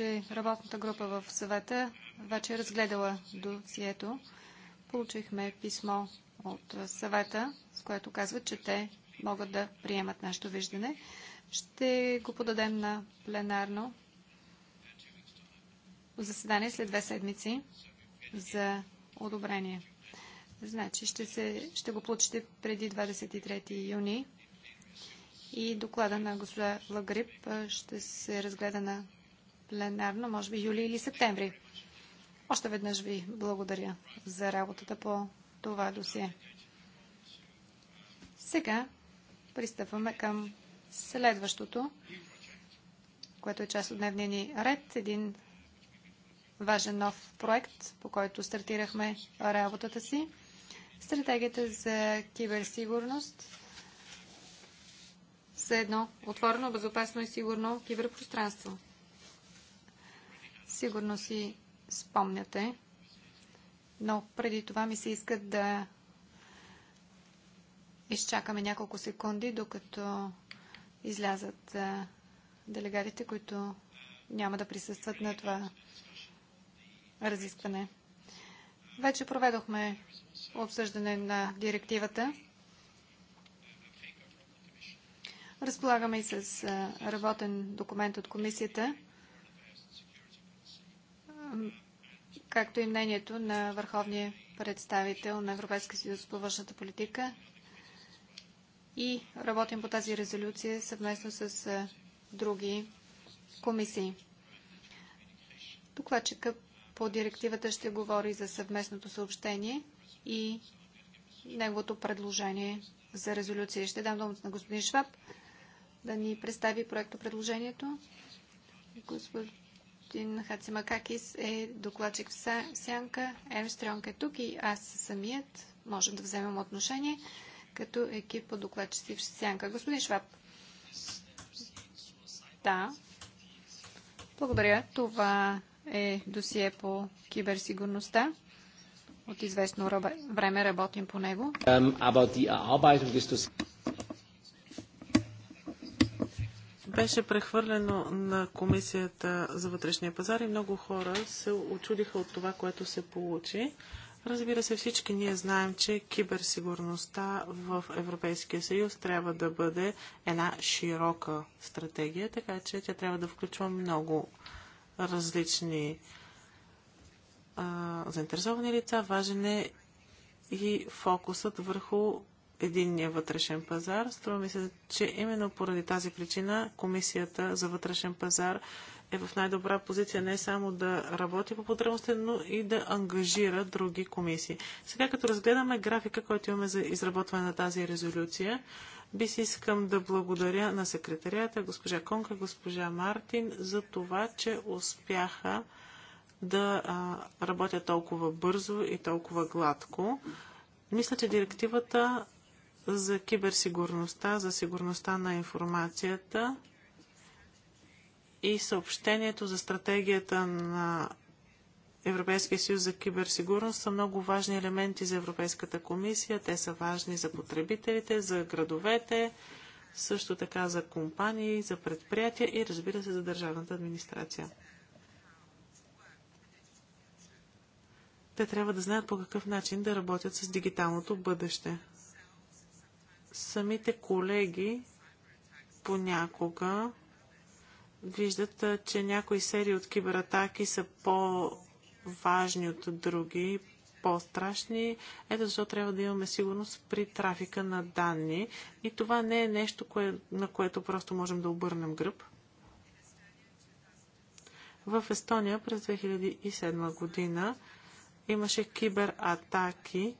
че работната група в съвета вече е разгледала досието. Получихме писмо от съвета, с което казват, че те могат да приемат нашето виждане. Ще го подадем на пленарно заседание след две седмици за одобрение. Значи ще, се, ще го получите преди 23 юни и доклада на госпожа Лагрип ще се разгледа на пленарно, може би юли или септември. Още веднъж ви благодаря за работата по това досие. Сега пристъпваме към следващото, което е част от дневния ни ред. Един важен нов проект, по който стартирахме работата си. Стратегията за киберсигурност за едно отворено, безопасно и сигурно киберпространство. Сигурно си спомняте, но преди това ми се иска да изчакаме няколко секунди, докато излязат делегатите, които няма да присъстват на това разискване. Вече проведохме обсъждане на директивата. Разполагаме и с работен документ от комисията както и мнението на върховния представител на Европейския съюз по външната политика. И работим по тази резолюция съвместно с други комисии. Докладчика по директивата ще говори за съвместното съобщение и неговото предложение за резолюция. Ще дам думата на господин Шваб да ни представи проекто предложението. Господин Господин Хацимакакис е докладчик в Сянка, Емстронг е тук и аз самият можем да вземем отношение като екип по докладчици в Сянка. Господин Шваб. Да. Благодаря. Това е досие по киберсигурността. От известно време работим по него. Um, беше прехвърлено на Комисията за вътрешния пазар и много хора се очудиха от това, което се получи. Разбира се, всички ние знаем, че киберсигурността в Европейския съюз трябва да бъде една широка стратегия, така че тя трябва да включва много различни а, заинтересовани лица. Важен е и фокусът върху единния вътрешен пазар. Струва ми се, че именно поради тази причина Комисията за вътрешен пазар е в най-добра позиция не само да работи по потребностите, но и да ангажира други комисии. Сега, като разгледаме графика, който имаме за изработване на тази резолюция, би си искам да благодаря на секретарията, госпожа Конка, госпожа Мартин, за това, че успяха да работят работя толкова бързо и толкова гладко. Мисля, че директивата за киберсигурността, за сигурността на информацията и съобщението за стратегията на Европейския съюз за киберсигурност са много важни елементи за Европейската комисия. Те са важни за потребителите, за градовете, също така за компании, за предприятия и разбира се за държавната администрация. Те трябва да знаят по какъв начин да работят с дигиталното бъдеще самите колеги понякога виждат, че някои серии от кибератаки са по-важни от други, по-страшни. Ето защо трябва да имаме сигурност при трафика на данни. И това не е нещо, кое, на което просто можем да обърнем гръб. В Естония през 2007 година имаше кибератаки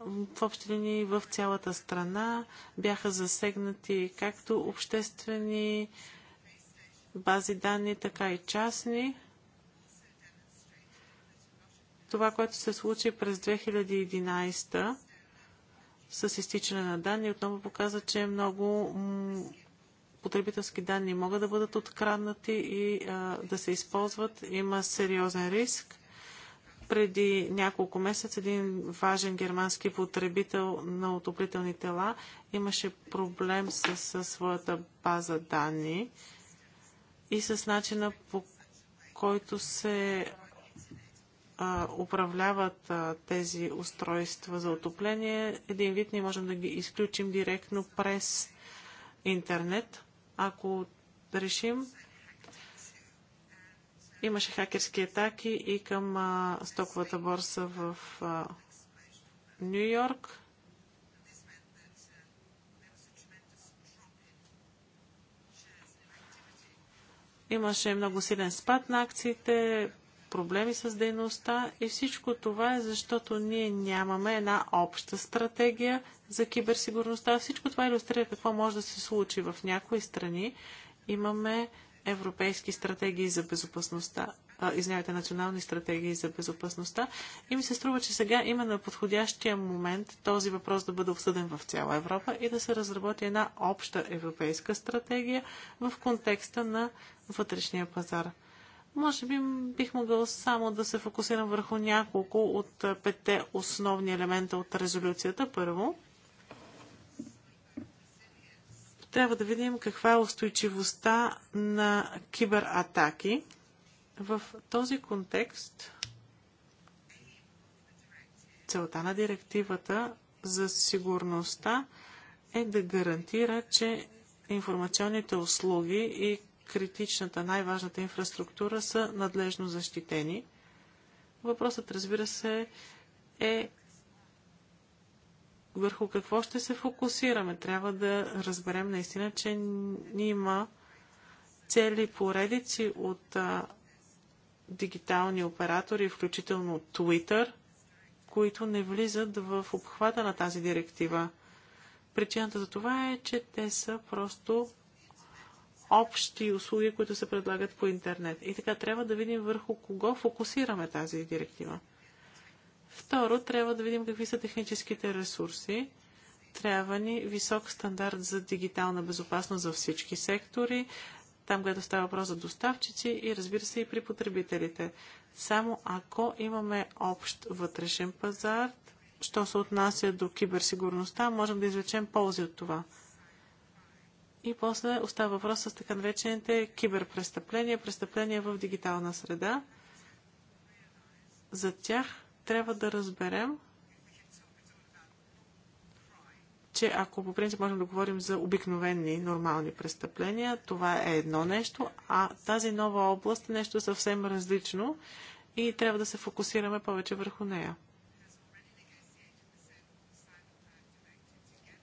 в общи линии в цялата страна бяха засегнати както обществени бази данни, така и частни. Това, което се случи през 2011 с изтичане на данни, отново показва, че много потребителски данни могат да бъдат откраднати и а, да се използват. Има сериозен риск. Преди няколко месец един важен германски потребител на отоплителни тела имаше проблем с, с своята база данни и с начина по който се а, управляват а, тези устройства за отопление. Един вид ние можем да ги изключим директно през интернет, ако решим Имаше хакерски атаки и към а, стоковата борса в а, Нью Йорк. Имаше много силен спад на акциите, проблеми с дейността и всичко това е защото ние нямаме една обща стратегия за киберсигурността. Всичко това иллюстрира какво може да се случи в някои страни. Имаме европейски стратегии за безопасността, а, извинявайте, национални стратегии за безопасността. И ми се струва, че сега има на подходящия момент този въпрос да бъде обсъден в цяла Европа и да се разработи една обща европейска стратегия в контекста на вътрешния пазар. Може би бих могъл само да се фокусирам върху няколко от петте основни елемента от резолюцията. Първо, Трябва да видим каква е устойчивостта на кибератаки. В този контекст целта на директивата за сигурността е да гарантира, че информационните услуги и критичната, най-важната инфраструктура са надлежно защитени. Въпросът, разбира се, е върху какво ще се фокусираме. Трябва да разберем наистина, че има цели поредици от а, дигитални оператори, включително Twitter, които не влизат в обхвата на тази директива. Причината за това е, че те са просто общи услуги, които се предлагат по интернет. И така трябва да видим върху кого фокусираме тази директива. Второ, трябва да видим какви са техническите ресурси. Трябва ни висок стандарт за дигитална безопасност за всички сектори, там, където става въпрос за доставчици и разбира се и при потребителите. Само ако имаме общ вътрешен пазар, що се отнася до киберсигурността, можем да извлечем ползи от това. И после остава въпрос с така наречените киберпрестъпления, престъпления в дигитална среда. За тях трябва да разберем, че ако по принцип можем да говорим за обикновени, нормални престъпления, това е едно нещо, а тази нова област е нещо съвсем различно и трябва да се фокусираме повече върху нея.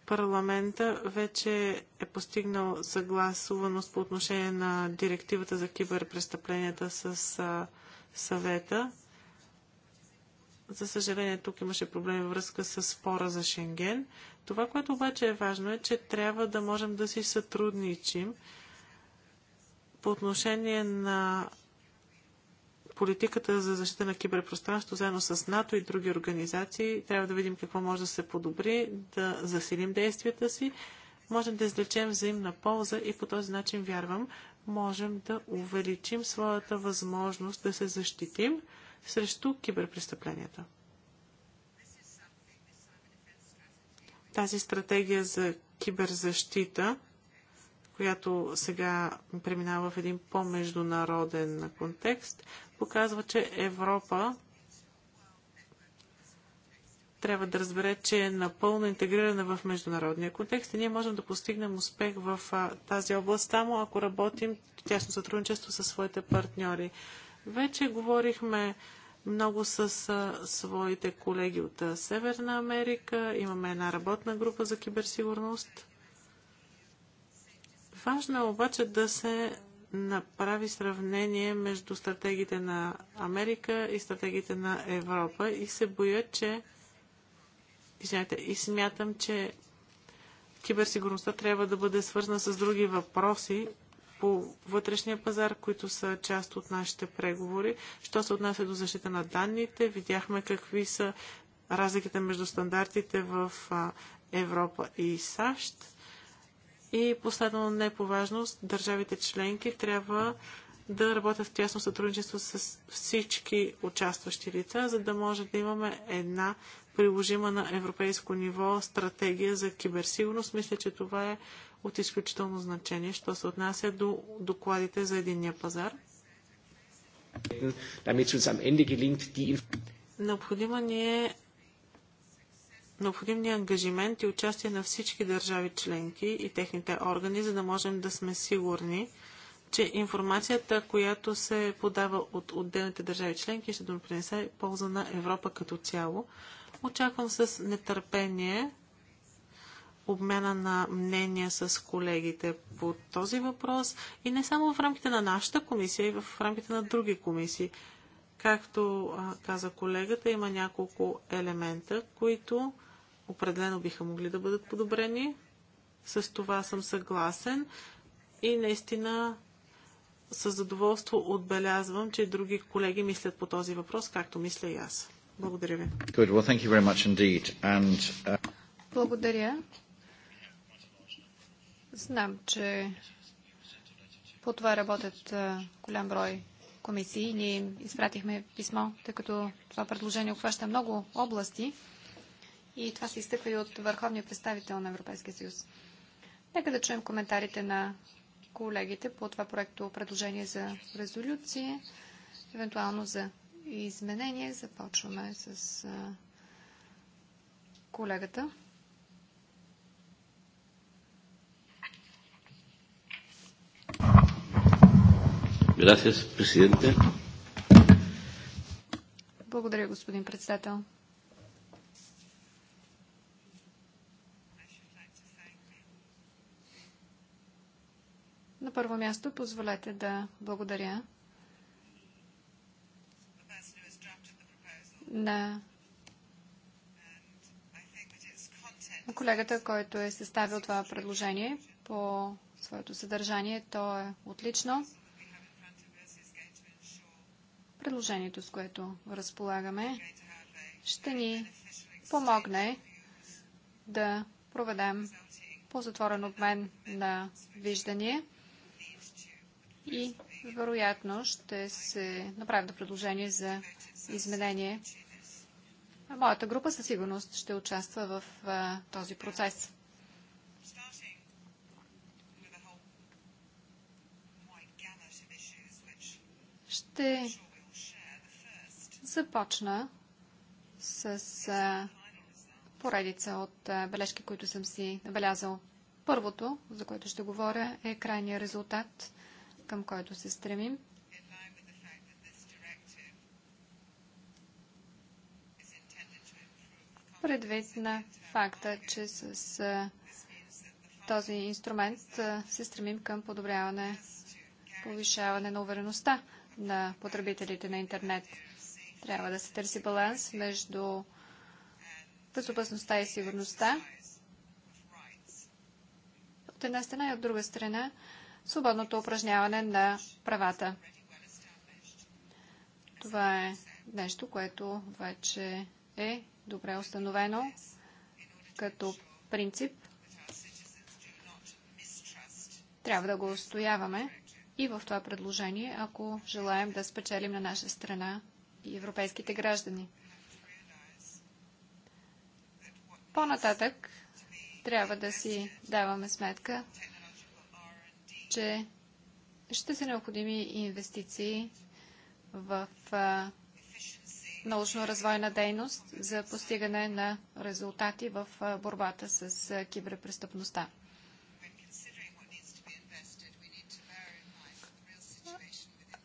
Парламента вече е постигнал съгласуваност по отношение на директивата за киберпрестъпленията с съвета за съжаление, тук имаше проблеми във връзка с спора за Шенген. Това, което обаче е важно, е, че трябва да можем да си сътрудничим по отношение на политиката за защита на киберпространството заедно с НАТО и други организации. Трябва да видим какво може да се подобри, да засилим действията си. Можем да извлечем взаимна полза и по този начин, вярвам, можем да увеличим своята възможност да се защитим срещу киберпрестъпленията. Тази стратегия за киберзащита, която сега преминава в един по-международен контекст, показва, че Европа трябва да разбере, че е напълно интегрирана в международния контекст и ние можем да постигнем успех в тази област само ако работим в тясно сътрудничество със своите партньори. Вече говорихме много с своите колеги от Северна Америка. Имаме една работна група за киберсигурност. Важно е обаче да се направи сравнение между стратегиите на Америка и стратегиите на Европа и се боя, че Извинете, и смятам, че киберсигурността трябва да бъде свързана с други въпроси, по вътрешния пазар, които са част от нашите преговори. Що се отнася до защита на данните, видяхме какви са разликите между стандартите в Европа и САЩ. И последно, не по важност, държавите членки трябва да работят в тясно сътрудничество с всички участващи лица, за да може да имаме една приложима на европейско ниво стратегия за киберсигурност. Мисля, че това е от изключително значение, що се отнася до докладите за единния пазар. Необходима ни е необходимния е ангажимент и участие на всички държави членки и техните органи, за да можем да сме сигурни, че информацията, която се подава от отделните държави членки, ще допринесе полза на Европа като цяло. Очаквам с нетърпение обмена на мнения с колегите по този въпрос и не само в рамките на нашата комисия, и в рамките на други комисии. Както каза колегата, има няколко елемента, които определено биха могли да бъдат подобрени. С това съм съгласен и наистина с задоволство отбелязвам, че други колеги мислят по този въпрос, както мисля и аз. Благодаря ви. Uh, Благодаря. Знам, че по това работят голям брой комисии. Ние изпратихме писмо, тъй като това предложение обхваща много области и това се изтъква и от върховния представител на Европейския съюз. Нека да чуем коментарите на колегите по това проекто предложение за резолюция, евентуално за изменение. Започваме с колегата. Gracias, presidente. Благодаря, господин председател. На първо място позволете да благодаря на колегата, който е съставил това предложение по своето съдържание. То е отлично. Предложението, с което разполагаме, ще ни помогне да проведем по-затворен обмен на виждания и вероятно ще се направим да предложение за изменение. Моята група със сигурност ще участва в този процес. Ще започна с поредица от бележки, които съм си набелязал. Първото, за което ще говоря, е крайния резултат, към който се стремим. Предвид на факта, че с този инструмент се стремим към подобряване, повишаване на увереността на потребителите на интернет. Трябва да се търси баланс между безопасността и сигурността. От една страна и от друга страна свободното упражняване на правата. Това е нещо, което вече е добре установено като принцип. Трябва да го устояваме и в това предложение, ако желаем да спечелим на наша страна и европейските граждани. По-нататък трябва да си даваме сметка, че ще са необходими инвестиции в научно-развойна дейност за постигане на резултати в борбата с киберпрестъпността.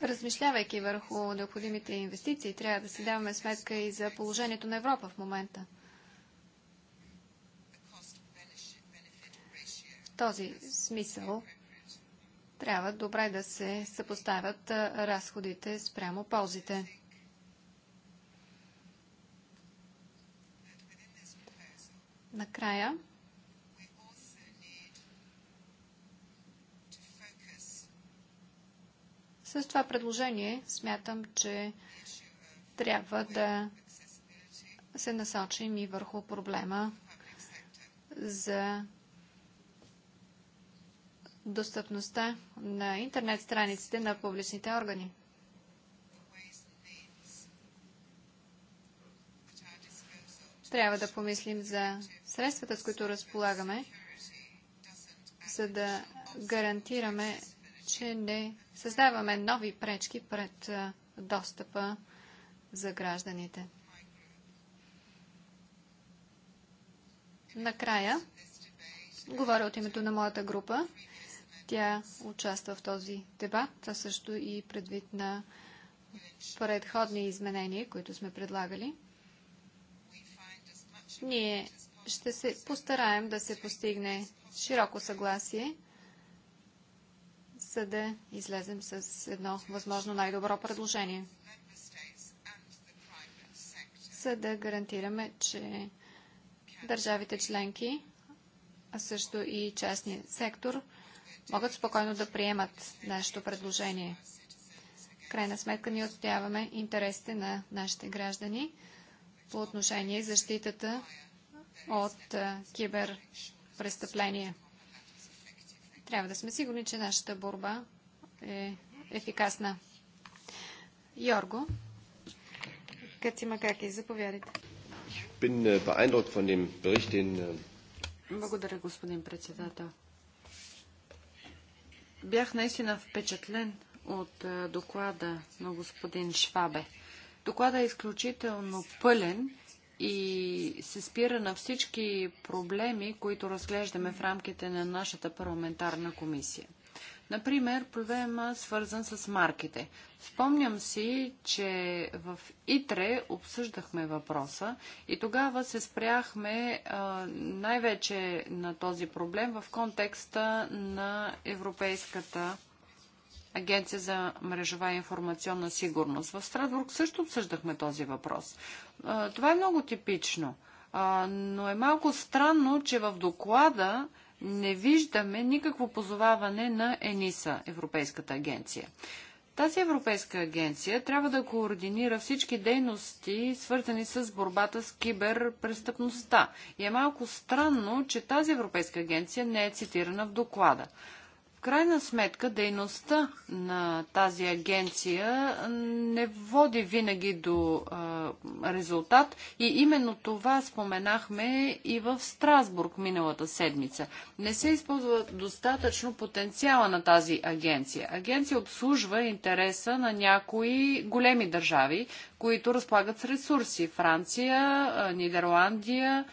Размишлявайки върху необходимите инвестиции, трябва да си даваме сметка и за положението на Европа в момента. В този смисъл трябва добре да се съпоставят разходите спрямо ползите. Накрая, С това предложение смятам, че трябва да се насочим и върху проблема за достъпността на интернет страниците на публичните органи. Трябва да помислим за средствата, с които разполагаме, за да гарантираме че не създаваме нови пречки пред достъпа за гражданите. Накрая, говоря от името на моята група. Тя участва в този дебат, а също и предвид на предходни изменения, които сме предлагали. Ние ще се постараем да се постигне широко съгласие за да излезем с едно възможно най-добро предложение. За да гарантираме, че държавите членки, а също и частния сектор, могат спокойно да приемат нашето предложение. Крайна сметка ни отстояваме интересите на нашите граждани по отношение защитата от киберпрестъпления. Трябва да сме сигурни, че нашата борба е ефикасна. Йорго, Кацимакаки, заповядайте. Äh, äh, Благодаря, господин председател. Бях наистина впечатлен от е, доклада на господин Швабе. Докладът е изключително пълен и се спира на всички проблеми, които разглеждаме в рамките на нашата парламентарна комисия. Например, проблема свързан с марките. Спомням си, че в ИТРЕ обсъждахме въпроса и тогава се спряхме най-вече на този проблем в контекста на европейската Агенция за мрежова и информационна сигурност. В Страсбург също обсъждахме този въпрос. Това е много типично, но е малко странно, че в доклада не виждаме никакво позоваване на ЕНИСА, Европейската агенция. Тази Европейска агенция трябва да координира всички дейности, свързани с борбата с киберпрестъпността. И е малко странно, че тази Европейска агенция не е цитирана в доклада крайна сметка дейността на тази агенция не води винаги до а, резултат и именно това споменахме и в Страсбург миналата седмица. Не се използва достатъчно потенциала на тази агенция. Агенция обслужва интереса на някои големи държави, които разполагат с ресурси. Франция, Нидерландия,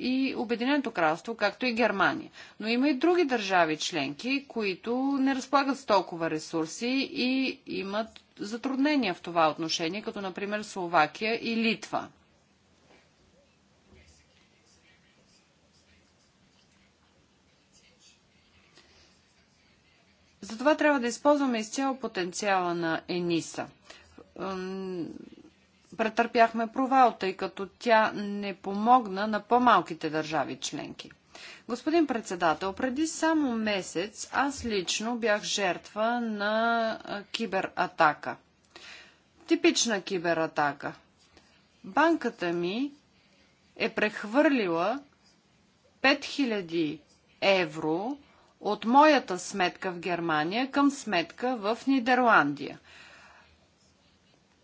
и Обединеното кралство, както и Германия. Но има и други държави членки, които не разполагат с толкова ресурси и имат затруднения в това отношение, като например Словакия и Литва. Затова трябва да използваме изцяло потенциала на ЕНИСА претърпяхме провал, тъй като тя не помогна на по-малките държави членки. Господин председател, преди само месец аз лично бях жертва на кибератака. Типична кибератака. Банката ми е прехвърлила 5000 евро от моята сметка в Германия към сметка в Нидерландия.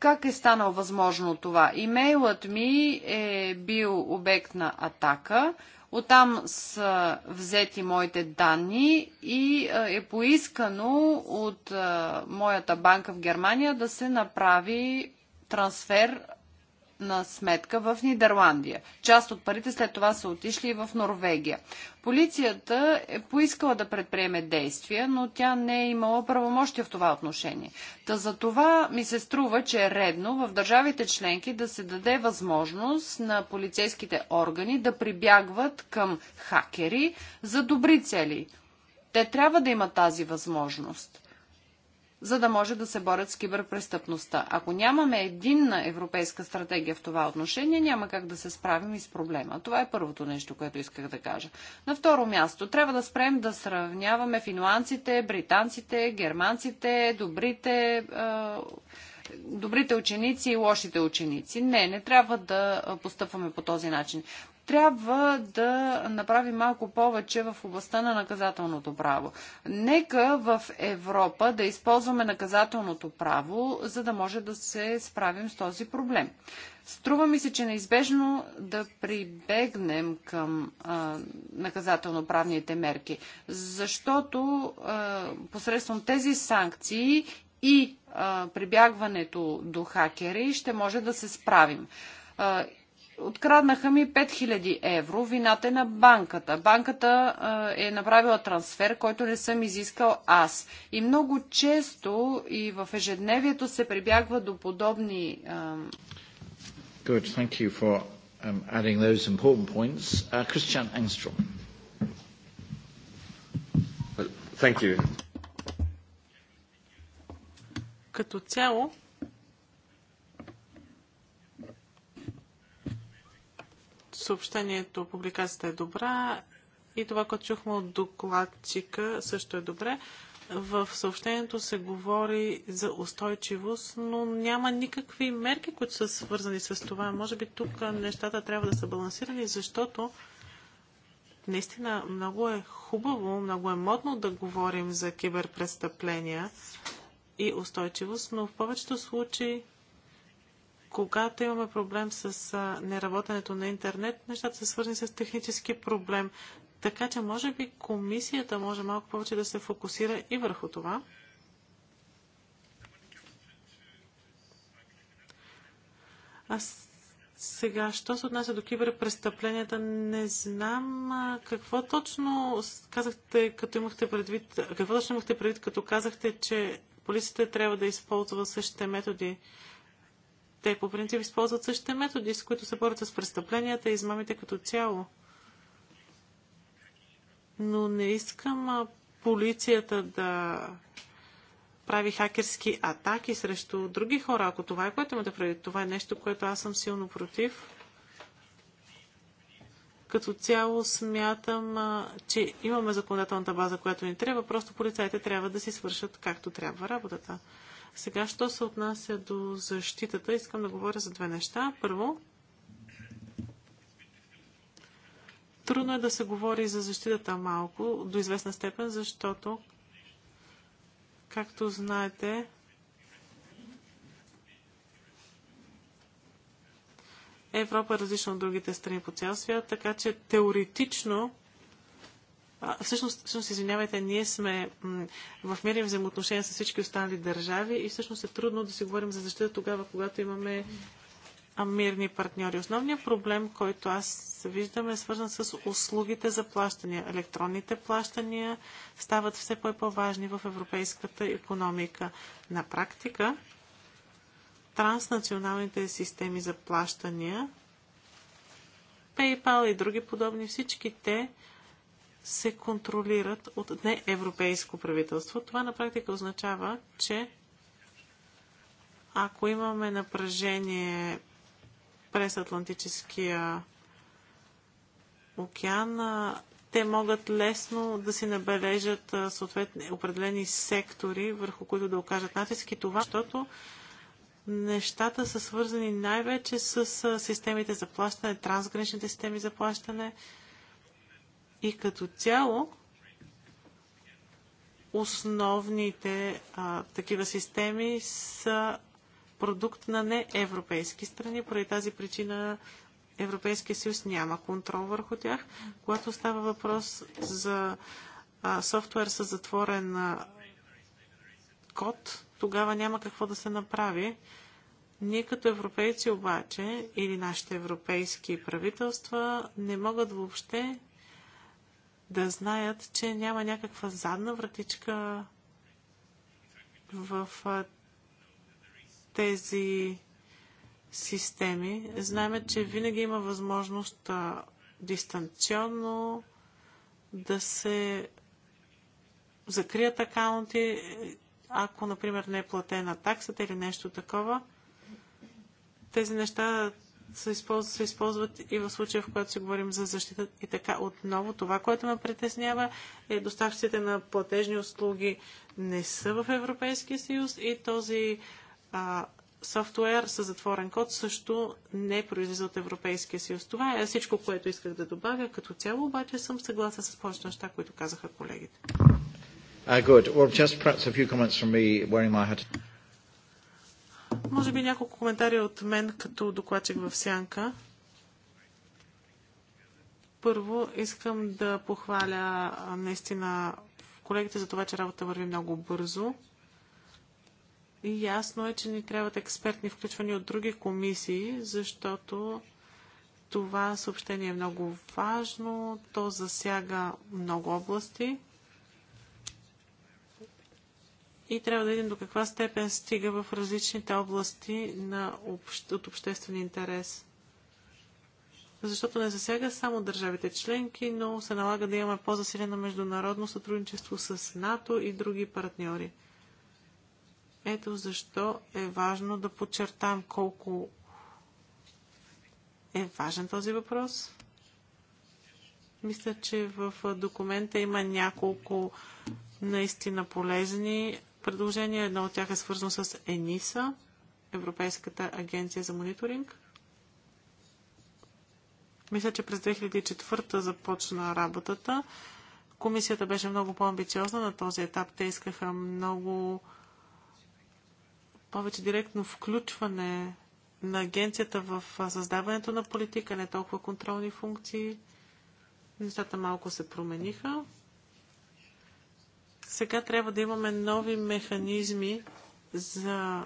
Как е станал възможно това? Имейлът ми е бил обект на атака. Оттам са взети моите данни и е поискано от моята банка в Германия да се направи трансфер на сметка в Нидерландия. Част от парите след това са отишли и в Норвегия. Полицията е поискала да предприеме действия, но тя не е имала правомощия в това отношение. Та за това ми се струва, че е редно в държавите членки да се даде възможност на полицейските органи да прибягват към хакери за добри цели. Те трябва да имат тази възможност за да може да се борят с киберпрестъпността. Ако нямаме единна европейска стратегия в това отношение, няма как да се справим и с проблема. Това е първото нещо, което исках да кажа. На второ място, трябва да спрем да сравняваме финландците, британците, германците, добрите. Е добрите ученици и лошите ученици. Не, не трябва да постъпваме по този начин трябва да направи малко повече в областта на наказателното право. Нека в Европа да използваме наказателното право, за да може да се справим с този проблем. Струва ми се, че неизбежно да прибегнем към наказателно-правните мерки, защото а, посредством тези санкции и а, прибягването до хакери ще може да се справим. А, Откраднаха ми 5000 евро. Вината е на банката. Банката е направила трансфер, който не съм изискал аз. И много често и в ежедневието се прибягва до подобни. Good. Thank you for um, adding those important points. Uh, Christian Engstrom. thank you. Като цяло, съобщението, публикацията е добра и това, което чухме от докладчика, също е добре. В съобщението се говори за устойчивост, но няма никакви мерки, които са свързани с това. Може би тук нещата трябва да са балансирани, защото наистина много е хубаво, много е модно да говорим за киберпрестъпления и устойчивост, но в повечето случаи когато имаме проблем с неработенето на интернет, нещата са свързани с технически проблем. Така че, може би, комисията може малко повече да се фокусира и върху това. А сега, що се отнася до киберпрестъпленията, не знам какво точно казахте, като имахте предвид, какво точно имахте предвид, като казахте, че полицията трябва да използва същите методи те по принцип използват същите методи, с които се борят с престъпленията и измамите като цяло. Но не искам а, полицията да прави хакерски атаки срещу други хора. Ако това е което имате да преди, това е нещо, което аз съм силно против. Като цяло смятам, а, че имаме законодателната база, която ни трябва. Просто полицайите трябва да си свършат както трябва работата. Сега, що се отнася до защитата, искам да говоря за две неща. Първо, трудно е да се говори за защитата малко, до известна степен, защото, както знаете, Европа е различна от другите страни по цял свят, така че теоретично всъщност, всъщност, извинявайте, ние сме в мирни взаимоотношения с всички останали държави и всъщност е трудно да си говорим за защита тогава, когато имаме мирни партньори. Основният проблем, който аз виждам е свързан с услугите за плащания. Електронните плащания стават все по-важни в европейската економика. На практика, транснационалните системи за плащания, PayPal и други подобни, всички те се контролират от неевропейско правителство. Това на практика означава, че ако имаме напрежение през Атлантическия океан, те могат лесно да си набележат съответни определени сектори, върху които да окажат натиски. Това, защото нещата са свързани най-вече с системите за плащане, трансграничните системи за плащане, и като цяло основните а, такива системи са продукт на неевропейски страни. Поради тази причина Европейския съюз няма контрол върху тях. Когато става въпрос за а, софтуер с затворен а, код, тогава няма какво да се направи. Ние като европейци обаче или нашите европейски правителства не могат въобще да знаят, че няма някаква задна вратичка в тези системи. Знаем, че винаги има възможност дистанционно да се закрият акаунти, ако, например, не е платена таксата или нещо такова. Тези неща се използват, се използват и в случая, в който си говорим за защита. И така отново, това, което ме притеснява е доставчиците на платежни услуги не са в Европейския съюз и този а, софтуер с затворен код също не произлиза от Европейския съюз. Това е всичко, което исках да добавя. Като цяло обаче съм съгласен с повечето неща, които казаха колегите. Uh, good. Well, just perhaps a few comments from me wearing my hat. Може би няколко коментари от мен като докладчик в Сянка. Първо, искам да похваля наистина колегите за това, че работа върви много бързо. И ясно е, че ни трябват експертни включвания от други комисии, защото това съобщение е много важно, то засяга много области и трябва да видим до каква степен стига в различните области на общ... от обществен интерес. Защото не засяга само държавите членки, но се налага да имаме по-засилено международно сътрудничество с НАТО и други партньори. Ето защо е важно да подчертам колко е важен този въпрос. Мисля, че в документа има няколко наистина полезни предложения. Едно от тях е свързано с ЕНИСА, Европейската агенция за мониторинг. Мисля, че през 2004 започна работата. Комисията беше много по-амбициозна на този етап. Те искаха много повече директно включване на агенцията в създаването на политика, не толкова контролни функции. Нещата малко се промениха. Сега трябва да имаме нови механизми за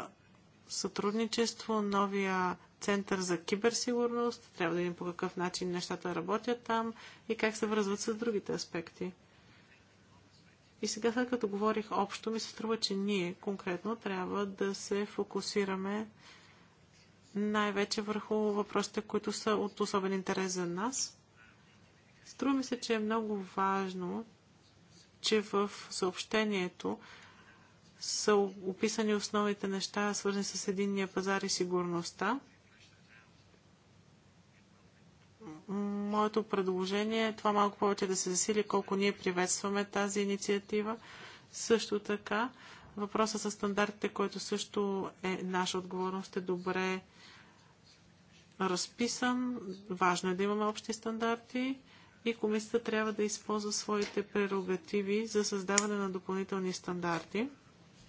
сътрудничество, новия център за киберсигурност, трябва да видим по какъв начин нещата работят там и как се връзват с другите аспекти. И сега, след като говорих общо, ми се струва, че ние конкретно трябва да се фокусираме най-вече върху въпросите, които са от особен интерес за нас. Струва ми се, че е много важно че в съобщението са описани основните неща, свързани с единния пазар и сигурността. Моето предложение е това малко повече да се засили, колко ние приветстваме тази инициатива. Също така, въпросът за стандартите, който също е наша отговорност, е добре разписан. Важно е да имаме общи стандарти и комисията трябва да използва своите прерогативи за създаване на допълнителни стандарти.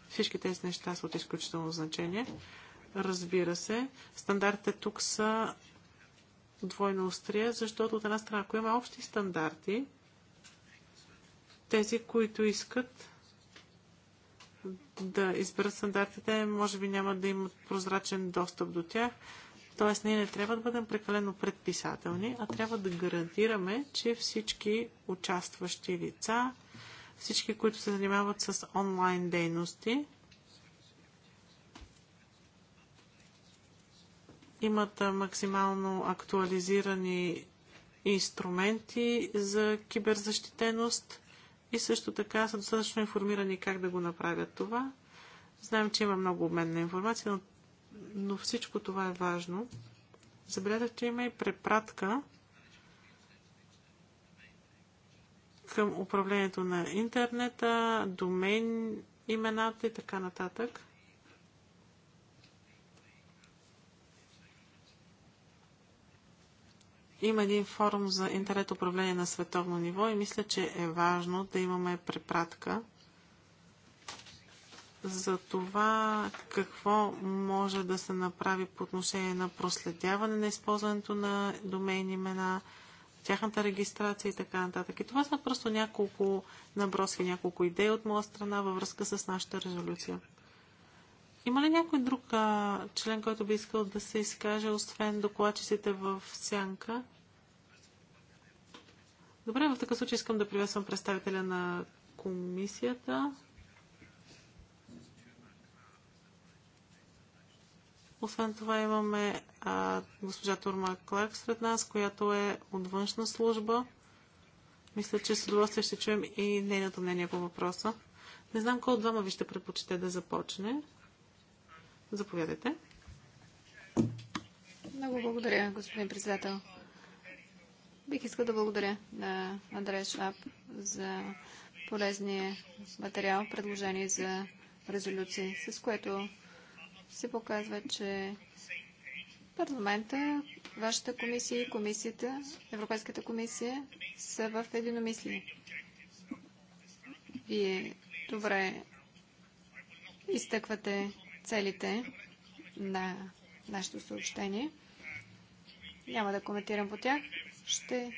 Всички тези неща са от изключително значение. Разбира се, стандартите тук са двойно острия, защото от една страна, ако има общи стандарти, тези, които искат да изберат стандартите, може би няма да имат прозрачен достъп до тях. Тоест, ние не трябва да бъдем прекалено предписателни, а трябва да гарантираме, че всички участващи лица, всички, които се занимават с онлайн дейности, имат максимално актуализирани инструменти за киберзащитеност и също така са достатъчно информирани как да го направят това. Знаем, че има много обмен на информация, но но всичко това е важно. Забелязах, че има и препратка към управлението на интернета, домен имената и така нататък. Има един форум за интернет управление на световно ниво и мисля, че е важно да имаме препратка за това какво може да се направи по отношение на проследяване на използването на домейни имена, тяхната регистрация и така нататък. И това са просто няколко наброски, няколко идеи от моя страна във връзка с нашата резолюция. Има ли някой друг а, член, който би искал да се изкаже, освен докладчиците в сянка? Добре, в такъв случай искам да приветствам представителя на комисията. Освен това имаме а, госпожа Турма Кларк сред нас, която е от външна служба. Мисля, че с удоволствие ще чуем и нейното мнение по въпроса. Не знам кой от двама ви ще предпочете да започне. Заповядайте. Много благодаря, господин председател. Бих искал да благодаря на Андрея Шлап за полезния материал, предложение за резолюции, с което се показва, че парламента, вашата комисия и комисията, Европейската комисия са в единомислие. Вие добре изтъквате целите на нашето съобщение. Няма да коментирам по тях. Ще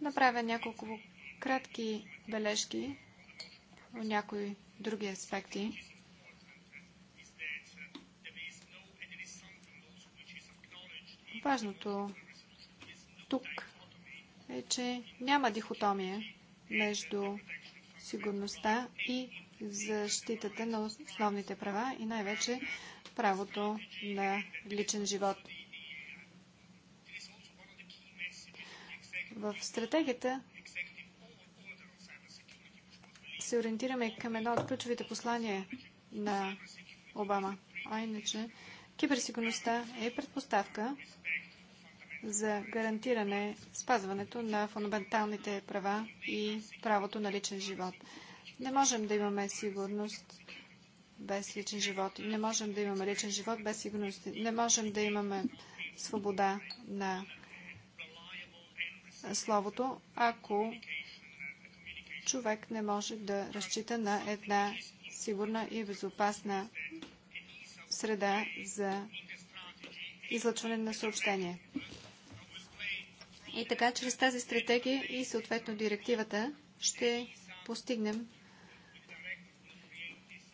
направя няколко кратки бележки по някои други аспекти. Важното тук е, че няма дихотомия между сигурността и защитата на основните права и най-вече правото на личен живот. В стратегията се ориентираме към едно от ключовите послания на Обама, а иначе Киберсигурността е предпоставка за гарантиране спазването на фундаменталните права и правото на личен живот. Не можем да имаме сигурност без личен живот. Не можем да имаме личен живот без сигурност. Не можем да имаме свобода на словото, ако човек не може да разчита на една сигурна и безопасна среда за излъчване на съобщения. И така, чрез тази стратегия и съответно директивата ще постигнем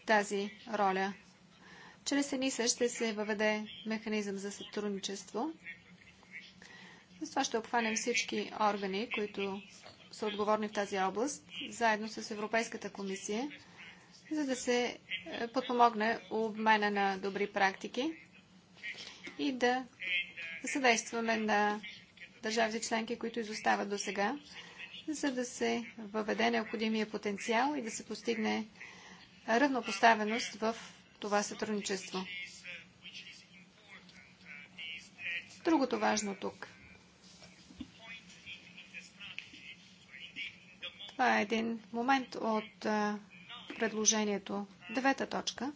тази роля. Чрез ЕНИСА ще се въведе механизъм за сътрудничество. С това ще обхванем всички органи, които са отговорни в тази област, заедно с Европейската комисия за да се е, подпомогне обмена на добри практики и да съдействаме на държавите членки, които изостават до сега, за да се въведе необходимия потенциал и да се постигне равнопоставеност в това сътрудничество. Другото важно тук. Това е един момент от е, предложението. Девета точка.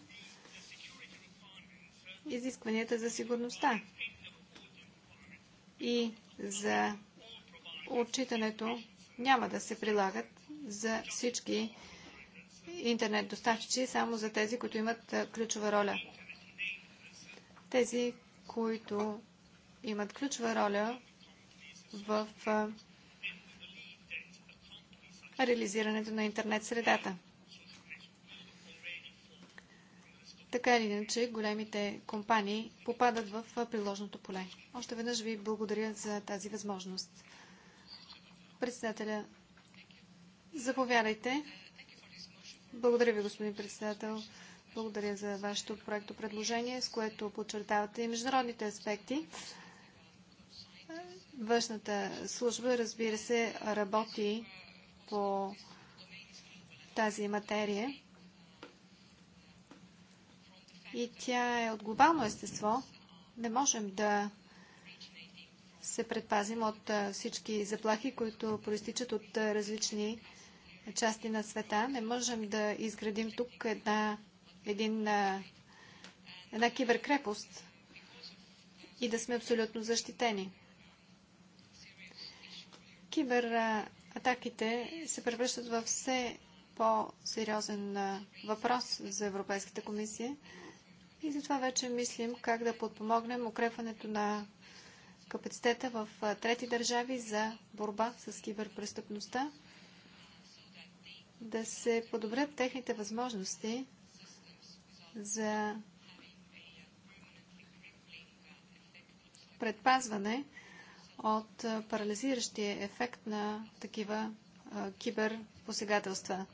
Изискванията за сигурността и за отчитането няма да се прилагат за всички интернет доставчици, само за тези, които имат ключова роля. Тези, които имат ключова роля в реализирането на интернет средата. Така или иначе, големите компании попадат в приложното поле. Още веднъж ви благодаря за тази възможност. Председателя, заповядайте. Благодаря ви, господин председател. Благодаря за вашето проекто предложение, с което подчертавате и международните аспекти. Външната служба, разбира се, работи по тази материя и тя е от глобално естество. Не можем да се предпазим от всички заплахи, които проистичат от различни части на света. Не можем да изградим тук една, един, една киберкрепост и да сме абсолютно защитени. Кибератаките се превръщат във все по-сериозен въпрос за Европейската комисия. И затова вече мислим как да подпомогнем укрепването на капацитета в трети държави за борба с киберпрестъпността, да се подобрят техните възможности за предпазване от парализиращия ефект на такива киберпосегателства.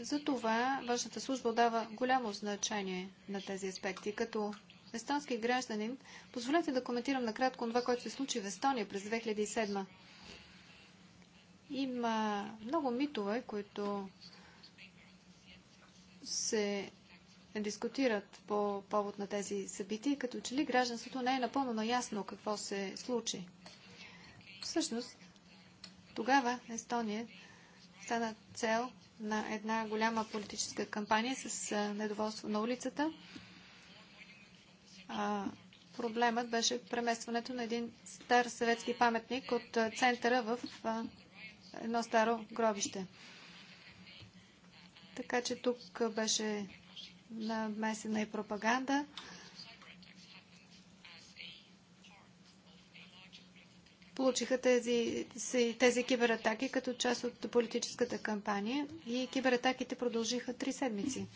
Затова външната служба дава голямо значение на тези аспекти. Като естонски гражданин, позволете да коментирам накратко това, което се случи в Естония през 2007. Има много митове, които се дискутират по повод на тези събития, като че ли гражданството не е напълно наясно какво се случи. Всъщност, тогава Естония стана цел на една голяма политическа кампания с недоволство на улицата. А, проблемът беше преместването на един стар съветски паметник от центъра в а, едно старо гробище. Така че тук беше намесена и пропаганда. получиха тези, тези кибератаки като част от политическата кампания и кибератаките продължиха три седмици.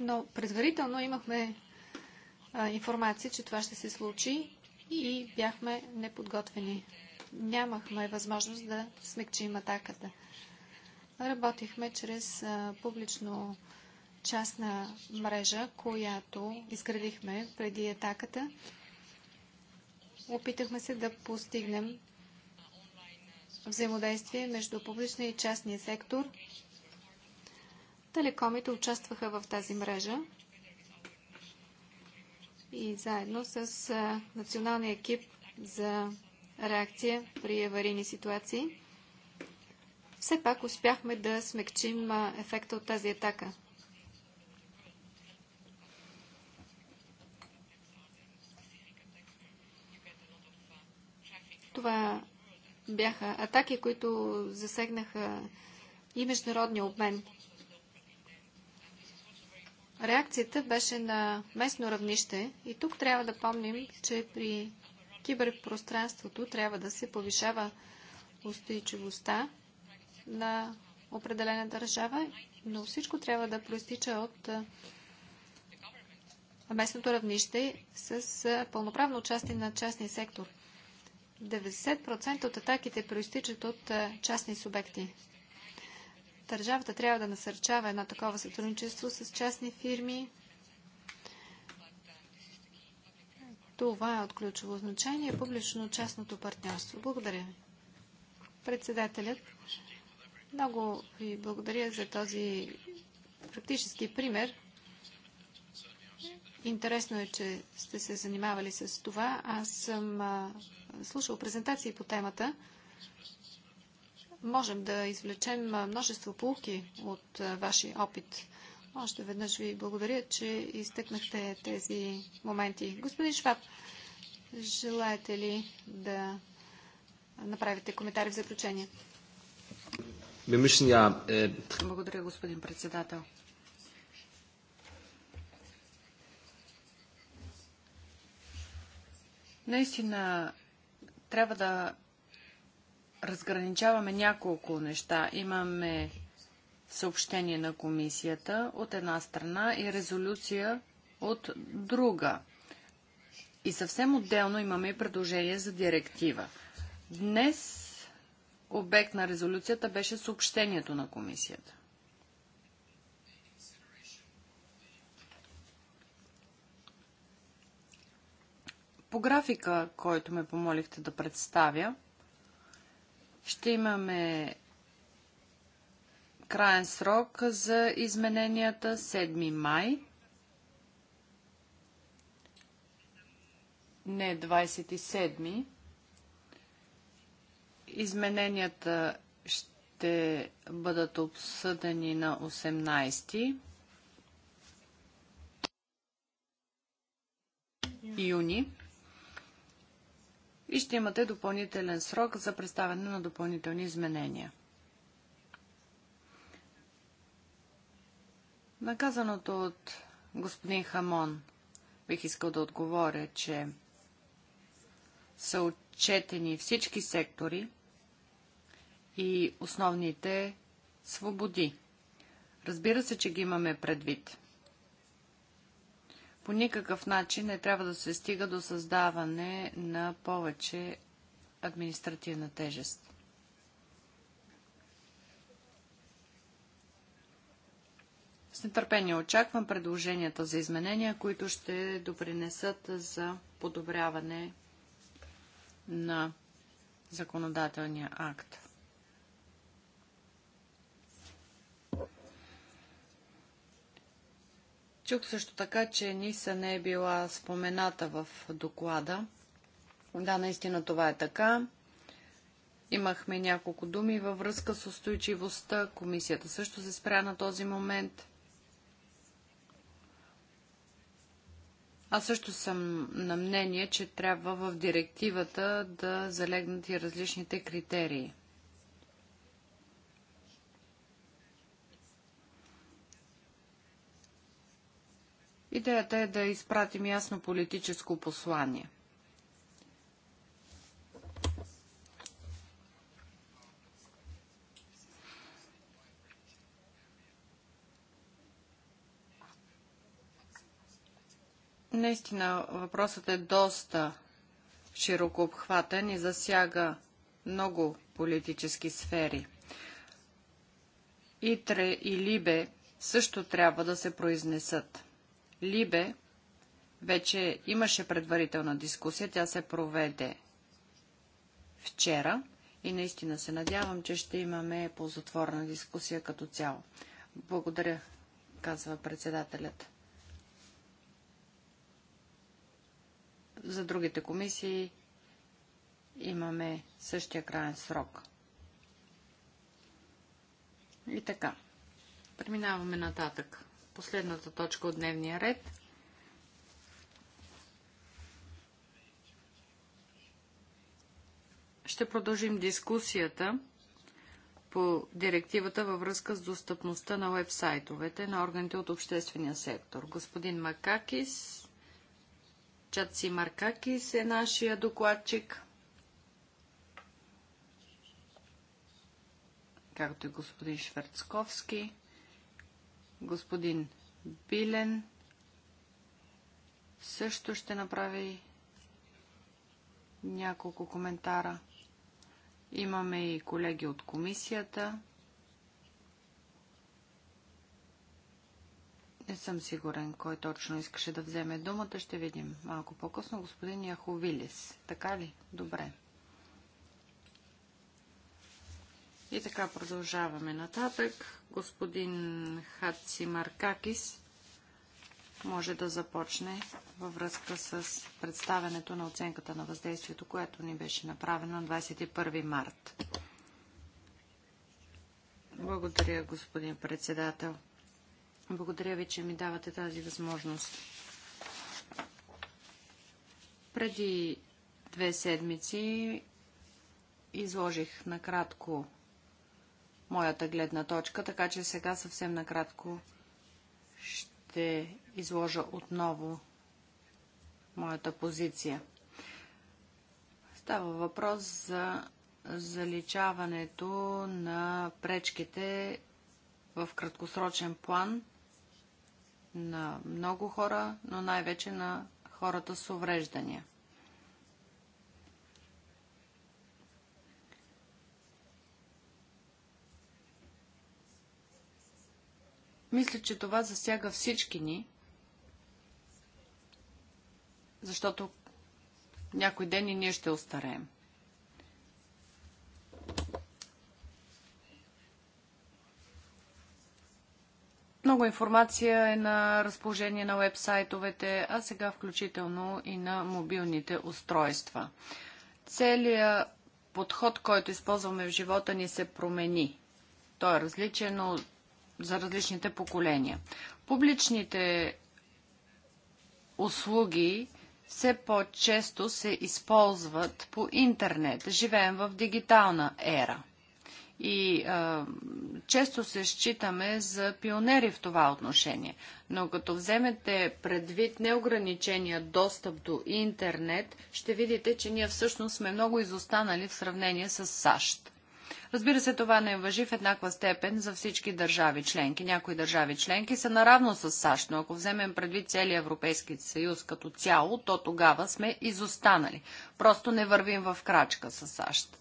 Но предварително имахме а, информация, че това ще се случи и бяхме неподготвени. Нямахме възможност да смекчим атаката. Работихме чрез а, публично частна мрежа, която изградихме преди атаката Опитахме се да постигнем взаимодействие между публичния и частния сектор. Телекомите участваха в тази мрежа и заедно с националния екип за реакция при аварийни ситуации. Все пак успяхме да смекчим ефекта от тази атака. Това бяха атаки, които засегнаха и международния обмен. Реакцията беше на местно равнище и тук трябва да помним, че при киберпространството трябва да се повишава устойчивостта на определена държава, но всичко трябва да проистича от местното равнище с пълноправно участие на частния сектор – 90% от атаките проистичат от е, частни субекти. Държавата трябва да насърчава едно такова сътрудничество с частни фирми. Това е от ключово значение публично-частното партньорство. Благодаря ви. Председателят, много ви благодаря за този практически пример. Интересно е, че сте се занимавали с това. Аз съм слушал презентации по темата, можем да извлечем множество полки от вашия опит. Още веднъж ви благодаря, че изтъкнахте тези моменти. Господин Шваб, желаете ли да направите коментари в заключение? Е, благодаря, господин председател. Наистина трябва да разграничаваме няколко неща. Имаме съобщение на комисията от една страна и резолюция от друга. И съвсем отделно имаме и предложение за директива. Днес обект на резолюцията беше съобщението на комисията. По графика, който ме помолихте да представя, ще имаме краен срок за измененията 7 май. Не 27. Измененията ще бъдат обсъдени на 18 юни и ще имате допълнителен срок за представяне на допълнителни изменения. Наказаното от господин Хамон бих искал да отговоря, че са отчетени всички сектори и основните свободи. Разбира се, че ги имаме предвид. По никакъв начин не трябва да се стига до създаване на повече административна тежест. С нетърпение очаквам предложенията за изменения, които ще допринесат за подобряване на законодателния акт. Чух също така, че Ниса не е била спомената в доклада. Да, наистина това е така. Имахме няколко думи във връзка с устойчивостта. Комисията също се спря на този момент. Аз също съм на мнение, че трябва в директивата да залегнат и различните критерии. Идеята е да изпратим ясно политическо послание. Наистина, въпросът е доста широко обхватен и засяга много политически сфери. Итре и Либе също трябва да се произнесат. Либе вече имаше предварителна дискусия. Тя се проведе вчера и наистина се надявам, че ще имаме ползотворна дискусия като цяло. Благодаря, казва председателят. За другите комисии имаме същия крайен срок. И така. Преминаваме нататък последната точка от дневния ред. Ще продължим дискусията по директивата във връзка с достъпността на вебсайтовете на органите от обществения сектор. Господин Макакис, Чаци Маркакис е нашия докладчик. Както и господин Шверцковски. Господин Билен също ще направи няколко коментара. Имаме и колеги от комисията. Не съм сигурен кой точно искаше да вземе думата. Ще видим малко по-късно господин Яховилис. Така ли? Добре. И така продължаваме нататък. Господин Хаци Маркакис може да започне във връзка с представенето на оценката на въздействието, което ни беше направено на 21 март. Благодаря, господин председател. Благодаря ви, че ми давате тази възможност. Преди две седмици изложих накратко моята гледна точка, така че сега съвсем накратко ще изложа отново моята позиция. Става въпрос за заличаването на пречките в краткосрочен план на много хора, но най-вече на хората с увреждания. Мисля, че това засяга всички ни, защото някой ден и ние ще остареем. Много информация е на разположение на вебсайтовете, а сега включително и на мобилните устройства. Целият подход, който използваме в живота ни се промени. Той е различен от за различните поколения. Публичните услуги все по-често се използват по интернет. Живеем в дигитална ера. И а, често се считаме за пионери в това отношение. Но като вземете предвид неограничения достъп до интернет, ще видите, че ние всъщност сме много изостанали в сравнение с САЩ. Разбира се, това не е въжи в еднаква степен за всички държави членки. Някои държави членки са наравно с САЩ, но ако вземем предвид целия Европейски съюз като цяло, то тогава сме изостанали. Просто не вървим в крачка с САЩ.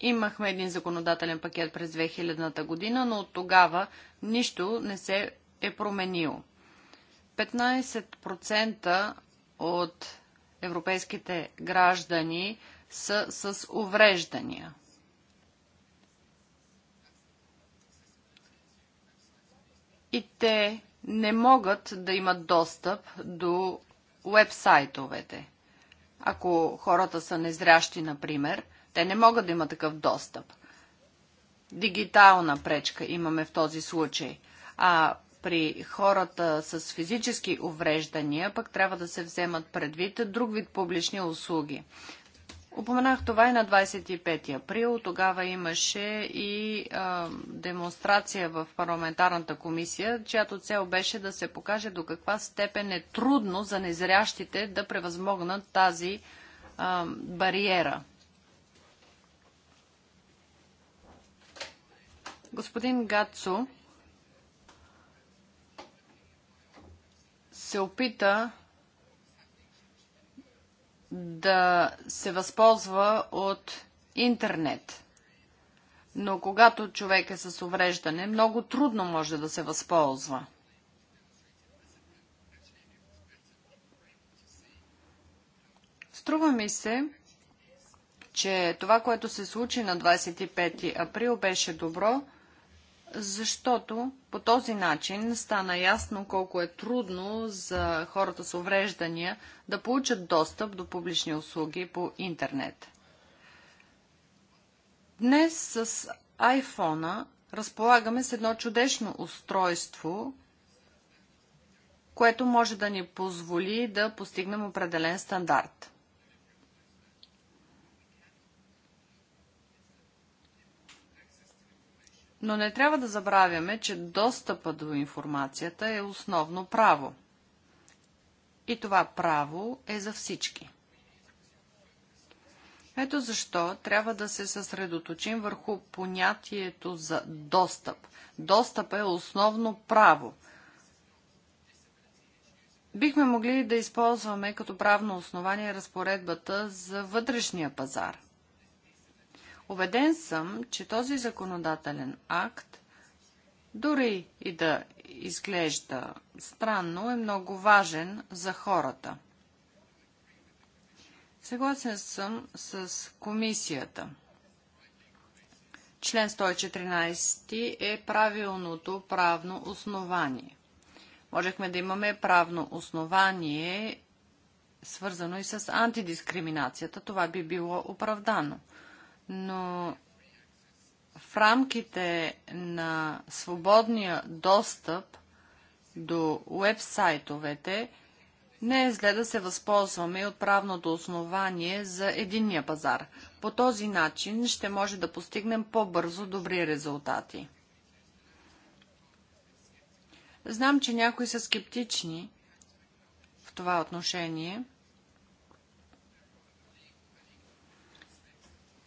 Имахме един законодателен пакет през 2000-та година, но от тогава нищо не се е променило. 15% от европейските граждани – са с увреждания. И те не могат да имат достъп до вебсайтовете. Ако хората са незрящи, например, те не могат да имат такъв достъп. Дигитална пречка имаме в този случай. А при хората с физически увреждания пък трябва да се вземат предвид друг вид публични услуги. Упоменах това и на 25 април. Тогава имаше и а, демонстрация в парламентарната комисия, чиято цел беше да се покаже до каква степен е трудно за незрящите да превъзмогнат тази а, бариера. Господин Гацо се опита да се възползва от интернет. Но когато човек е с увреждане, много трудно може да се възползва. Струва ми се, че това, което се случи на 25 април, беше добро, защото по този начин стана ясно колко е трудно за хората с увреждания да получат достъп до публични услуги по интернет. Днес с iPhone разполагаме с едно чудесно устройство, което може да ни позволи да постигнем определен стандарт. Но не трябва да забравяме, че достъпа до информацията е основно право. И това право е за всички. Ето защо трябва да се съсредоточим върху понятието за достъп. Достъп е основно право. Бихме могли да използваме като правно основание разпоредбата за вътрешния пазар. Обеден съм, че този законодателен акт, дори и да изглежда странно, е много важен за хората. Съгласен съм с комисията. Член 114 е правилното правно основание. Можехме да имаме правно основание, свързано и с антидискриминацията. Това би било оправдано но в рамките на свободния достъп до уебсайтовете не е зле да се възползваме от правното основание за единния пазар. По този начин ще може да постигнем по-бързо добри резултати. Знам, че някои са скептични в това отношение –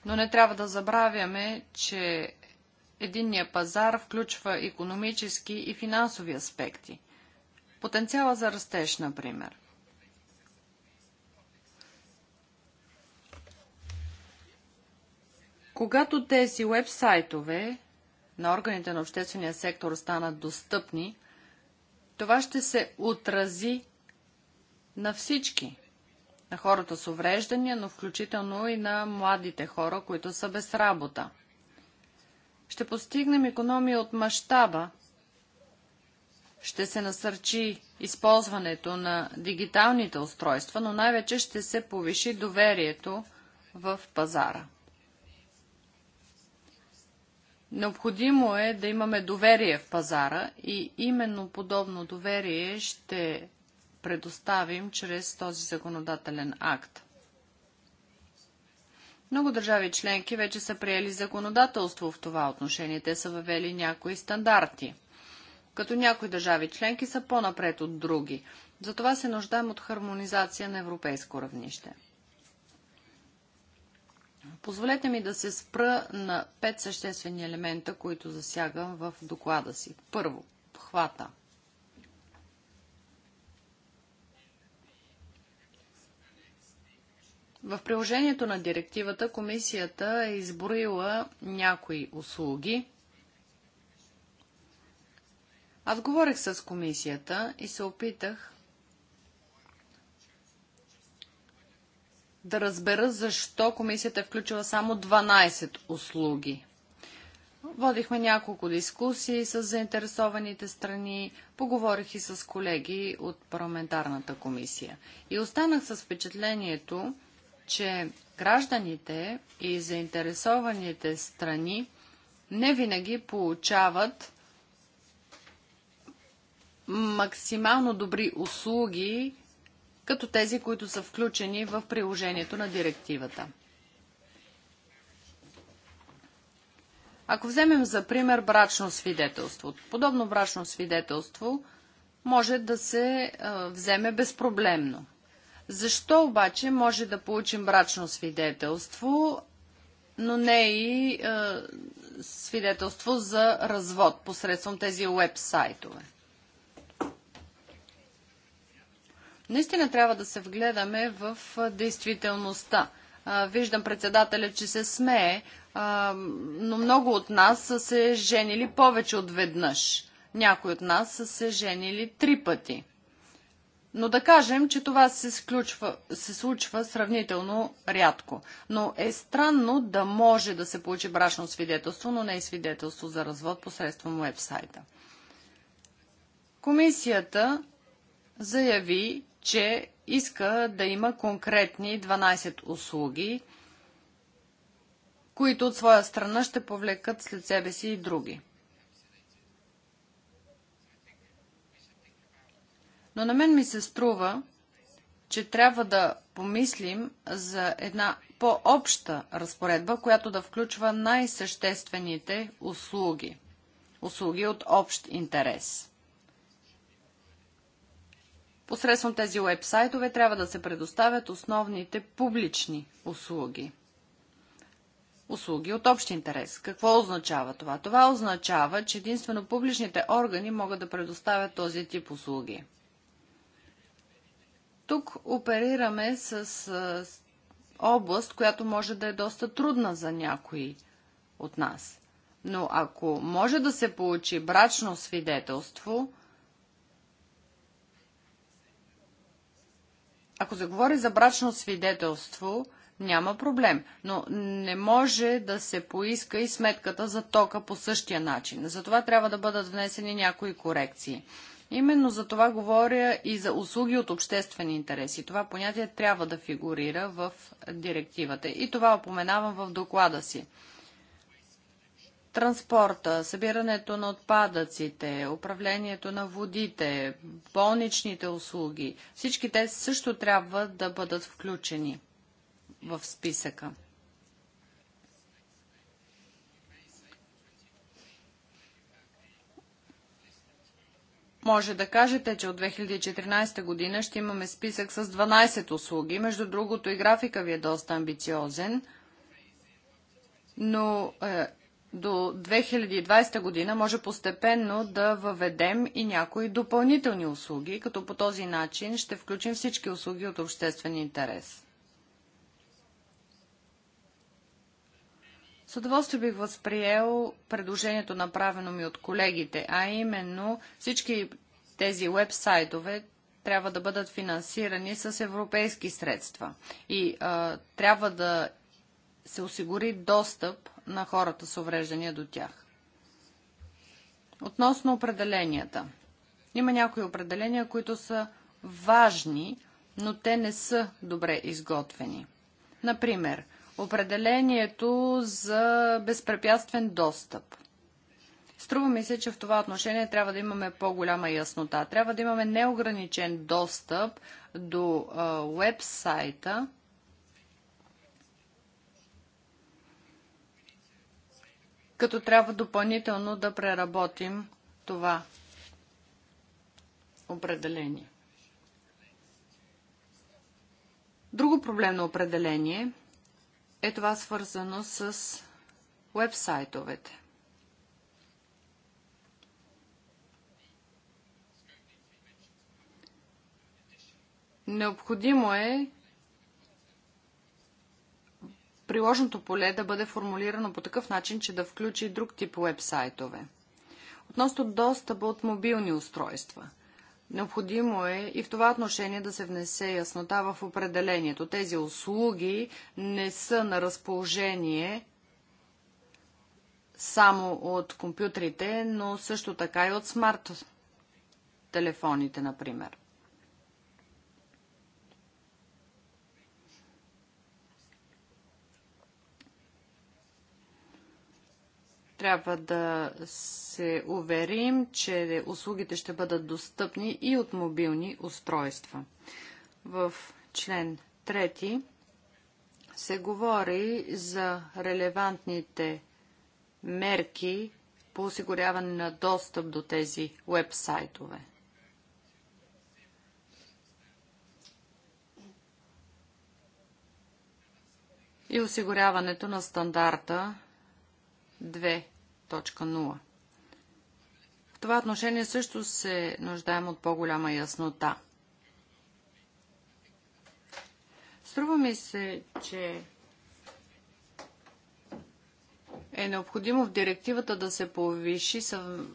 Но не трябва да забравяме, че единния пазар включва економически и финансови аспекти. Потенциала за растеж, например. Когато тези вебсайтове на органите на обществения сектор станат достъпни, това ще се отрази на всички – на хората с увреждания, но включително и на младите хора, които са без работа. Ще постигнем економия от мащаба. Ще се насърчи използването на дигиталните устройства, но най-вече ще се повиши доверието в пазара. Необходимо е да имаме доверие в пазара и именно подобно доверие ще предоставим чрез този законодателен акт. Много държави членки вече са приели законодателство в това отношение. Те са въвели някои стандарти. Като някои държави членки са по-напред от други. Затова се нуждаем от хармонизация на европейско равнище. Позволете ми да се спра на пет съществени елемента, които засягам в доклада си. Първо, обхвата – В приложението на директивата комисията е изброила някои услуги. Аз говорих с комисията и се опитах да разбера защо комисията е включила само 12 услуги. Водихме няколко дискусии с заинтересованите страни, поговорих и с колеги от парламентарната комисия. И останах с впечатлението, че гражданите и заинтересованите страни не винаги получават максимално добри услуги, като тези, които са включени в приложението на директивата. Ако вземем за пример брачно свидетелство, подобно брачно свидетелство може да се вземе безпроблемно – защо обаче може да получим брачно свидетелство, но не и е, свидетелство за развод посредством тези уебсайтове? Наистина трябва да се вгледаме в е, действителността. Е, виждам председателя, че се смее, е, но много от нас са се женили повече от веднъж. Някои от нас са се женили три пъти – но да кажем, че това се, сключва, се случва сравнително рядко. Но е странно да може да се получи брачно свидетелство, но не и свидетелство за развод посредством уебсайта. Комисията заяви, че иска да има конкретни 12 услуги, които от своя страна ще повлекат след себе си и други. Но на мен ми се струва, че трябва да помислим за една по-обща разпоредба, която да включва най-съществените услуги. Услуги от общ интерес. Посредством тези уебсайтове трябва да се предоставят основните публични услуги. Услуги от общ интерес. Какво означава това? Това означава, че единствено публичните органи могат да предоставят този тип услуги. Тук оперираме с област, която може да е доста трудна за някои от нас. Но ако може да се получи брачно свидетелство, ако се говори за брачно свидетелство, няма проблем, но не може да се поиска и сметката за тока по същия начин. Затова трябва да бъдат внесени някои корекции. Именно за това говоря и за услуги от обществени интереси. Това понятие трябва да фигурира в директивата и това опоменавам в доклада си. Транспорта, събирането на отпадъците, управлението на водите, болничните услуги, всички те също трябва да бъдат включени в списъка. Може да кажете, че от 2014 година ще имаме списък с 12 услуги. Между другото и графика ви е доста амбициозен, но е, до 2020 година може постепенно да въведем и някои допълнителни услуги, като по този начин ще включим всички услуги от обществен интерес. С удоволствие бих възприел предложението направено ми от колегите, а именно всички тези вебсайтове трябва да бъдат финансирани с европейски средства и а, трябва да се осигури достъп на хората с увреждания до тях. Относно определенията. Има някои определения, които са важни, но те не са добре изготвени. Например, определението за безпрепятствен достъп. Струва ми се, че в това отношение трябва да имаме по-голяма яснота. Трябва да имаме неограничен достъп до уебсайта. Като трябва допълнително да преработим това определение. Друго проблемно определение – е това свързано с вебсайтовете. Необходимо е приложното поле да бъде формулирано по такъв начин, че да включи друг тип вебсайтове. Относно достъпа от мобилни устройства. Необходимо е и в това отношение да се внесе яснота в определението. Тези услуги не са на разположение само от компютрите, но също така и от смарт телефоните, например. Трябва да се уверим, че услугите ще бъдат достъпни и от мобилни устройства. В член 3 се говори за релевантните мерки по осигуряване на достъп до тези уебсайтове. И осигуряването на стандарта 2.0. В това отношение също се нуждаем от по-голяма яснота. Струва ми се, че е необходимо в директивата да се повиши съв...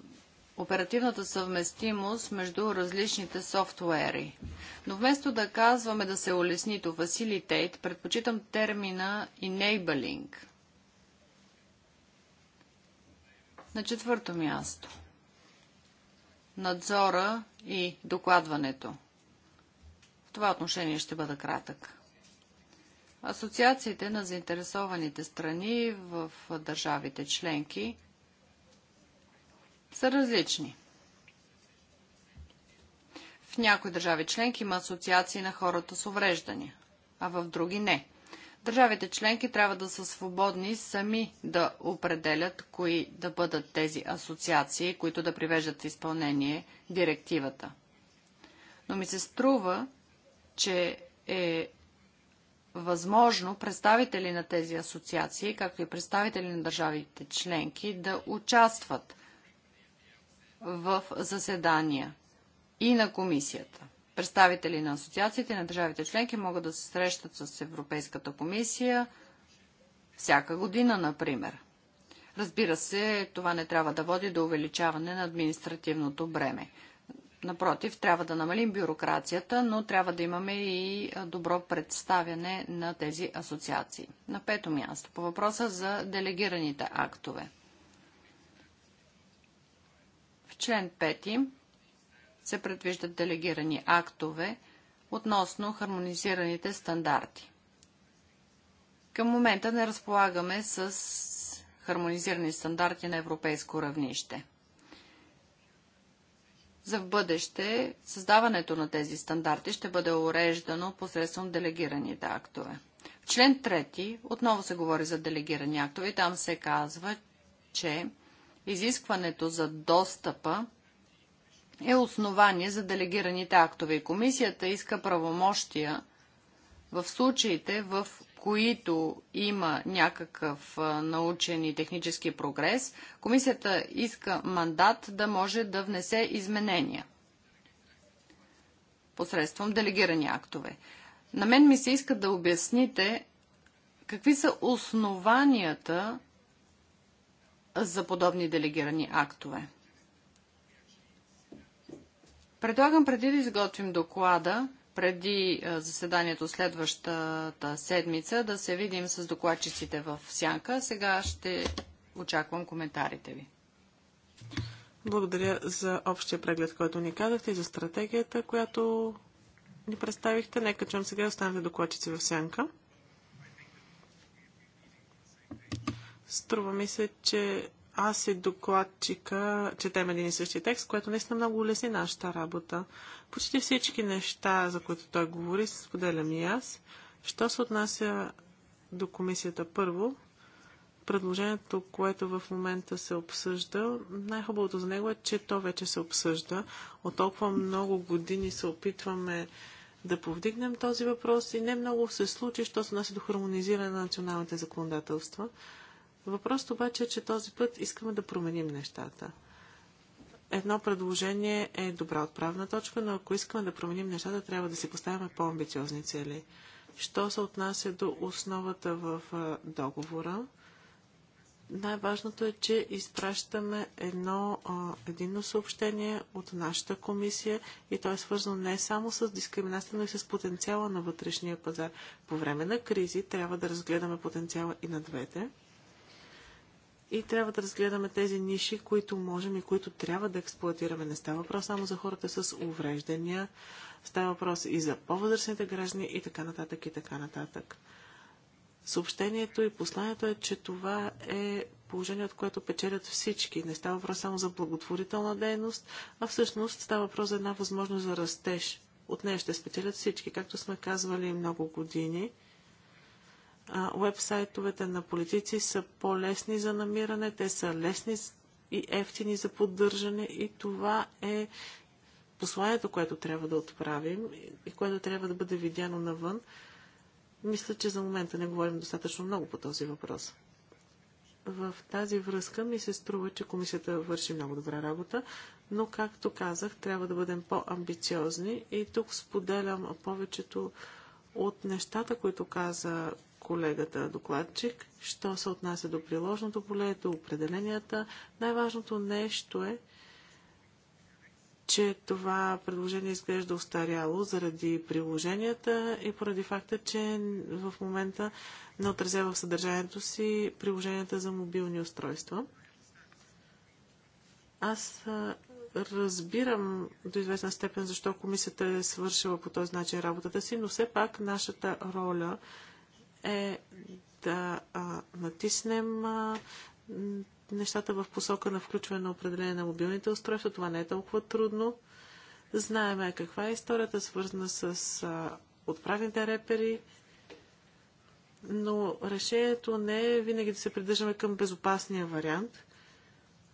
оперативната съвместимост между различните софтуери. Но вместо да казваме да се улесни това Тейт, предпочитам термина enabling – На четвърто място. Надзора и докладването. В това отношение ще бъда кратък. Асоциациите на заинтересованите страни в държавите членки са различни. В някои държави членки има асоциации на хората с увреждания, а в други не. Държавите членки трябва да са свободни сами да определят кои да бъдат тези асоциации, които да привеждат в изпълнение директивата. Но ми се струва, че е възможно представители на тези асоциации, както и представители на държавите членки, да участват в заседания и на комисията представители на асоциациите на държавите членки могат да се срещат с Европейската комисия всяка година, например. Разбира се, това не трябва да води до увеличаване на административното бреме. Напротив, трябва да намалим бюрокрацията, но трябва да имаме и добро представяне на тези асоциации. На пето място, по въпроса за делегираните актове. В член 5 се предвиждат делегирани актове относно хармонизираните стандарти. Към момента не разполагаме с хармонизирани стандарти на европейско равнище. За в бъдеще създаването на тези стандарти ще бъде уреждано посредством делегираните актове. В член 3 отново се говори за делегирани актове и там се казва, че изискването за достъпа е основание за делегираните актове. И комисията иска правомощия в случаите, в които има някакъв научен и технически прогрес, комисията иска мандат да може да внесе изменения посредством делегирани актове. На мен ми се иска да обясните какви са основанията за подобни делегирани актове. Предлагам преди да изготвим доклада, преди заседанието следващата седмица, да се видим с докладчиците в Сянка. Сега ще очаквам коментарите ви. Благодаря за общия преглед, който ни казахте и за стратегията, която ни представихте. Нека чуем сега останалите докладчици в сянка. Струва ми се, че аз и докладчика четем един и същи текст, което наистина много улесни нашата работа. Почти всички неща, за които той говори, се споделям и аз. Що се отнася до комисията първо, предложението, което в момента се обсъжда, най-хубавото за него е, че то вече се обсъжда. От толкова много години се опитваме да повдигнем този въпрос и не много се случи, що се отнася до хармонизиране на националните законодателства. Въпросът обаче е, че този път искаме да променим нещата. Едно предложение е добра отправна точка, но ако искаме да променим нещата, трябва да си поставяме по-амбициозни цели. Що се отнася до основата в договора, най-важното е, че изпращаме едно единно съобщение от нашата комисия и то е свързано не само с дискриминацията, но и с потенциала на вътрешния пазар. По време на кризи трябва да разгледаме потенциала и на двете. И трябва да разгледаме тези ниши, които можем и които трябва да експлуатираме. Не става въпрос само за хората с увреждания, става въпрос и за по-възрастните граждани и така нататък и така нататък. Съобщението и посланието е, че това е положение, от което печелят всички. Не става въпрос само за благотворителна дейност, а всъщност става въпрос за една възможност за растеж. От нея ще спечелят всички, както сме казвали много години – Уебсайтовете на политици са по-лесни за намиране, те са лесни и ефтини за поддържане и това е посланието, което трябва да отправим и което трябва да бъде видяно навън. Мисля, че за момента не говорим достатъчно много по този въпрос. В тази връзка ми се струва, че комисията върши много добра работа, но, както казах, трябва да бъдем по-амбициозни и тук споделям повечето от нещата, които каза колегата докладчик. Що се отнася до приложното поле, до определенията, най-важното нещо е, че това предложение изглежда устаряло заради приложенията и поради факта, че в момента не отразява в съдържанието си приложенията за мобилни устройства. Аз разбирам до известна степен защо комисията е свършила по този начин работата си, но все пак нашата роля е да натиснем нещата в посока на включване на определение на мобилните устройства. Това не е толкова трудно. Знаеме каква е историята, свързана с отправните репери, но решението не е винаги да се придържаме към безопасния вариант,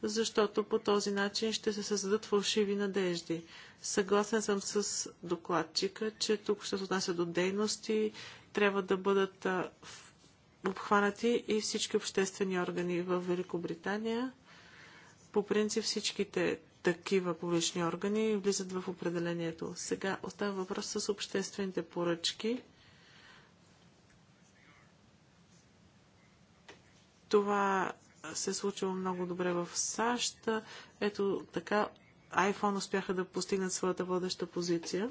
защото по този начин ще се създадат фалшиви надежди. Съгласен съм с докладчика, че тук ще се отнася до дейности трябва да бъдат обхванати и всички обществени органи в Великобритания. По принцип всичките такива публични органи влизат в определението. Сега остава въпрос с обществените поръчки. Това се е много добре в САЩ. Ето така iPhone успяха да постигнат своята водеща позиция.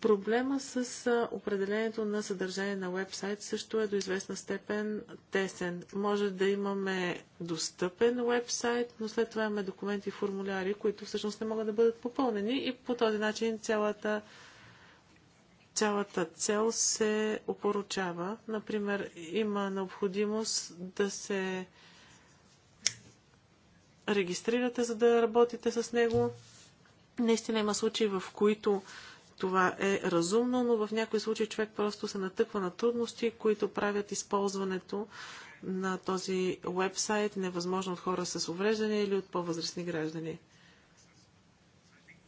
Проблема с определението на съдържание на вебсайт също е до известна степен тесен. Може да имаме достъпен вебсайт, но след това имаме документи и формуляри, които всъщност не могат да бъдат попълнени и по този начин цялата цялата цел се опоручава. Например, има необходимост да се регистрирате, за да работите с него. Наистина има случаи, в които това е разумно, но в някои случаи човек просто се натъква на трудности, които правят използването на този вебсайт невъзможно от хора с увреждане или от по-възрастни граждани.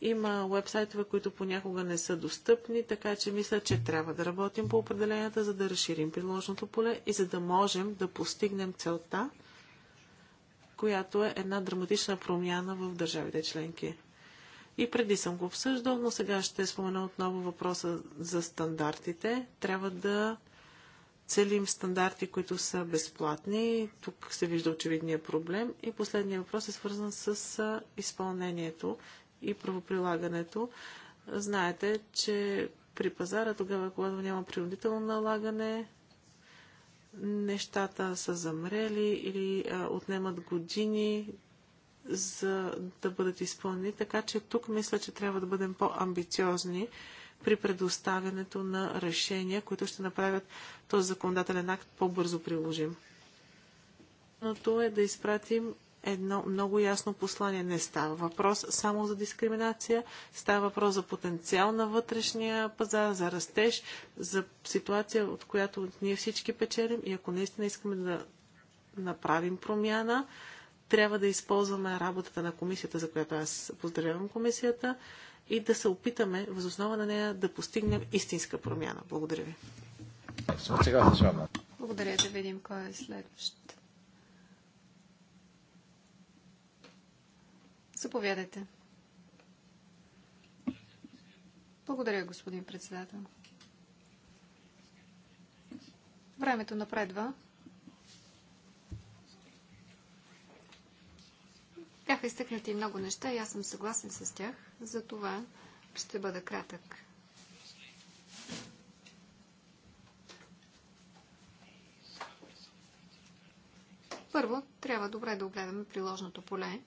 Има вебсайтове, които понякога не са достъпни, така че мисля, че трябва да работим по определенията, за да разширим приложното поле и за да можем да постигнем целта, която е една драматична промяна в държавите членки. И преди съм го обсъждал, но сега ще спомена отново въпроса за стандартите. Трябва да целим стандарти, които са безплатни. Тук се вижда очевидния проблем. И последният въпрос е свързан с изпълнението и правоприлагането. Знаете, че при пазара, тогава, когато няма принудително налагане, нещата са замрели или а, отнемат години за да бъдат изпълнени, така че тук мисля, че трябва да бъдем по-амбициозни при предоставянето на решения, които ще направят този законодателен акт по-бързо приложим. Но то е да изпратим едно много ясно послание. Не става въпрос само за дискриминация, става въпрос за потенциал на вътрешния пазар, за растеж, за ситуация, от която ние всички печелим и ако наистина искаме да направим промяна, трябва да използваме работата на комисията, за която аз поздравявам комисията, и да се опитаме възоснова на нея да постигнем истинска промяна. Благодаря ви. Благодаря да видим кой е следващ. Заповядайте. Благодаря, господин председател. Времето напредва. Бяха изтъкнати много неща и аз съм съгласен с тях. За това ще бъда кратък. Първо, трябва добре да огледаме приложното поле.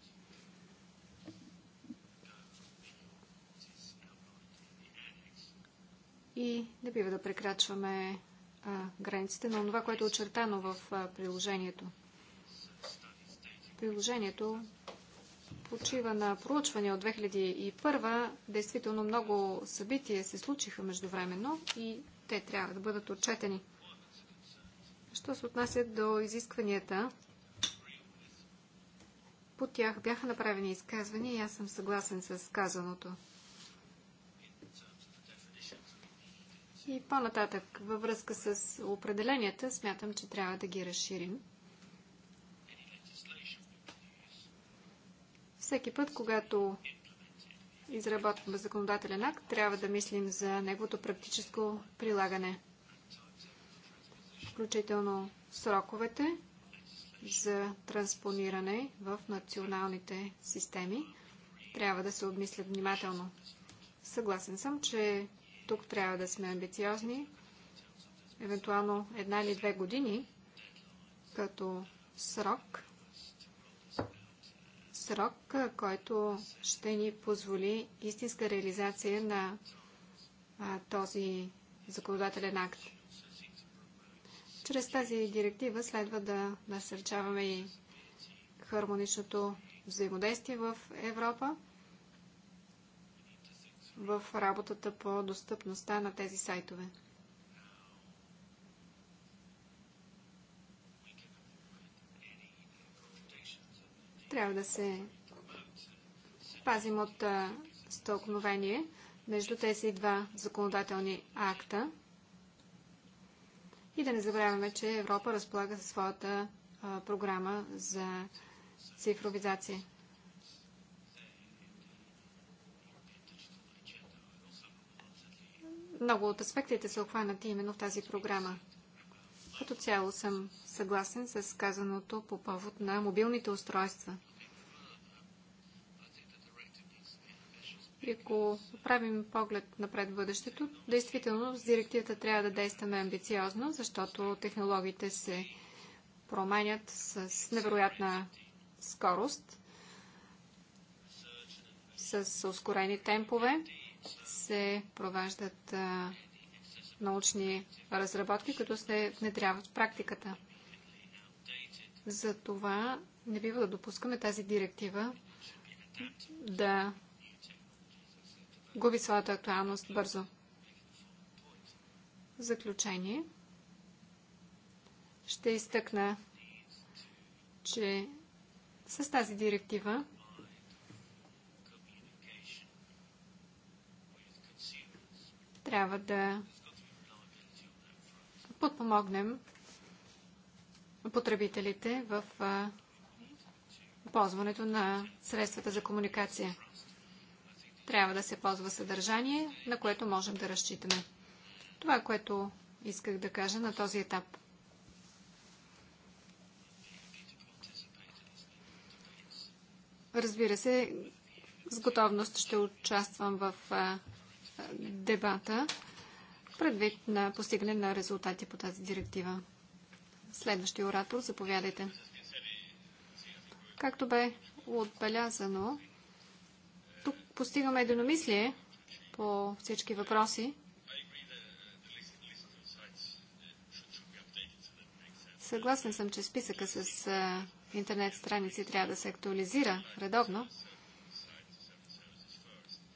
И не бива да прекрачваме а, границите на това, което е очертано в а, приложението. Приложението почива на проучване от 2001, действително много събития се случиха междувременно и те трябва да бъдат отчетени. Що се отнасят до изискванията, по тях бяха направени изказвания и аз съм съгласен с казаното. И по-нататък, във връзка с определенията, смятам, че трябва да ги разширим. Всеки път, когато изработваме законодателен акт, трябва да мислим за неговото практическо прилагане, включително сроковете за транспониране в националните системи. Трябва да се обмислят внимателно. Съгласен съм, че тук трябва да сме амбициозни, евентуално една или две години като срок срок, който ще ни позволи истинска реализация на а, този законодателен акт. Чрез тази директива следва да насърчаваме и хармоничното взаимодействие в Европа в работата по достъпността на тези сайтове. Трябва да се пазим от стълкновение между тези два законодателни акта и да не забравяме, че Европа разполага със своята програма за цифровизация. Много от аспектите са обхванати именно в тази програма. Като цяло съм съгласен с казаното по повод на мобилните устройства. И ако правим поглед напред бъдещето, действително с директивата трябва да действаме амбициозно, защото технологиите се променят с невероятна скорост, с ускорени темпове, се провеждат научни разработки, които се внедряват в практиката. Затова не бива да допускаме тази директива да губи своята актуалност бързо. В заключение ще изтъкна, че с тази директива трябва да подпомогнем потребителите в ползването на средствата за комуникация. Трябва да се ползва съдържание, на което можем да разчитаме. Това, което исках да кажа на този етап. Разбира се, с готовност ще участвам в дебата предвид на постигане на резултати по тази директива. Следващия оратор, заповядайте. Както бе отбелязано, тук постигаме единомислие по всички въпроси. Съгласен съм, че списъка с интернет страници трябва да се актуализира редовно.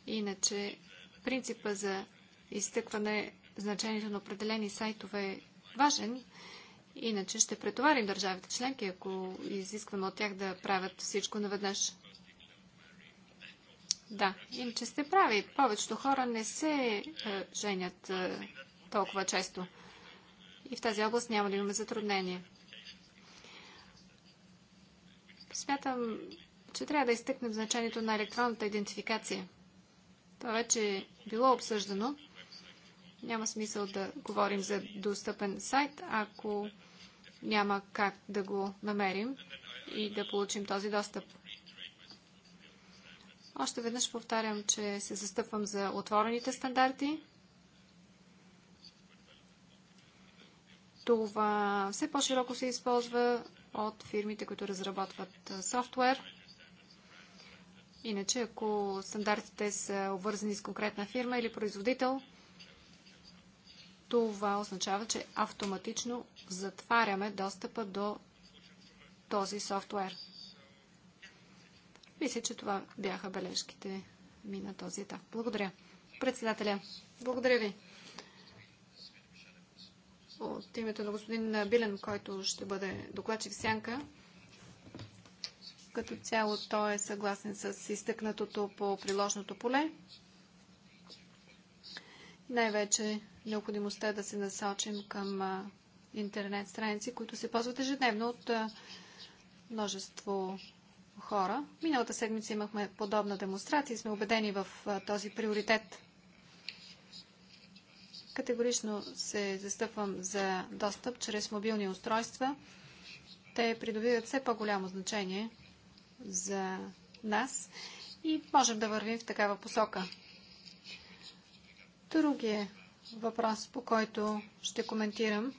Иначе принципа за изтъкване значението на определени сайтове е важен. Иначе ще претоварим държавите членки, ако изискваме от тях да правят всичко наведнъж. Да, иначе сте прави. Повечето хора не се е, женят е, толкова често. И в тази област няма да имаме затруднение. Смятам, че трябва да изтъкнем значението на електронната идентификация. Това вече е било обсъждано. Няма смисъл да говорим за достъпен сайт, ако няма как да го намерим и да получим този достъп. Още веднъж повтарям, че се застъпвам за отворените стандарти. Това все по-широко се използва от фирмите, които разработват софтуер. Иначе, ако стандартите са обвързани с конкретна фирма или производител, това означава, че автоматично затваряме достъпа до този софтуер. Мисля, че това бяха бележките ми на този етап. Благодаря. Председателя, благодаря ви. От името на господин Билен, който ще бъде докладчик сянка, като цяло той е съгласен с изтъкнатото по приложното поле. Най-вече необходимостта да се насочим към интернет страници, които се ползват ежедневно от множество хора. Миналата седмица имахме подобна демонстрация и сме убедени в този приоритет. Категорично се застъпвам за достъп чрез мобилни устройства. Те придобиват все по-голямо значение за нас и можем да вървим в такава посока. Другия въпрос, по който ще коментирам,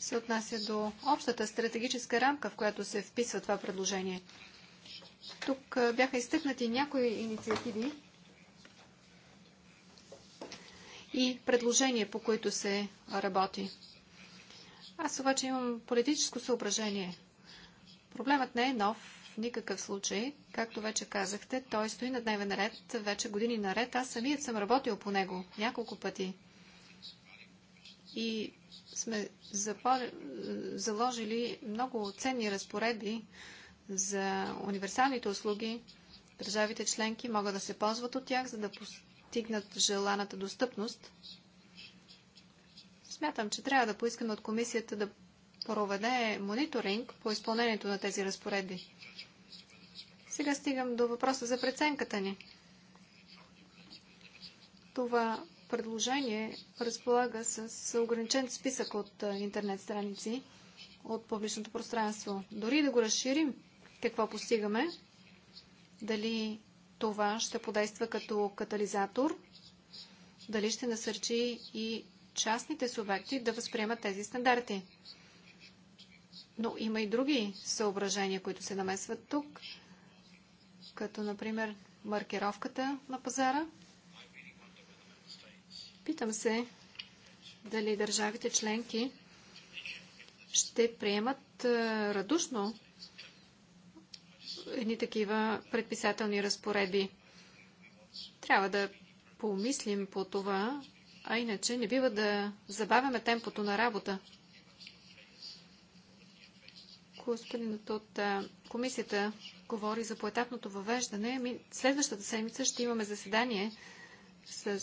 се отнася до общата стратегическа рамка, в която се вписва това предложение. Тук бяха изтъкнати някои инициативи и предложения, по които се работи. Аз обаче имам политическо съображение. Проблемът не е нов никакъв случай. Както вече казахте, той стои на дневен ред вече години наред. Аз самият съм работил по него няколко пъти. И сме запор... заложили много ценни разпоредби за универсалните услуги. Държавите членки могат да се ползват от тях, за да постигнат желаната достъпност. Смятам, че трябва да поискаме от комисията да проведе мониторинг по изпълнението на тези разпоредби. Сега стигам до въпроса за преценката ни. Това предложение разполага с ограничен списък от интернет страници от публичното пространство. Дори да го разширим, какво постигаме? Дали това ще подейства като катализатор? Дали ще насърчи и частните субекти да възприемат тези стандарти? Но има и други съображения, които се намесват тук като например маркировката на пазара. Питам се дали държавите членки ще приемат е, радушно едни такива предписателни разпоредби. Трябва да помислим по това, а иначе не бива да забавяме темпото на работа. Господин от комисията говори за поетапното въвеждане, следващата седмица ще имаме заседание с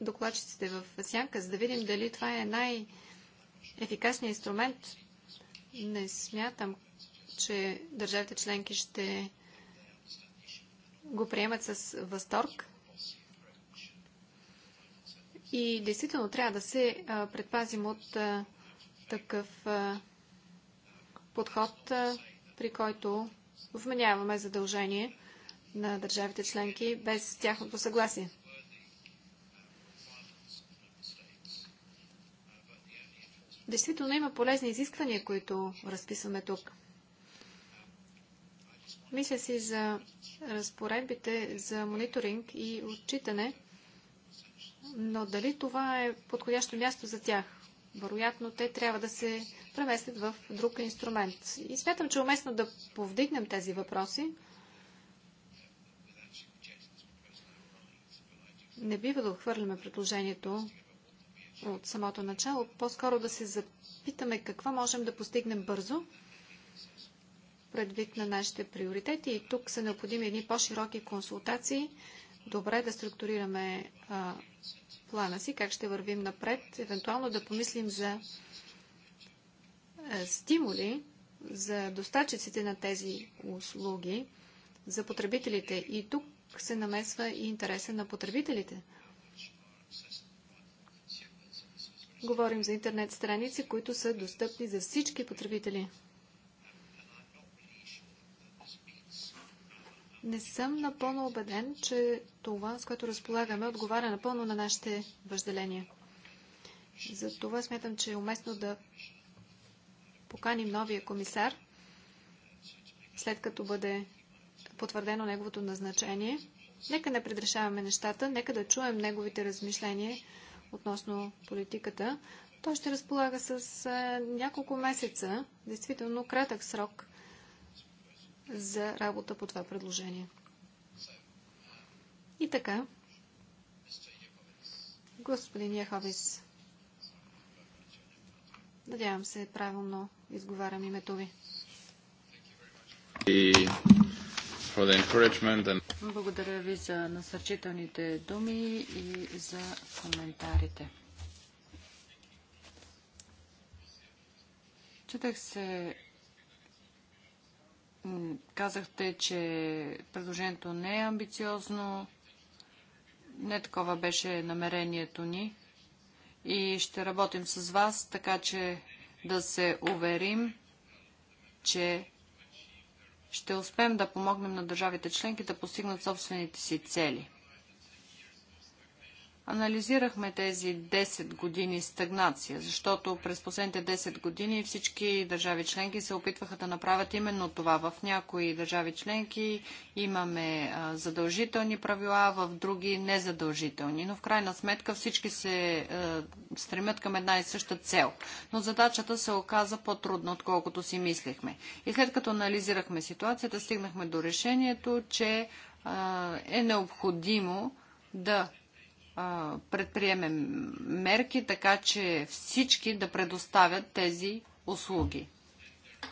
докладчиците в Сянка, за да видим дали това е най-ефикасният инструмент. Не смятам, че държавите членки ще го приемат с възторг. И действително трябва да се предпазим от такъв подход, при който вменяваме задължение на държавите членки без тяхното съгласие. Действително има полезни изисквания, които разписваме тук. Мисля си за разпоредбите за мониторинг и отчитане, но дали това е подходящо място за тях? Вероятно, те трябва да се преместят в друг инструмент. И смятам, че е уместно да повдигнем тези въпроси. Не бива да отхвърляме предложението от самото начало, по-скоро да се запитаме какво можем да постигнем бързо предвид на нашите приоритети. И тук са необходими едни по-широки консултации. Добре да структурираме а, плана си, как ще вървим напред, евентуално да помислим за е, стимули за доставчиците на тези услуги, за потребителите. И тук се намесва и интереса на потребителите. Говорим за интернет страници, които са достъпни за всички потребители. Не съм напълно убеден, че това, с което разполагаме, отговаря напълно на нашите въжделения. Затова смятам, че е уместно да поканим новия комисар, след като бъде потвърдено неговото назначение. Нека не предрешаваме нещата, нека да чуем неговите размишления относно политиката. Той ще разполага с е, няколко месеца, действително кратък срок за работа по това предложение. И така, господин Яховис, Надявам се правилно изговарям името ви. Благодаря ви за насърчителните думи и за коментарите. Четах се. Казахте, че предложението не е амбициозно. Не такова беше намерението ни и ще работим с вас, така че да се уверим, че ще успеем да помогнем на държавите членки да постигнат собствените си цели. Анализирахме тези 10 години стагнация, защото през последните 10 години всички държави членки се опитваха да направят именно това. В някои държави членки имаме задължителни правила, в други незадължителни. Но в крайна сметка всички се стремят към една и съща цел. Но задачата се оказа по-трудна, отколкото си мислехме. И след като анализирахме ситуацията, стигнахме до решението, че е необходимо да предприемем мерки, така че всички да предоставят тези услуги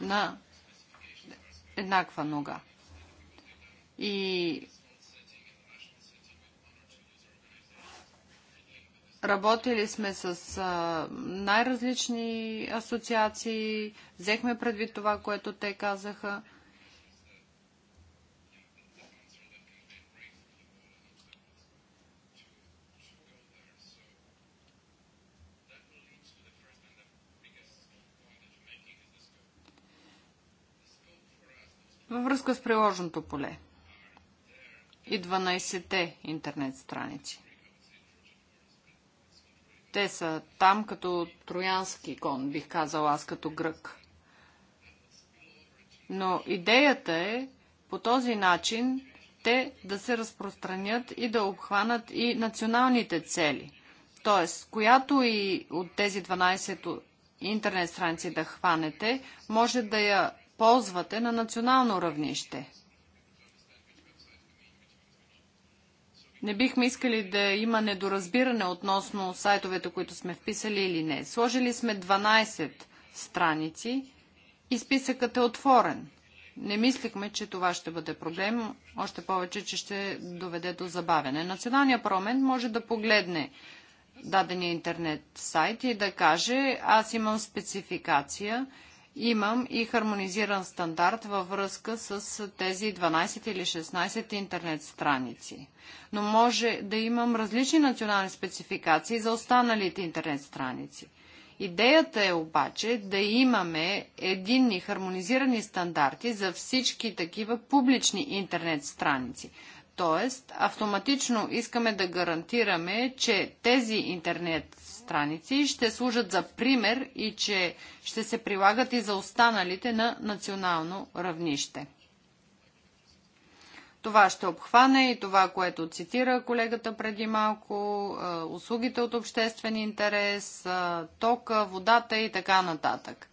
на еднаква нога. И Работили сме с най-различни асоциации, взехме предвид това, което те казаха. Във връзка с приложното поле и 12-те интернет страници. Те са там като троянски кон, бих казал аз като грък. Но идеята е по този начин те да се разпространят и да обхванат и националните цели. Тоест, която и от тези 12 интернет страници да хванете, може да я ползвате на национално равнище. Не бихме искали да има недоразбиране относно сайтовете, които сме вписали или не. Сложили сме 12 страници и списъкът е отворен. Не мислихме, че това ще бъде проблем, още повече, че ще доведе до забавяне. Националният парламент може да погледне дадения интернет сайт и да каже, аз имам спецификация имам и хармонизиран стандарт във връзка с тези 12 или 16 интернет страници. Но може да имам различни национални спецификации за останалите интернет страници. Идеята е обаче да имаме единни хармонизирани стандарти за всички такива публични интернет страници. Тоест, автоматично искаме да гарантираме, че тези интернет страници ще служат за пример и че ще се прилагат и за останалите на национално равнище. Това ще обхване и това, което цитира колегата преди малко, услугите от обществен интерес, тока, водата и така нататък.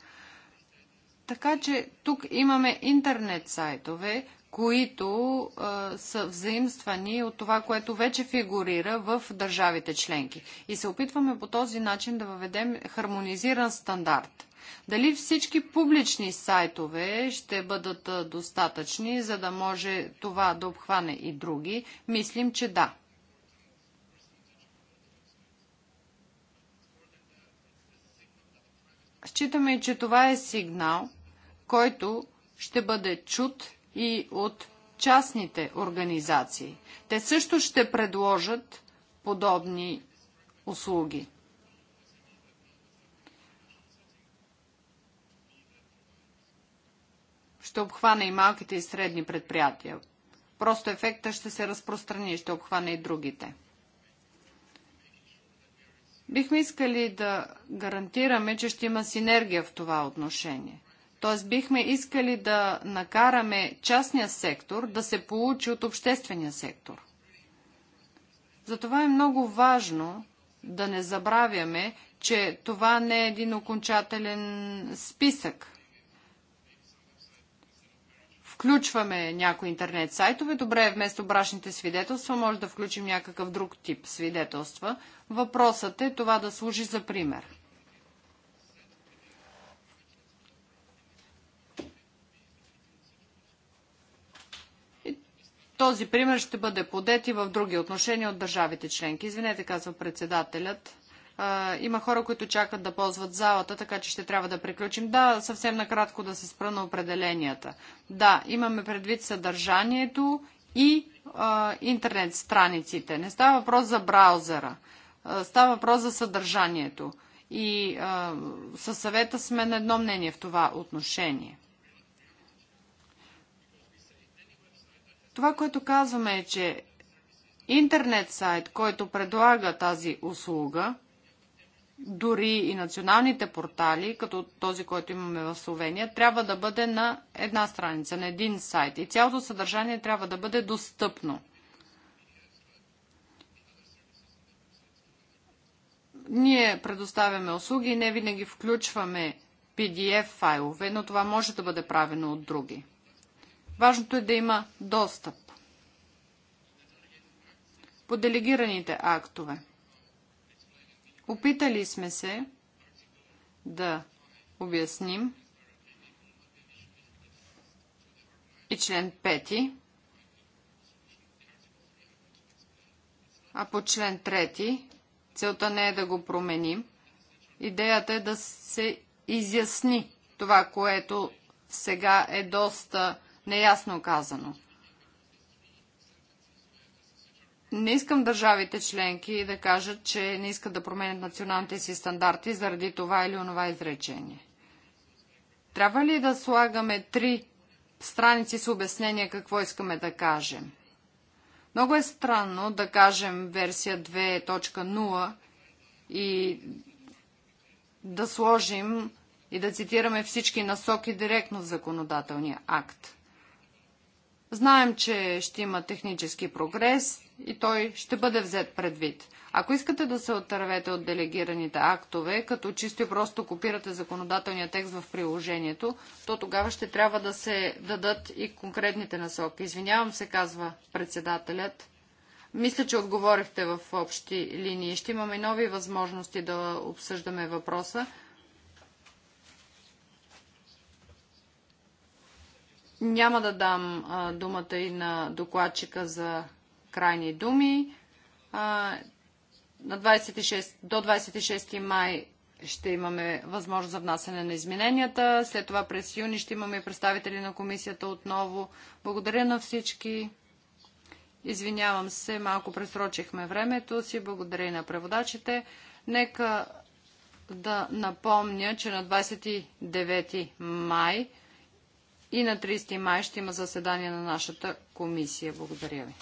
Така че тук имаме интернет сайтове, които а, са взаимствани от това, което вече фигурира в държавите членки. И се опитваме по този начин да въведем хармонизиран стандарт. Дали всички публични сайтове ще бъдат достатъчни, за да може това да обхване и други? Мислим, че да. Считаме, че това е сигнал, който ще бъде чут и от частните организации. Те също ще предложат подобни услуги. Ще обхване и малките и средни предприятия. Просто ефекта ще се разпространи и ще обхване и другите. Бихме искали да гарантираме, че ще има синергия в това отношение. Т.е. бихме искали да накараме частния сектор да се получи от обществения сектор. Затова е много важно да не забравяме, че това не е един окончателен списък. Включваме някои интернет сайтове. Добре, вместо брашните свидетелства може да включим някакъв друг тип свидетелства. Въпросът е това да служи за пример. Този пример ще бъде подет и в други отношения от държавите членки. Извинете, казва председателят. А, има хора, които чакат да ползват залата, така че ще трябва да приключим. Да, съвсем накратко да се спра на определенията. Да, имаме предвид съдържанието и а, интернет страниците. Не става въпрос за браузъра. А, става въпрос за съдържанието. И със съвета сме на едно мнение в това отношение. Това, което казваме е, че интернет сайт, който предлага тази услуга, дори и националните портали, като този, който имаме в Словения, трябва да бъде на една страница, на един сайт. И цялото съдържание трябва да бъде достъпно. Ние предоставяме услуги и не винаги включваме PDF файлове, но това може да бъде правено от други. Важното е да има достъп по делегираните актове. Опитали сме се да обясним и член 5, а по член 3 целта не е да го променим. Идеята е да се изясни това, което сега е доста неясно казано. Не искам държавите членки да кажат, че не искат да променят националните си стандарти заради това или онова изречение. Трябва ли да слагаме три страници с обяснение какво искаме да кажем? Много е странно да кажем версия 2.0 и да сложим и да цитираме всички насоки директно в законодателния акт. Знаем, че ще има технически прогрес и той ще бъде взет предвид. Ако искате да се отървете от делегираните актове, като чисто и просто копирате законодателния текст в приложението, то тогава ще трябва да се дадат и конкретните насоки. Извинявам се, казва председателят. Мисля, че отговорихте в общи линии. Ще имаме нови възможности да обсъждаме въпроса. Няма да дам а, думата и на докладчика за крайни думи. А, на 26, до 26 май ще имаме възможност за внасяне на измененията. След това през юни ще имаме представители на комисията отново. Благодаря на всички. Извинявам се, малко пресрочихме времето си. Благодаря и на преводачите. Нека да напомня, че на 29 май и на 30 май ще има заседание на нашата комисия. Благодаря ви.